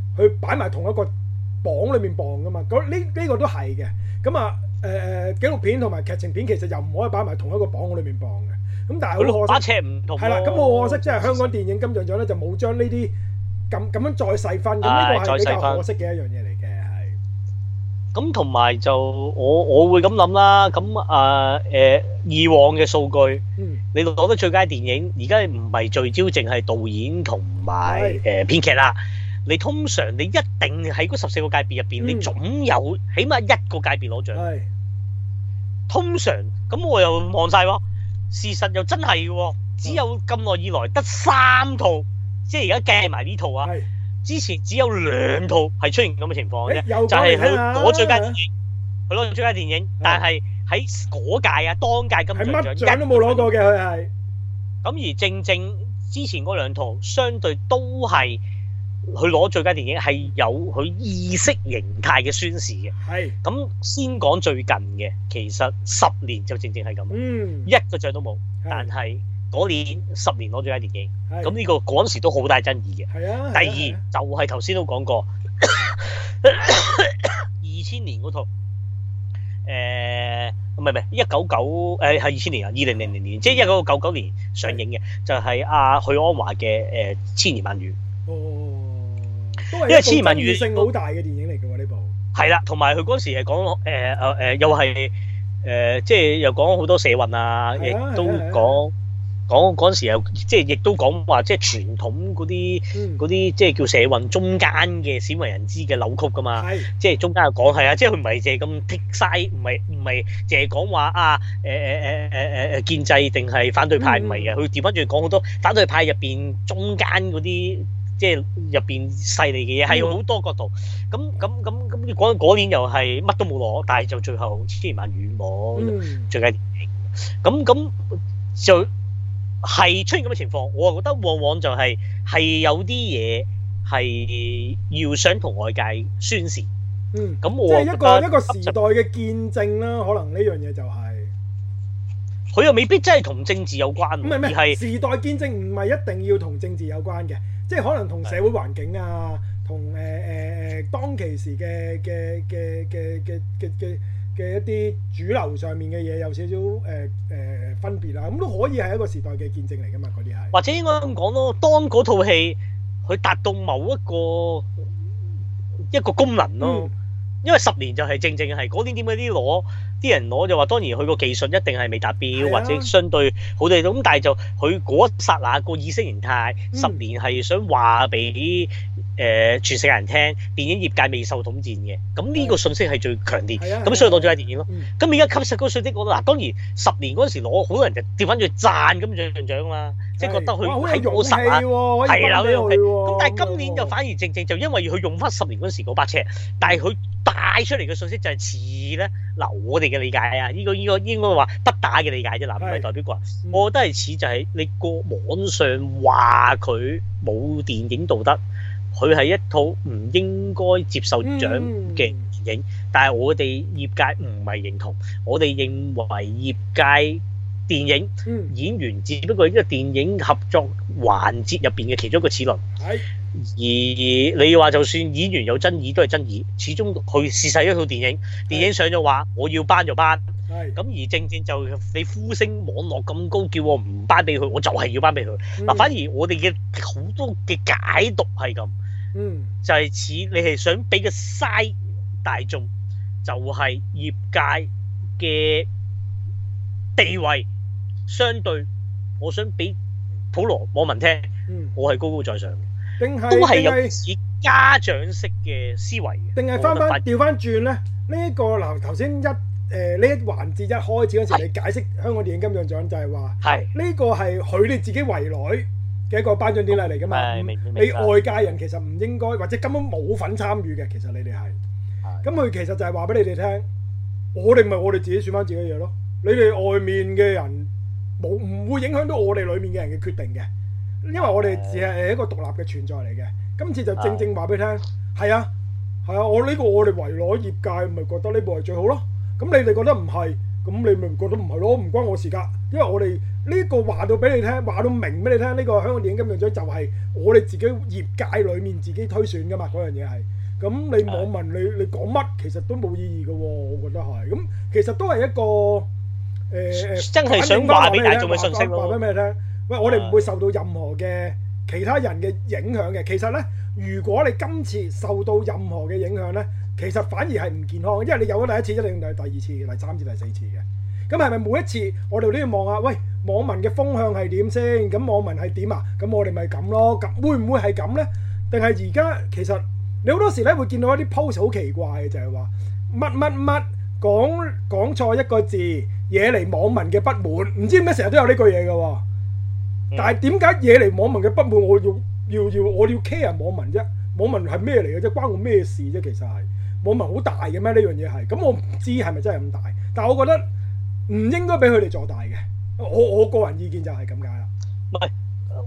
去擺埋同一個榜裏面榜㗎嘛？咁呢呢個都係嘅。咁啊誒誒紀錄片同埋劇情片其實又唔可以擺埋同一個榜裏面榜嘅。咁但係好可惜，唔同。係啦，咁好可惜，即係香港電影金像獎咧就冇將呢啲咁咁樣再細分。咁呢個係比較可惜嘅一樣嘢嚟嘅，係。咁同埋就我我會咁諗啦。咁啊誒以往嘅數據，嗯，你攞得最佳電影，而家唔係聚焦，淨係導演同埋誒編劇啦。你通常你一定喺嗰十四個界別入邊，你總有起碼一個界別攞獎。通常咁我又望晒喎，事實又真係嘅。只有咁耐以來得三套，即係而家計埋呢套啊。之前只有兩套係出現咁嘅情況嘅，就係佢嗰最佳電影，佢攞最佳電影。但係喺嗰屆啊，當屆根本就獎都冇攞過嘅。佢係咁而正正之前嗰兩套相對都係。佢攞最佳電影係有佢意識形態嘅宣示嘅，係咁先講最近嘅。其實十年就正正係咁，嗯，一個獎都冇，但係嗰年十年攞最佳電影，咁呢個嗰陣時都好大爭議嘅。係啊，啊，啊，啊，第二就係頭先都講過二千年嗰套，誒唔係唔係一九九誒係二千年啊，二零零零年，即係一九九九年上映嘅就係、係、阿、啊、許安華嘅誒、呃《千言萬語》哦。哦。是很因為爭議性好大嘅電影嚟嘅喎呢部，係啦，同埋佢嗰時係講誒誒誒，又係誒、呃，即係又講好多社運啊，亦都講講嗰陣時又即係亦都講話，即係傳統嗰啲嗰啲即係叫社運中間嘅鮮為人知嘅扭曲噶嘛，即係中間又講係啊，即係佢唔係淨係咁剔曬，唔係唔係淨係講話啊誒誒誒誒誒建制定係反對派唔係啊，佢調翻轉講好多反對派入邊中間嗰啲。即係入面細膩嘅嘢，係好多角度。咁咁咁咁，你講嗰年又係乜都冇攞，但係就最後千萬遠望、嗯，最近咁咁就係出現咁嘅情況。我覺得往往就係、是、係有啲嘢係要想同外界宣示。嗯，咁我即係一個一個時代嘅見證啦。可能呢樣嘢就係、是、佢又未必真係同政治有關。唔係唔係，時代見證唔係一定要同政治有關嘅。即係可能同社會環境啊，同誒誒誒當其時嘅嘅嘅嘅嘅嘅嘅嘅一啲主流上面嘅嘢有些少少誒誒分別啦、啊，咁都可以係一個時代嘅見證嚟噶嘛，嗰啲係或者應該咁講咯，當嗰套戲佢達到某一個一個功能咯、啊。嗯因為十年就係正正係嗰啲點樣攞啲人攞就話，當然佢個技術一定係未達標，啊、或者相對好啲。咁，但係就佢嗰一剎那、那個意識形態，嗯、十年係想話俾。誒、呃、全世界人聽，電影業界未受統戰嘅，咁呢個信息係最強烈咁，嗯、所以攞咗最佳電影咯。咁而家吸實個信息，我覺得嗱，當然十年嗰時攞好多人就調翻轉嚟贊咁樣樣樣嘛，即係覺得佢係我神啊，係啦咁。咁但係今年就反而正正就因為佢用翻十年嗰時嗰把尺，但係佢帶出嚟嘅信息就係似咧嗱，我哋嘅理解啊，呢個呢個應該話不打嘅理解啫，嗱唔係代表個人、嗯。我覺得係似就係你個網上話佢冇電影道德。佢係一套唔應該接受獎嘅電影，嗯、但係我哋業界唔係認同。我哋認為業界電影、嗯、演員只不過係一個電影合作環節入邊嘅其中一個齒輪。係。而你話就算演員有爭議都係爭議，始終佢事實一套電影，電影上咗畫，我要頒就頒。咁而正正就你呼聲網絡咁高，叫我唔頒俾佢，我就係要頒俾佢。嗱、嗯，反而我哋嘅好多嘅解讀係咁。嗯，就係、是、似你係想俾個曬大眾，就係業界嘅地位，相對我想俾普羅網民聽，我係高高在上，都係用似家長式嘅思維的是。定係翻翻調翻轉咧？呢、這個、剛才一個嗱，頭先一誒呢一環節一開始嗰時，你解釋香港電影金像獎就係話，係呢、這個係佢哋自己圍內。嘅一個頒獎典禮嚟噶嘛？你外界人其實唔應該，或者根本冇份參與嘅。其實你哋係，咁佢其實就係話俾你哋聽，我哋咪我哋自己選翻自己嘢咯。你哋外面嘅人冇唔會影響到我哋裡面嘅人嘅決定嘅，因為我哋只係一個獨立嘅存在嚟嘅。今次就正正話俾你聽，係啊，係啊，我呢個我哋圍內業界咪覺得呢部係最好咯。咁你哋覺得唔係？咁你咪覺得唔係咯？唔關我事噶，因為我哋呢個話到俾你聽，話到明俾你聽，呢個香港電影金像獎就係我哋自己業界裏面自己推選噶嘛，嗰樣嘢係。咁你網民你你講乜，其實都冇意義嘅喎，我覺得係。咁其實都係一個誒誒，真係想話俾大眾嘅信息咯。話俾你聽，喂，我哋唔會受到任何嘅其他人嘅影響嘅。其實咧，如果你今次受到任何嘅影響咧，其實反而係唔健康，因為你有咗第一次，一定係第二次、第三次、第四次嘅。咁係咪每一次我哋都要望下？喂，網民嘅風向係點先？咁網民係點啊？咁我哋咪咁咯？咁會唔會係咁呢？定係而家其實你好多時咧會見到一啲 post 好奇怪嘅，就係話乜乜乜講講錯一個字惹嚟網民嘅不滿，唔知點解成日都有呢句嘢嘅。但係點解惹嚟網民嘅不滿？我要要要，我要 care 網民啫。網民係咩嚟嘅啫？關我咩事啫？其實係。冇咪好大嘅咩呢樣嘢係，咁我唔知係咪真係咁大，但係我覺得唔應該俾佢哋做大嘅，我我個人意見就係咁解啦，唔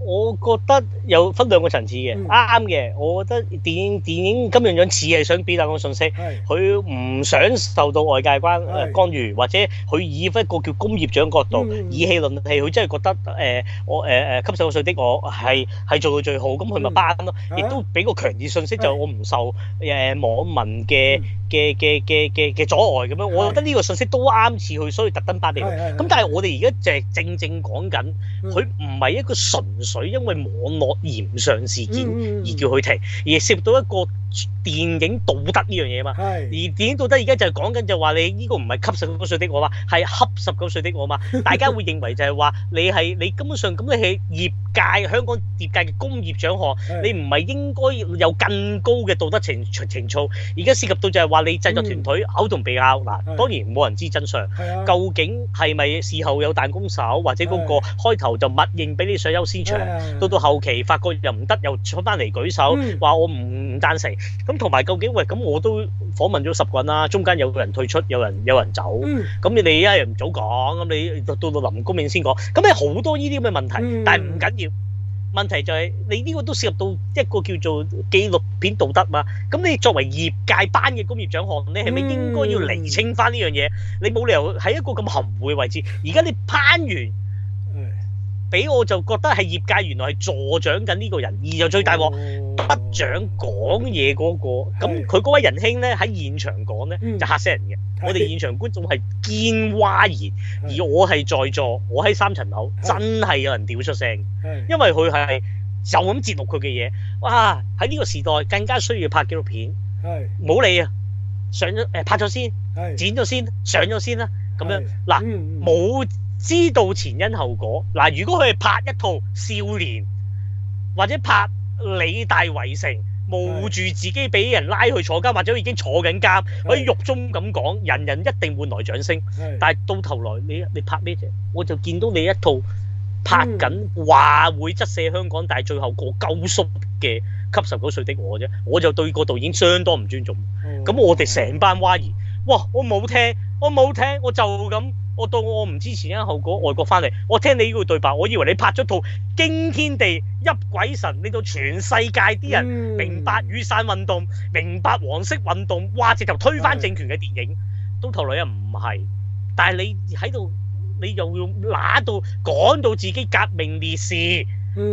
我覺得有分兩個層次嘅，啱、嗯、嘅。我覺得電影電影金像獎似係想表達個信息，佢唔想受到外界關干、呃、預，或者佢以一個叫工業獎角度、嗯、以戲論戲，佢真係覺得誒、呃、我誒誒、呃《吸血水的我是》係係做到最好，咁佢咪頒咯，亦、嗯、都俾個強烈信息係、就係、我唔受誒、呃、網民嘅嘅嘅嘅嘅嘅阻礙咁樣。我覺得呢個信息都啱似佢，所以特登頒佢。咁但係我哋而家就正正講緊，佢唔係一個純。水因為網絡炎上事件而叫佢停，而涉及到一個電影道德呢樣嘢啊嘛。而電影道德而家就係講緊，就話你呢個唔係給十九歲的我嘛，係給十九歲的我嘛。大家會認為就係話你係你根本上咁你係業界香港業界嘅工業獎項，你唔係應該有更高嘅道德情情操。而家涉及到就係話你製作團隊咬同被拗嗱，當然冇人知真相，究竟係咪事後有彈弓手或者嗰個開頭就默認俾你上優先場？到到後期發覺又唔得，又坐翻嚟舉手，話我唔唔贊成。咁同埋究竟喂，咁我都訪問咗十個人啦，中間有個人退出，有人有人走。咁你哋一日唔早講，咁你到到林光銘先講，咁你好多呢啲咁嘅問題，但係唔緊要。問題就係你呢個都涉及到一個叫做紀錄片道德嘛。咁你作為業界班嘅工業獎項，你係咪應該要釐清翻呢樣嘢？你冇理由喺一個咁含糊嘅位置。而家你攀完。俾我就覺得係業界原來係助長緊呢個人，而就最大鑊、哦，不長講嘢嗰個。咁佢嗰位仁兄咧喺現場講咧、嗯、就嚇死人嘅，我哋現場觀眾係見嘩然，而我係在座，我喺三層樓，的真係有人屌出聲。因為佢係就咁截錄。佢嘅嘢，哇！喺呢個時代更加需要拍紀錄片。唔好理啊，上咗誒拍咗先，剪咗先，上咗先啦、啊，咁樣嗱冇，知道前因後果嗱，如果佢係拍一套少年或者拍《理大圍城》，冒住自己俾人拉去坐監，或者已經坐緊監喺獄中咁講，人人一定換來掌聲。但係到頭來你你拍咩啫？我就見到你一套拍緊話會質射香港，但係最後個鳩縮嘅《給十九歲的我》啫，我就對個導演相當唔尊重。咁我哋成班娃兒。哇！我冇聽，我冇聽，我就咁，我到我唔知前因後果外國翻嚟，我聽你呢句對白，我以為你拍咗套驚天地泣鬼神，令到全世界啲人明白雨傘運動，明白黃色運動，哇！直頭推翻政權嘅電影，到、嗯、頭來又唔係。但係你喺度，你又要拿到講到自己革命烈士。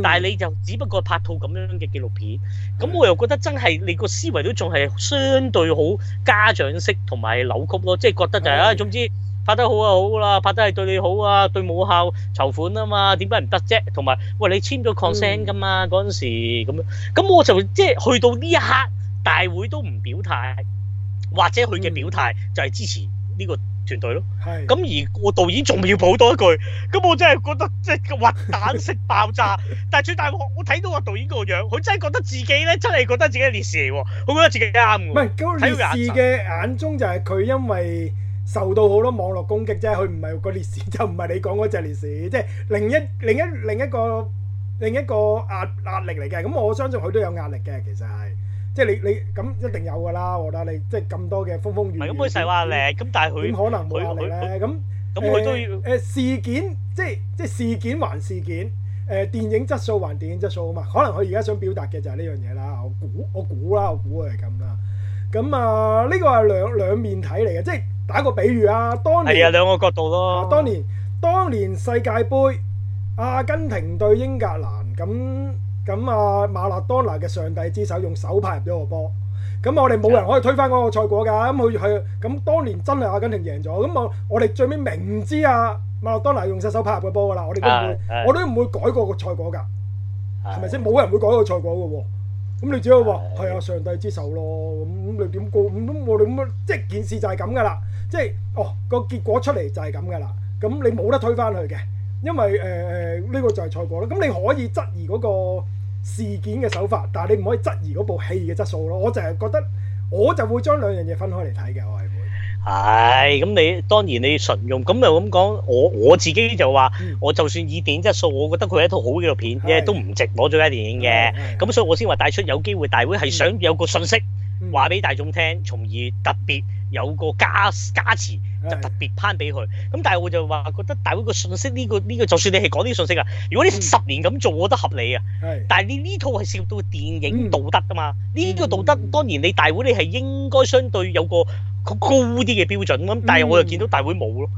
但係你就只不過拍套咁樣嘅紀錄片，咁我又覺得真係你個思維都仲係相對好家長式同埋扭曲咯，即係覺得就係啊，總之拍得好啊好啦，拍得係對你好啊，對母校籌款啊嘛，點解唔得啫？同埋喂，你簽咗 consent 噶嘛嗰陣時咁樣，咁我就即係去到呢一刻，大會都唔表態，或者佢嘅表態就係支持呢個。團隊咯，咁而個導演仲要補多一句，咁我真係覺得即係個核彈式爆炸。但係最大鑊，我我睇到個導演個樣，佢真係覺得自己咧，真係覺得自己係烈士嚟喎，佢覺得自己啱。唔係，喺烈士嘅眼中就係佢因為受到好多網絡攻擊，即係佢唔係個烈士，就唔係你講嗰隻烈士，即係另一另一另一個另一個壓壓力嚟嘅。咁我相信佢都有壓力嘅，其實係。即係你你咁一定有㗎啦，我覺得你即係咁多嘅風風雨雨。唔係咁佢會成壓力，咁但係佢點可能冇壓力咧？咁咁佢都要誒事件，即係即係事件還事件，誒電影質素還電影質素啊嘛。可能佢而家想表達嘅就係呢樣嘢啦。我估我估啦，我估係咁啦。咁啊呢個係兩兩面睇嚟嘅，即係打個比喻啊。當年係啊兩個角度咯。當年當年世界盃，阿根廷對英格蘭咁。咁啊，馬拉多納嘅上帝之手用手拍入咗個波，咁我哋冇人可以推翻嗰個賽果㗎。咁佢佢咁當年真係阿根廷贏咗，咁我我哋最尾明知啊馬拉多納用隻手拍入個波㗎啦，我哋都唔會，我都唔會改過個賽果㗎，係咪先？冇人會改個賽果嘅喎。咁你只要話係啊，上帝之手咯。咁咁你點估？咁我哋咁即係件事就係咁㗎啦。即係哦，個結果出嚟就係咁㗎啦。咁你冇得推翻佢嘅。因為誒呢、呃這個就係錯過啦，咁你可以質疑嗰個事件嘅手法，但係你唔可以質疑嗰部戲嘅質素咯。我就係覺得我就會將兩樣嘢分開嚟睇嘅，我係會。係，咁你當然你純用咁又咁講，我我自己就話、嗯，我就算以電影質素，我覺得佢係一套好嘅片嘅，都唔值攞最佳電影嘅。咁所以我先話帶出有機會大會係想有個信息。嗯話、嗯、俾大眾聽，從而特別有個加加持就特別攀俾佢咁。但係我就話覺得大會信、呢個呢個、個信息呢個呢個就算你係講啲信息啊，如果你十年咁做得合理啊，但係你呢套係涉及到電影道德㗎嘛？呢、嗯呢個道德當然你大會你係應該相對有個高啲嘅標準咁，但係我就見到大會冇咯，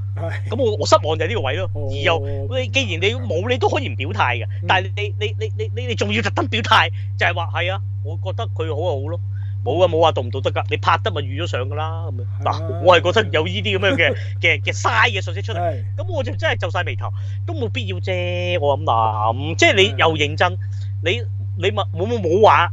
咁我我失望就係呢個位咯。而又你既然你冇，你都可以唔表態嘅、嗯，但係你你你你你你仲要特登表態，就係話係啊，我覺得佢好就好咯。冇啊，冇話讀唔到得㗎，你拍得咪預咗上㗎啦咁樣嗱，我係覺得有呢啲咁樣嘅嘅嘅嘥嘅信息出嚟，咁、啊、我就真係皺晒眉頭，都冇必要啫。我諗、啊、即係你又認真，你你問冇冇冇話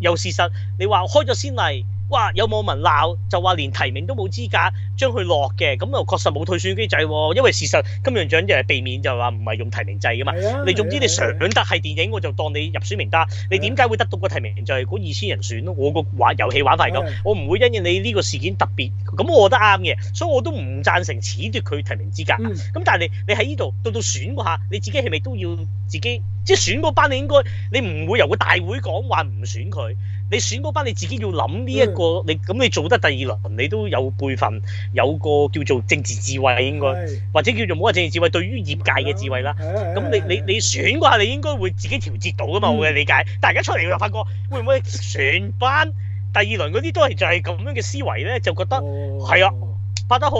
又事實，你話開咗先例。哇！有網民鬧就話連提名都冇資格將佢落嘅，咁又確實冇退選機制喎、哦。因為事實金像獎就係避免就話唔係用提名制噶嘛、啊啊。你總之你想得係、啊啊、電影，我就當你入選名單。啊、你點解會得到個提名？就係嗰二千人選咯。我個玩遊戲玩法係咁、啊，我唔會因應你呢個事件特別。咁我覺得啱嘅，所以我都唔贊成褫奪佢提名資格。咁、嗯、但係你你喺呢度到到選嗰下，你自己係咪都要自己即係選嗰班？你應該你唔會由個大會講話唔選佢。你選嗰班你自己要諗呢一個，你咁你做得第二輪，你都有輩份，有個叫做政治智慧應該，或者叫做冇個政治智慧，對於業界嘅智慧啦。咁你你你選嗰下，你應該會自己調節到噶嘛，我嘅理解。嗯、但係而家出嚟又發覺，會唔會全班第二輪嗰啲都係就係咁樣嘅思維咧？就覺得係啊、哦，拍得好。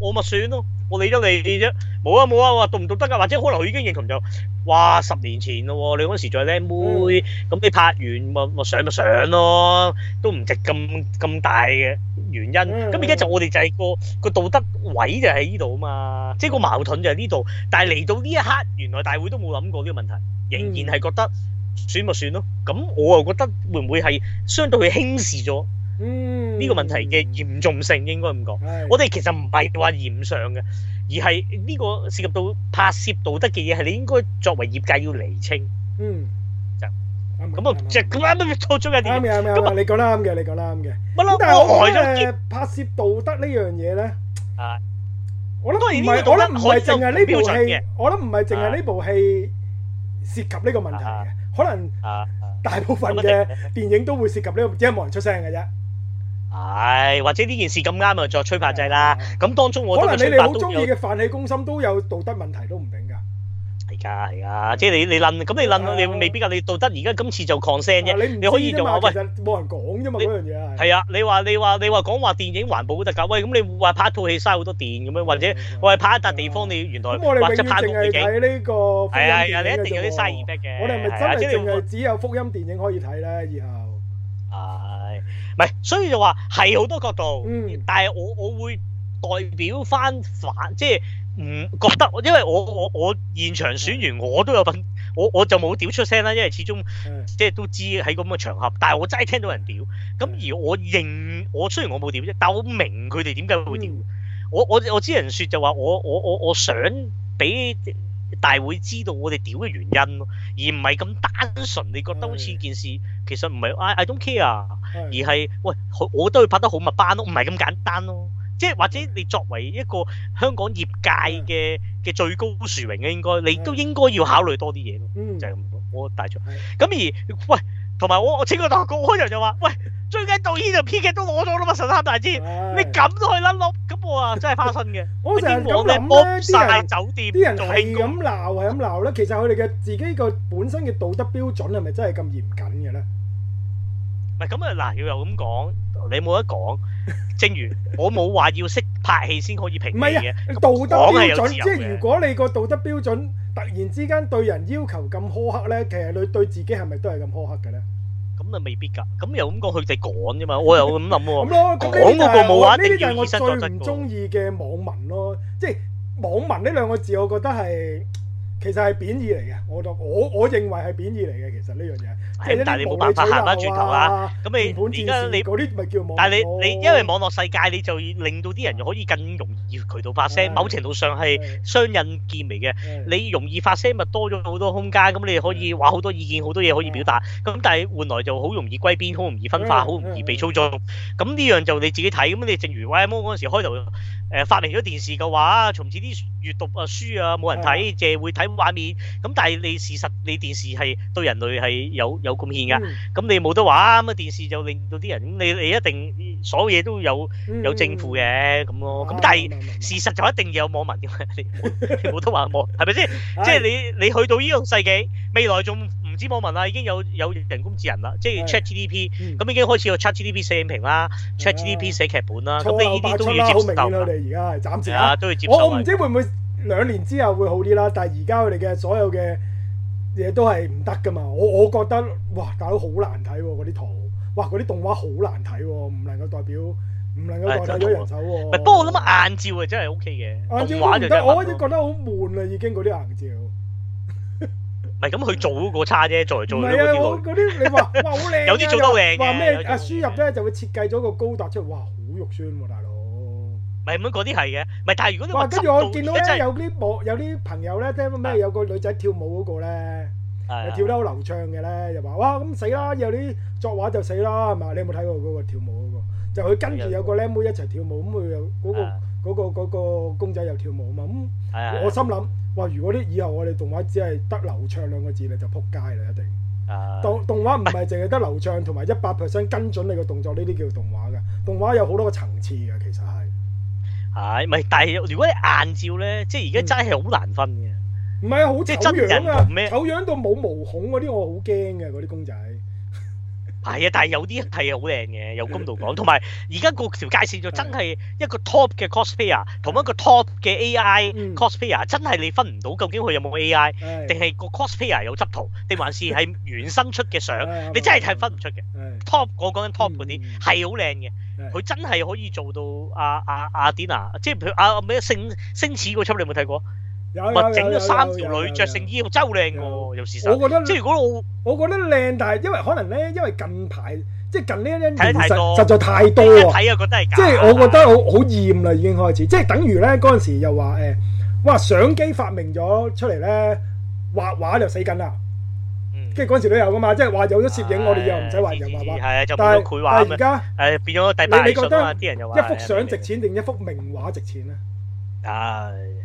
我咪算咯，我理都理你啫，冇啊冇啊，我話讀唔讀得噶，或者可能佢已經認同就，哇十年前咯喎，你嗰時仲係靚妹，咁、嗯、你拍完咪咪上咪上咯，都唔值咁咁大嘅原因，咁而家就我哋就係個個道德位就喺呢度啊嘛，即係個矛盾就係呢度，但係嚟到呢一刻，原來大會都冇諗過呢個問題，仍然係覺得選咪算咯，咁我又覺得會唔會係相對佢輕視咗？嗯，呢、這個問題嘅嚴重性應該唔講。我哋其實唔係話嚴上嘅，而係呢個涉及到拍攝道德嘅嘢，係你應該作為業界要釐清。嗯，咁啊，即係咁啱啱做咗嘅電影。咁你講得啱嘅，你講得啱嘅。不、嗯、啦？但係我覺得拍攝道德呢樣嘢咧？啊，我諗唔係，我諗唔係淨係呢部嘅。我諗唔係淨係呢部戲、啊、涉及呢個問題嘅、啊。可能大部分嘅電影都會涉及呢，只係冇人出聲嘅啫。係，或者呢件事咁啱就作催化劑啦。咁當中我覺得呢百都有飯氣攻心，都有道德問題，都唔定噶。係噶，係噶。即係你你諗，咁你諗你未必啊。你道德而家今次就 concern 啫。你唔可以嘛？其實冇人講啫嘛，嗰樣嘢。係啊，你話你話你話講話電影環保好得㗎？喂，咁你話拍一套戲嘥好多電咁樣，或者我拍一笪地方，你原來或者拍個背景。我哋永遠係睇呢個福音嘅嘢嘅。係啊係啊，你一定有啲嘥熱力嘅。我哋係咪真係淨係只有福音電影可以睇咧？以後啊。唔係，所以就話係好多角度，但係我我會代表翻反，即係唔覺得，因為我我我現場選完，我都有份，我我就冇屌出聲啦，因為始終即係、就是、都知喺咁嘅場合，但係我真係聽到人屌，咁而我認，我雖然我冇屌啫，但我明佢哋點解會屌、嗯，我我知人說說我只能説就話我我我我想俾。大會知道我哋屌嘅原因咯，而唔係咁單純。你覺得好似件事其實唔係 I don't care，而係喂，我都要拍得好密班咯，唔係咁簡單咯。即係或者你作為一個香港業界嘅嘅最高殊榮嘅，應該你都應該要考慮多啲嘢咯。就係咁咯，我大錯。咁而喂。同埋我我整個大學嗰個人就話，喂，最近導演就 P K 都攞咗啦嘛神探大戰，你咁都可以甩笠，咁我啊真係花心嘅。 我成日講咧，啲人啲人係咁鬧係咁鬧咧，其實佢哋嘅自己個本身嘅道德標準係咪真係咁嚴謹嘅咧？唔係咁啊，嗱，要又咁講。你冇得講，正如我冇話要識拍戲先可以評嘢嘅。道德標準。講係有自由嘅。即係如果你個道德標準突然之間對人要求咁苛刻咧，其實你對自己係咪都係咁苛刻嘅咧？咁啊未必㗎。咁又咁講，佢哋講啫嘛，我又咁諗喎。講嗰個冇啊，呢啲就係我最唔中意嘅網民咯。即係網民呢兩個字，我覺得係其實係貶義嚟嘅。我我我認為係貶義嚟嘅。其實呢樣嘢。但係你冇辦法行翻轉頭啦，咁你而家你，但係你你因為網絡世界，你就令到啲人可以更容易渠道發聲，某程度上係雙刃劍嚟嘅。你容易發聲，咪多咗好多空間，咁你可以話好多意見，好多嘢可以表達。咁但係換來就好容易歸邊，好容易分化，好容易被操作。咁呢樣就你自己睇。咁你正如威 M 哥嗰陣時開頭誒、呃、發明咗電視嘅話啊，從此啲。閱讀啊書啊冇人睇，淨係、啊、會睇畫面。咁但係你事實你電視係對人類係有有貢獻噶。咁、嗯、你冇得話咁啊，電視就令到啲人。你你一定所有嘢都有、嗯、有正負嘅咁咯。咁但係事實就一定要有網民嘅、嗯、你冇 得話冇，係咪先？即、就、係、是、你你去到呢個世紀，未來仲？唔知網民啊，已經有有人工智能啦，即係 ChatGPT 咁、嗯、已經開始有 ChatGPT 寫影評啦，ChatGPT 寫劇本啦，咁你依啲都要接受投入嘅，而家係暫時啊，都要接受。我唔知會唔會兩年之後會好啲啦，但係而家佢哋嘅所有嘅嘢都係唔得噶嘛。我我覺得哇，搞到好難睇喎嗰啲圖，哇嗰啲動畫好難睇喎，唔能夠代表唔能夠代表用人手喎。唔不過、OK、我諗硬照啊真係 OK 嘅，硬照玩我開始覺得好悶啦已經啲硬照。係咁佢做嗰個差啫，做嚟做。唔係啊，好嗰啲你話哇好靚嘅，有啲做得靚嘅。話咩啊？輸入咧就會設計咗個高達出嚟，哇好肉酸喎大佬。係咁嗰啲係嘅，唔係但係如果你哇跟住我見到咧有啲冇有啲朋友咧，聽咩有個女仔跳舞嗰個咧，跳得好流暢嘅咧，就話哇咁死啦！有啲作畫就死啦，係咪？你有冇睇過嗰個跳舞嗰個？就佢跟住有個靚妹一齊跳舞，咁佢又嗰個嗰個嗰個公仔又跳舞啊嘛咁。係啊。我心諗。話如果啲以後我哋動畫只係得流暢兩個字，你就撲街啦，一定。動、uh, 動畫唔係淨係得流暢同埋一百 percent 跟準你個動作，呢啲叫動畫嘅。動畫有好多個層次嘅，其實係。係、uh, 咪？但係如果你硬照咧，即係而家齋係好難分嘅。唔係啊，好醜樣啊，醜樣到冇毛孔嗰啲，我好驚嘅嗰啲公仔。係啊，但係有啲係好靚嘅，有 公道講。同埋而家個條界線就真係一個 top 嘅 cosplayer 同一個 top 嘅 A.I. cosplayer 真係你分唔到究竟佢有冇 A.I. 定 係個 cosplayer 有執圖，定還是係原生出嘅相？ 你真係睇分唔出嘅 top 我講緊 top 嗰啲係好靚嘅，佢 真係可以做到阿阿阿迪娜，即係譬如啊咩星星矢嗰輯你有冇睇過？整咗三條女着成衣服，周靚喎，又試我覺得即係如果我我覺得靚，但係因為可能咧，因為近排即係近呢一陣，實實在太多啊！睇就覺得係即係我覺得好好厭啦，已經開始。即係等於咧嗰陣時又話誒，哇！相機發明咗出嚟咧，畫畫就死緊啦。跟住嗰時都有噶嘛，即係話有咗攝影，我哋又唔使畫人畫畫。係啊，就但係而家變咗大大你覺得一幅相值錢定一幅名畫值錢？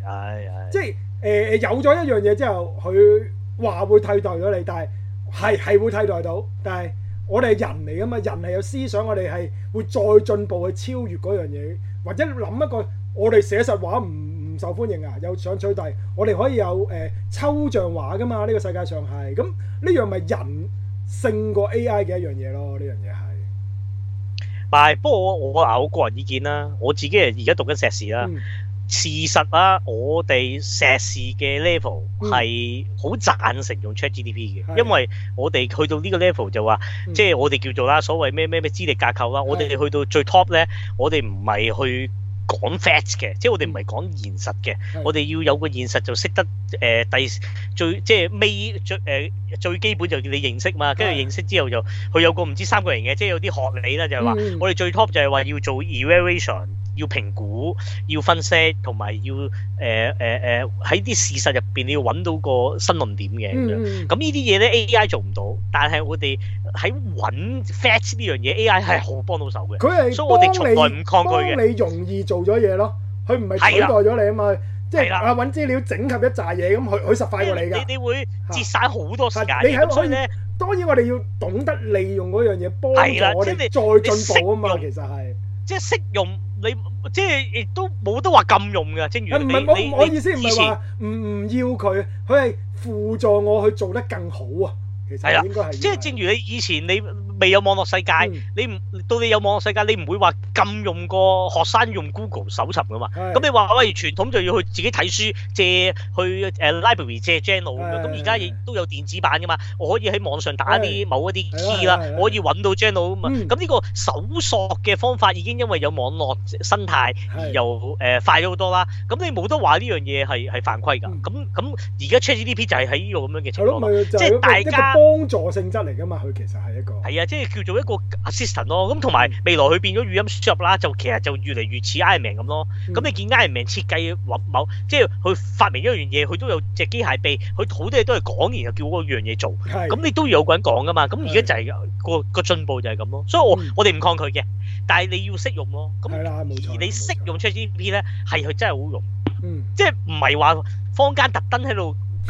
係，即係誒，有咗一樣嘢之後，佢話會替代咗你，但係係係會替代到，但係我哋係人嚟噶嘛，人係有思想，我哋係會再進步去超越嗰樣嘢，或者諗一個我哋寫實畫唔唔受歡迎啊，又想取代，我哋可以有誒、呃、抽象畫噶嘛，呢、呢個世界上係，咁呢樣咪人勝過 AI 嘅一樣嘢咯，呢樣嘢係。但係，不過我啊，我個人意見啦，我自己係而家讀緊碩士啦。嗯事實啊，我哋碩士嘅 level 係好贊成用 ChatGPT 嘅、嗯，因為我哋去到呢個 level 就話、嗯，即係我哋叫做啦所謂咩咩咩資歷架構啦、嗯，我哋去到最 top 咧，我哋唔係去講 facts 嘅、嗯，即係我哋唔係講現實嘅、嗯，我哋要有個現實就識得、呃、第最即係尾最、呃、最基本就叫你認識嘛，跟、嗯、住認識之後就佢有個唔知三個人嘅，即係有啲學理啦，就係話我哋最 top 就係話要做 evaluation 要評估、要分析、同埋要誒誒誒喺啲事實入邊，你要揾到個新論點嘅咁樣，咁呢啲嘢咧，AI 做唔到，但係我哋喺揾 fetch 呢樣嘢，AI 係好幫到手嘅。佢係，所以我哋從來唔抗拒嘅。你容易做咗嘢咯，佢唔係取代咗你啊嘛。即係啊，揾資料整合一紮嘢咁，佢佢實快過你㗎。你你會節省好多時間。所以咧，當然我哋要懂得利用嗰樣嘢幫助我哋再進步啊嘛。其實係即係適用。你即係亦都冇得話咁用嘅，正如。唔係？我我意思唔係話唔唔要佢，佢係輔助我去做得更好啊。其實應該係。即係正如你以前你。未有網絡世界，嗯、你唔到你有網絡世界，你唔會話禁用個學生用 Google 搜尋㗎嘛？咁你話喂傳統就要去自己睇書借去誒、呃、library 借 journal 咁樣，咁而家亦都有電子版㗎嘛？我可以喺網上打啲某一啲 key 啦、啊啊啊啊，我可以揾到 journal 咁咁呢個搜索嘅方法已經因為有網絡生態而又誒、呃、快咗好多啦。咁你冇得話呢樣嘢係係犯規㗎。咁咁而家 ChatGPT 就係喺呢個咁樣嘅情況下，即係、就是、大家幫助性質嚟㗎嘛？佢其實係一個係啊。即係叫做一個 assistant 咯，咁同埋未來佢變咗語音 shop 啦，就其實就越嚟越似 Iron Man 咁咯。咁、嗯、你見 Iron Man 設計揾某，即係佢發明一樣嘢，佢都有隻機械臂，佢好多嘢都係講，然後叫嗰樣嘢做。咁你都要有個人講噶嘛。咁而家就係、是、個、嗰個進步就係咁咯。所以我、嗯、我哋唔抗拒嘅，但係你要識用咯。咁而你識用 ChatGPT 咧，係佢真係好用。嗯、即係唔係話坊間特登喺度。唔係唔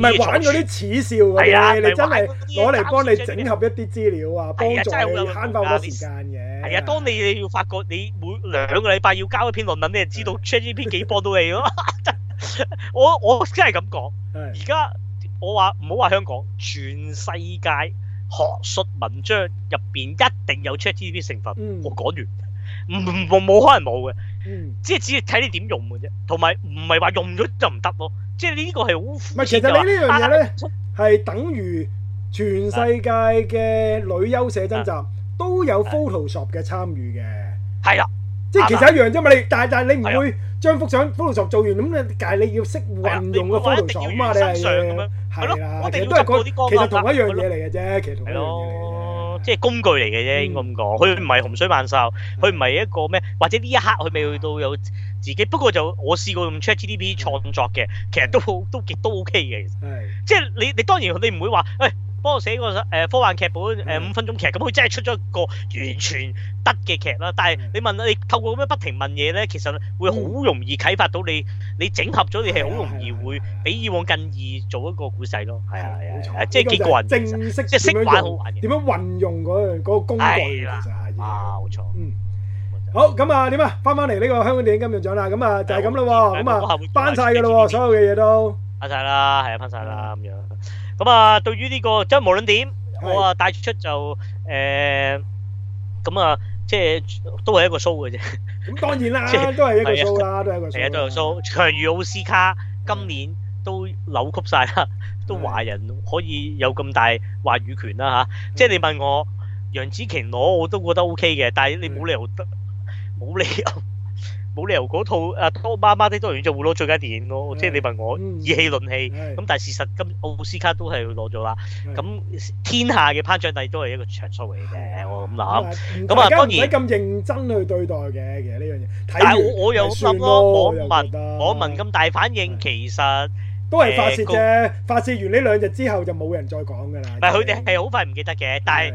係玩啲恥笑嗰啲嘢，你真係攞嚟幫你整合一啲資料啊，幫、啊啊、助你慳翻好多時間嘅。係啊，當你你要發覺你每兩個禮拜要交一篇論文，你就知道 ChatGPT 幾幫到你咯、啊。 我真係、啊、我真係咁講，而家我話唔好話香港，全世界學術文章入邊一定有 ChatGPT 成分，嗯、我講完，冇可能冇嘅。嗯，即係只係睇你點用嘅啫，同埋唔係話用咗就唔得咯，即係呢個係好。唔係，其實你樣呢樣嘢咧，係、啊、等於全世界嘅女優寫真集、啊、都有 Photoshop 嘅參與嘅，係、啊、啦，即、就、係、是、其實一樣啫嘛、啊。你但係、啊、但係、啊、你唔會將幅相 Photoshop 做完咁你，你但係、啊、你，你要識運用個 Photoshop 啊嘛。你係，係咯，我哋都係講、啊，其實同一樣嘢嚟嘅啫，其實同一樣嘢嚟。即係工具嚟嘅啫，應該咁講。佢唔係洪水猛獸，佢唔係一個咩？或者呢一刻佢未去到有自己。不過就我試過用 ChatGPT 創作嘅、嗯，其實都好都極都，都 OK 嘅。其實，嗯、即係你你當然你唔會話，誒、哎。幫我寫個誒科幻劇本誒五分鐘劇，咁佢真係出咗一個完全得嘅劇啦。但係你問你透過咁樣不停問嘢咧，其實會好容易啟發到你。你整合咗，你係好容易會比以往更易做一個故仔咯。係啊係啊，即係幾個人，即係識玩好玩點樣運用嗰樣嗰個工具其實係。冇錯，嗯。好咁啊，點啊？翻返嚟呢個香港電影金像獎啦。咁啊，就係咁咯喎。咁啊，翻曬㗎咯喎，所有嘅嘢都。翻曬啦，係啊，翻曬啦咁樣。咁、嗯、啊，對於呢、這個即係無論點，我啊帶出就誒，咁、呃嗯、啊即係都係一個 show 嘅啫。咁當然啦，即都係一個 show 都係一個。係啊，都係 show、啊。強如奧斯卡今年都扭曲晒啦，都華人可以有咁大話語權啦吓、啊，即係、嗯、你問我楊紫瓊攞我都覺得 O K 嘅，但係你冇理由得冇理由。冇理由嗰套啊多媽媽的多肉園就會攞最佳電影咯，即係你問我以戲論戲咁，但係事實今奧斯卡都係攞咗啦。咁天下嘅頒獎禮都係一個場所嚟嘅，我咁諗。咁啊當然唔使咁認真去對待嘅，其實呢樣嘢。但係我我又諗咯，網民網民咁大反應，其實都係發泄啫。發泄完呢兩日之後就冇人再講㗎啦。咪佢哋係好快唔記得嘅，但係。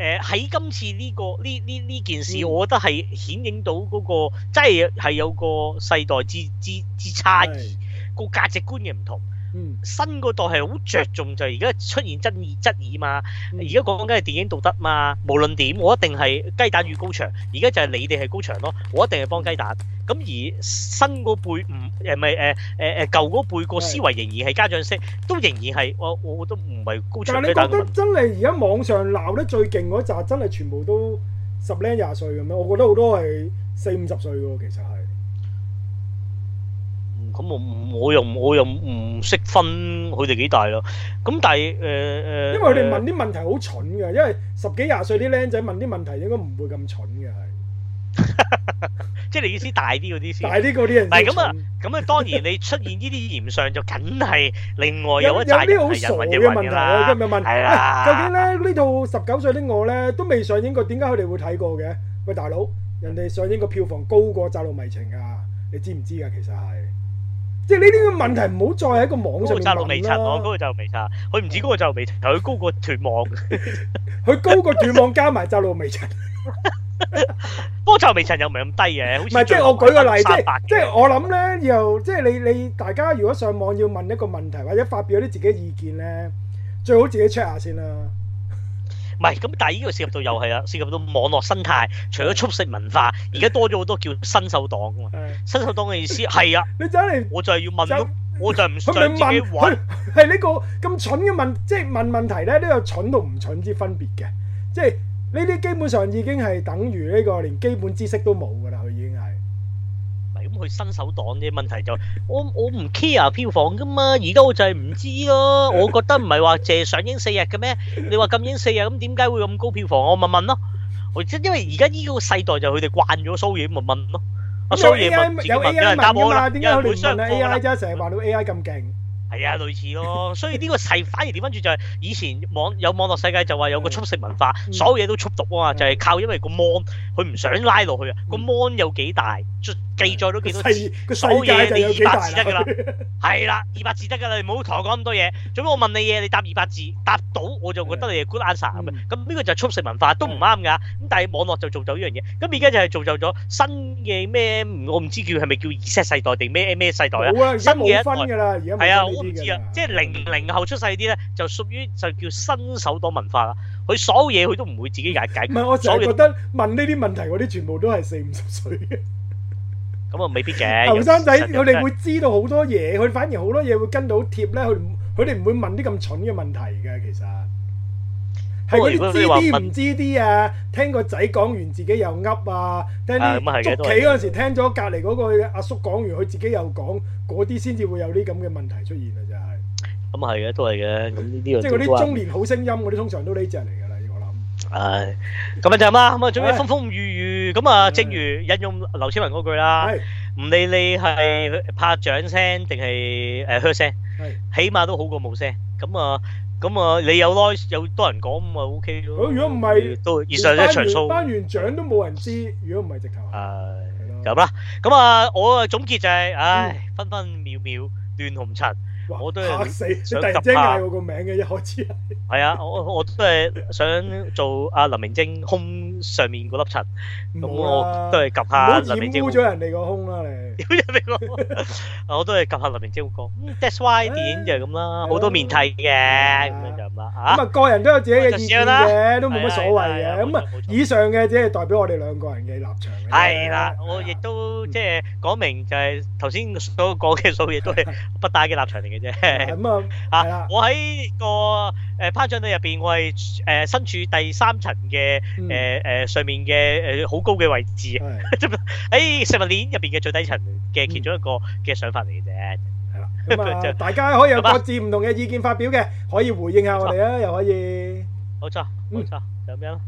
誒、呃、喺今次呢、這個呢呢呢件事，嗯、我覺得係顯映到嗰、那個真係係有,有個世代之之之差異，個價值觀嘅唔同。嗯，新嗰代係好着重就係而家出現真意質疑質疑嘛，而家講緊嘅電影道德嘛，無論點我一定係雞蛋與高牆，而家就係你哋係高牆咯，我一定係幫雞蛋。咁而新嗰輩唔誒咪誒誒誒舊嗰輩個思維仍然係家長式，都仍然係我我都唔係高牆。你覺得真係而家網上鬧得最勁嗰紮真係全部都十零廿歲咁樣？我覺得好多係四五十歲喎，其實係。咁我唔，我又我又唔識分佢哋幾大咯。咁但係誒誒，因為佢哋問啲問題好蠢嘅，因為十幾廿歲啲僆仔問啲問題應該唔會咁蠢嘅，係 即你意思大啲嗰啲先，大啲嗰啲人唔係咁啊。咁啊，當然你出現呢啲炎上就梗係另外有一啲好傻嘅問題。今日問係、哎、究竟咧呢套十九歲的我咧都未上映過，點解佢哋會睇過嘅？喂，大佬，人哋上映過票房高過《窄路微塵》噶，你知唔知啊？其實係。即係呢啲嘅問題唔好再喺一個網上流啦。嗰個站路未塵，嗰個站路未塵，佢唔止嗰個站路未塵，佢高過斷網，佢 高過斷網加埋站路未塵。 不過就路未塵又唔係咁低嘅，唔係即係我舉個例子，即係即係我諗咧，又即係你你大家如果上網要問一個問題或者發表啲自己意見咧，最好自己 check 下先啦。唔係，咁但係依個涉及到又係啦，涉及到網絡生態。除咗速食文化，而家多咗好多叫新手黨啊嘛。新手黨嘅意思係啊，你走嚟我就係要問到，我就唔想自己係呢、呢個咁蠢嘅問，即係問問題咧都有蠢同唔蠢之分別嘅。即係呢啲基本上已經係等於呢、呢個連基本知識都冇㗎啦。去新手黨啫，問題就我我唔 care 票房噶嘛，而家我就係唔知咯、啊。我覺得唔係話借上映四日嘅咩？你話禁映四日，咁點解會咁高票房？我問問、啊、咯。即因為而家呢個世代就佢哋慣咗騷嘢，咪問咯、啊。啊騷嘢問，有、AM、人有人答我啦。人本身咪 AI 啫，成日話到 AI 咁勁。係啊，類似咯。所以呢個係反而點翻住？就係以前網有網絡世界就話有個速食文化，嗯、所有嘢都速讀啊嘛，嗯、就係、是、靠因為個 mon 佢唔想拉落去啊、嗯，個 mon 有幾大？記載都幾多字？所有嘢你二百字得噶啦，係啦，二百字得噶啦，你唔好同我講咁多嘢。做咩？我問你嘢，你答二百字，答到我就覺得你 good answer 咁。咁呢個就係速食文化，都唔啱噶。咁但係網絡就造就呢樣嘢。咁而家就係造就咗新嘅咩？我唔知叫係咪叫二世世代定咩咩世代啊？新嘅一代係啊，我唔知啊。即係零零後出世啲咧，就屬於就叫新手黨文化啦。佢所有嘢佢都唔會自己解解決。唔係，我就覺得問呢啲問題，我啲全部都係四五十歲嘅。咁啊，未必嘅後生仔，佢哋會知道好多嘢，佢反而好多嘢會跟到貼咧。佢佢哋唔會問啲咁蠢嘅問題嘅，其實係嗰啲知啲唔知啲啊。聽個仔講完，自己又噏啊。聽啲屋企陣時聽咗隔籬個阿叔講完，佢自己又講啲，先至會有啲咁嘅問題出現啊。就係咁。咁係嘅都係嘅。咁呢啲即係嗰啲中年好聲音嗰啲，通常都呢隻嚟嘅。唉，咁啊就係嘛，咁啊總之風風雨雨，咁啊正如引用劉青雲嗰句啦，唔理你係拍掌聲定係誒喝聲，係起碼都好過冇聲。咁啊，咁啊你有 noise，有多人講，咁啊 OK 咯。咁如果唔係，都以上呢場數，頒完獎都冇人知。如果唔係直頭，係係咯咁啦。咁啊，我啊總結就係，唉，分分秒秒亂紅塵。我都係想死！你第我個名嘅一開始係。啊，我我都係想做阿林明晶胸上面嗰粒塵，咁我都係及下林明晶。唔好玷污咗人哋個胸啦！你屌你老母！我都係及下林明晶個、啊、 ，That's why 點就係咁啦。好、啊、多面睇嘅咁樣就咁、是、啦。咁啊，那個人都有自己嘅意見啦，都冇乜所謂嘅。咁啊，以上嘅只係代表我哋兩個人嘅立場。係啦，我亦都即係講明就係頭先所講嘅所亦都係不大嘅立場嚟嘅。咁 啊、嗯！啊、嗯，嗯、 我喺個誒頒獎度入邊，我係誒身處第三層嘅誒誒上面嘅誒好高嘅位置啊！誒、嗯，食 物鏈入邊嘅最底層嘅其中一個嘅想法嚟嘅啫。係、嗯、啦、嗯 就是嗯，大家可以有各自唔同嘅意見發表嘅，可以回應一下我哋啊，又可以。冇錯，冇、嗯、錯，咁樣。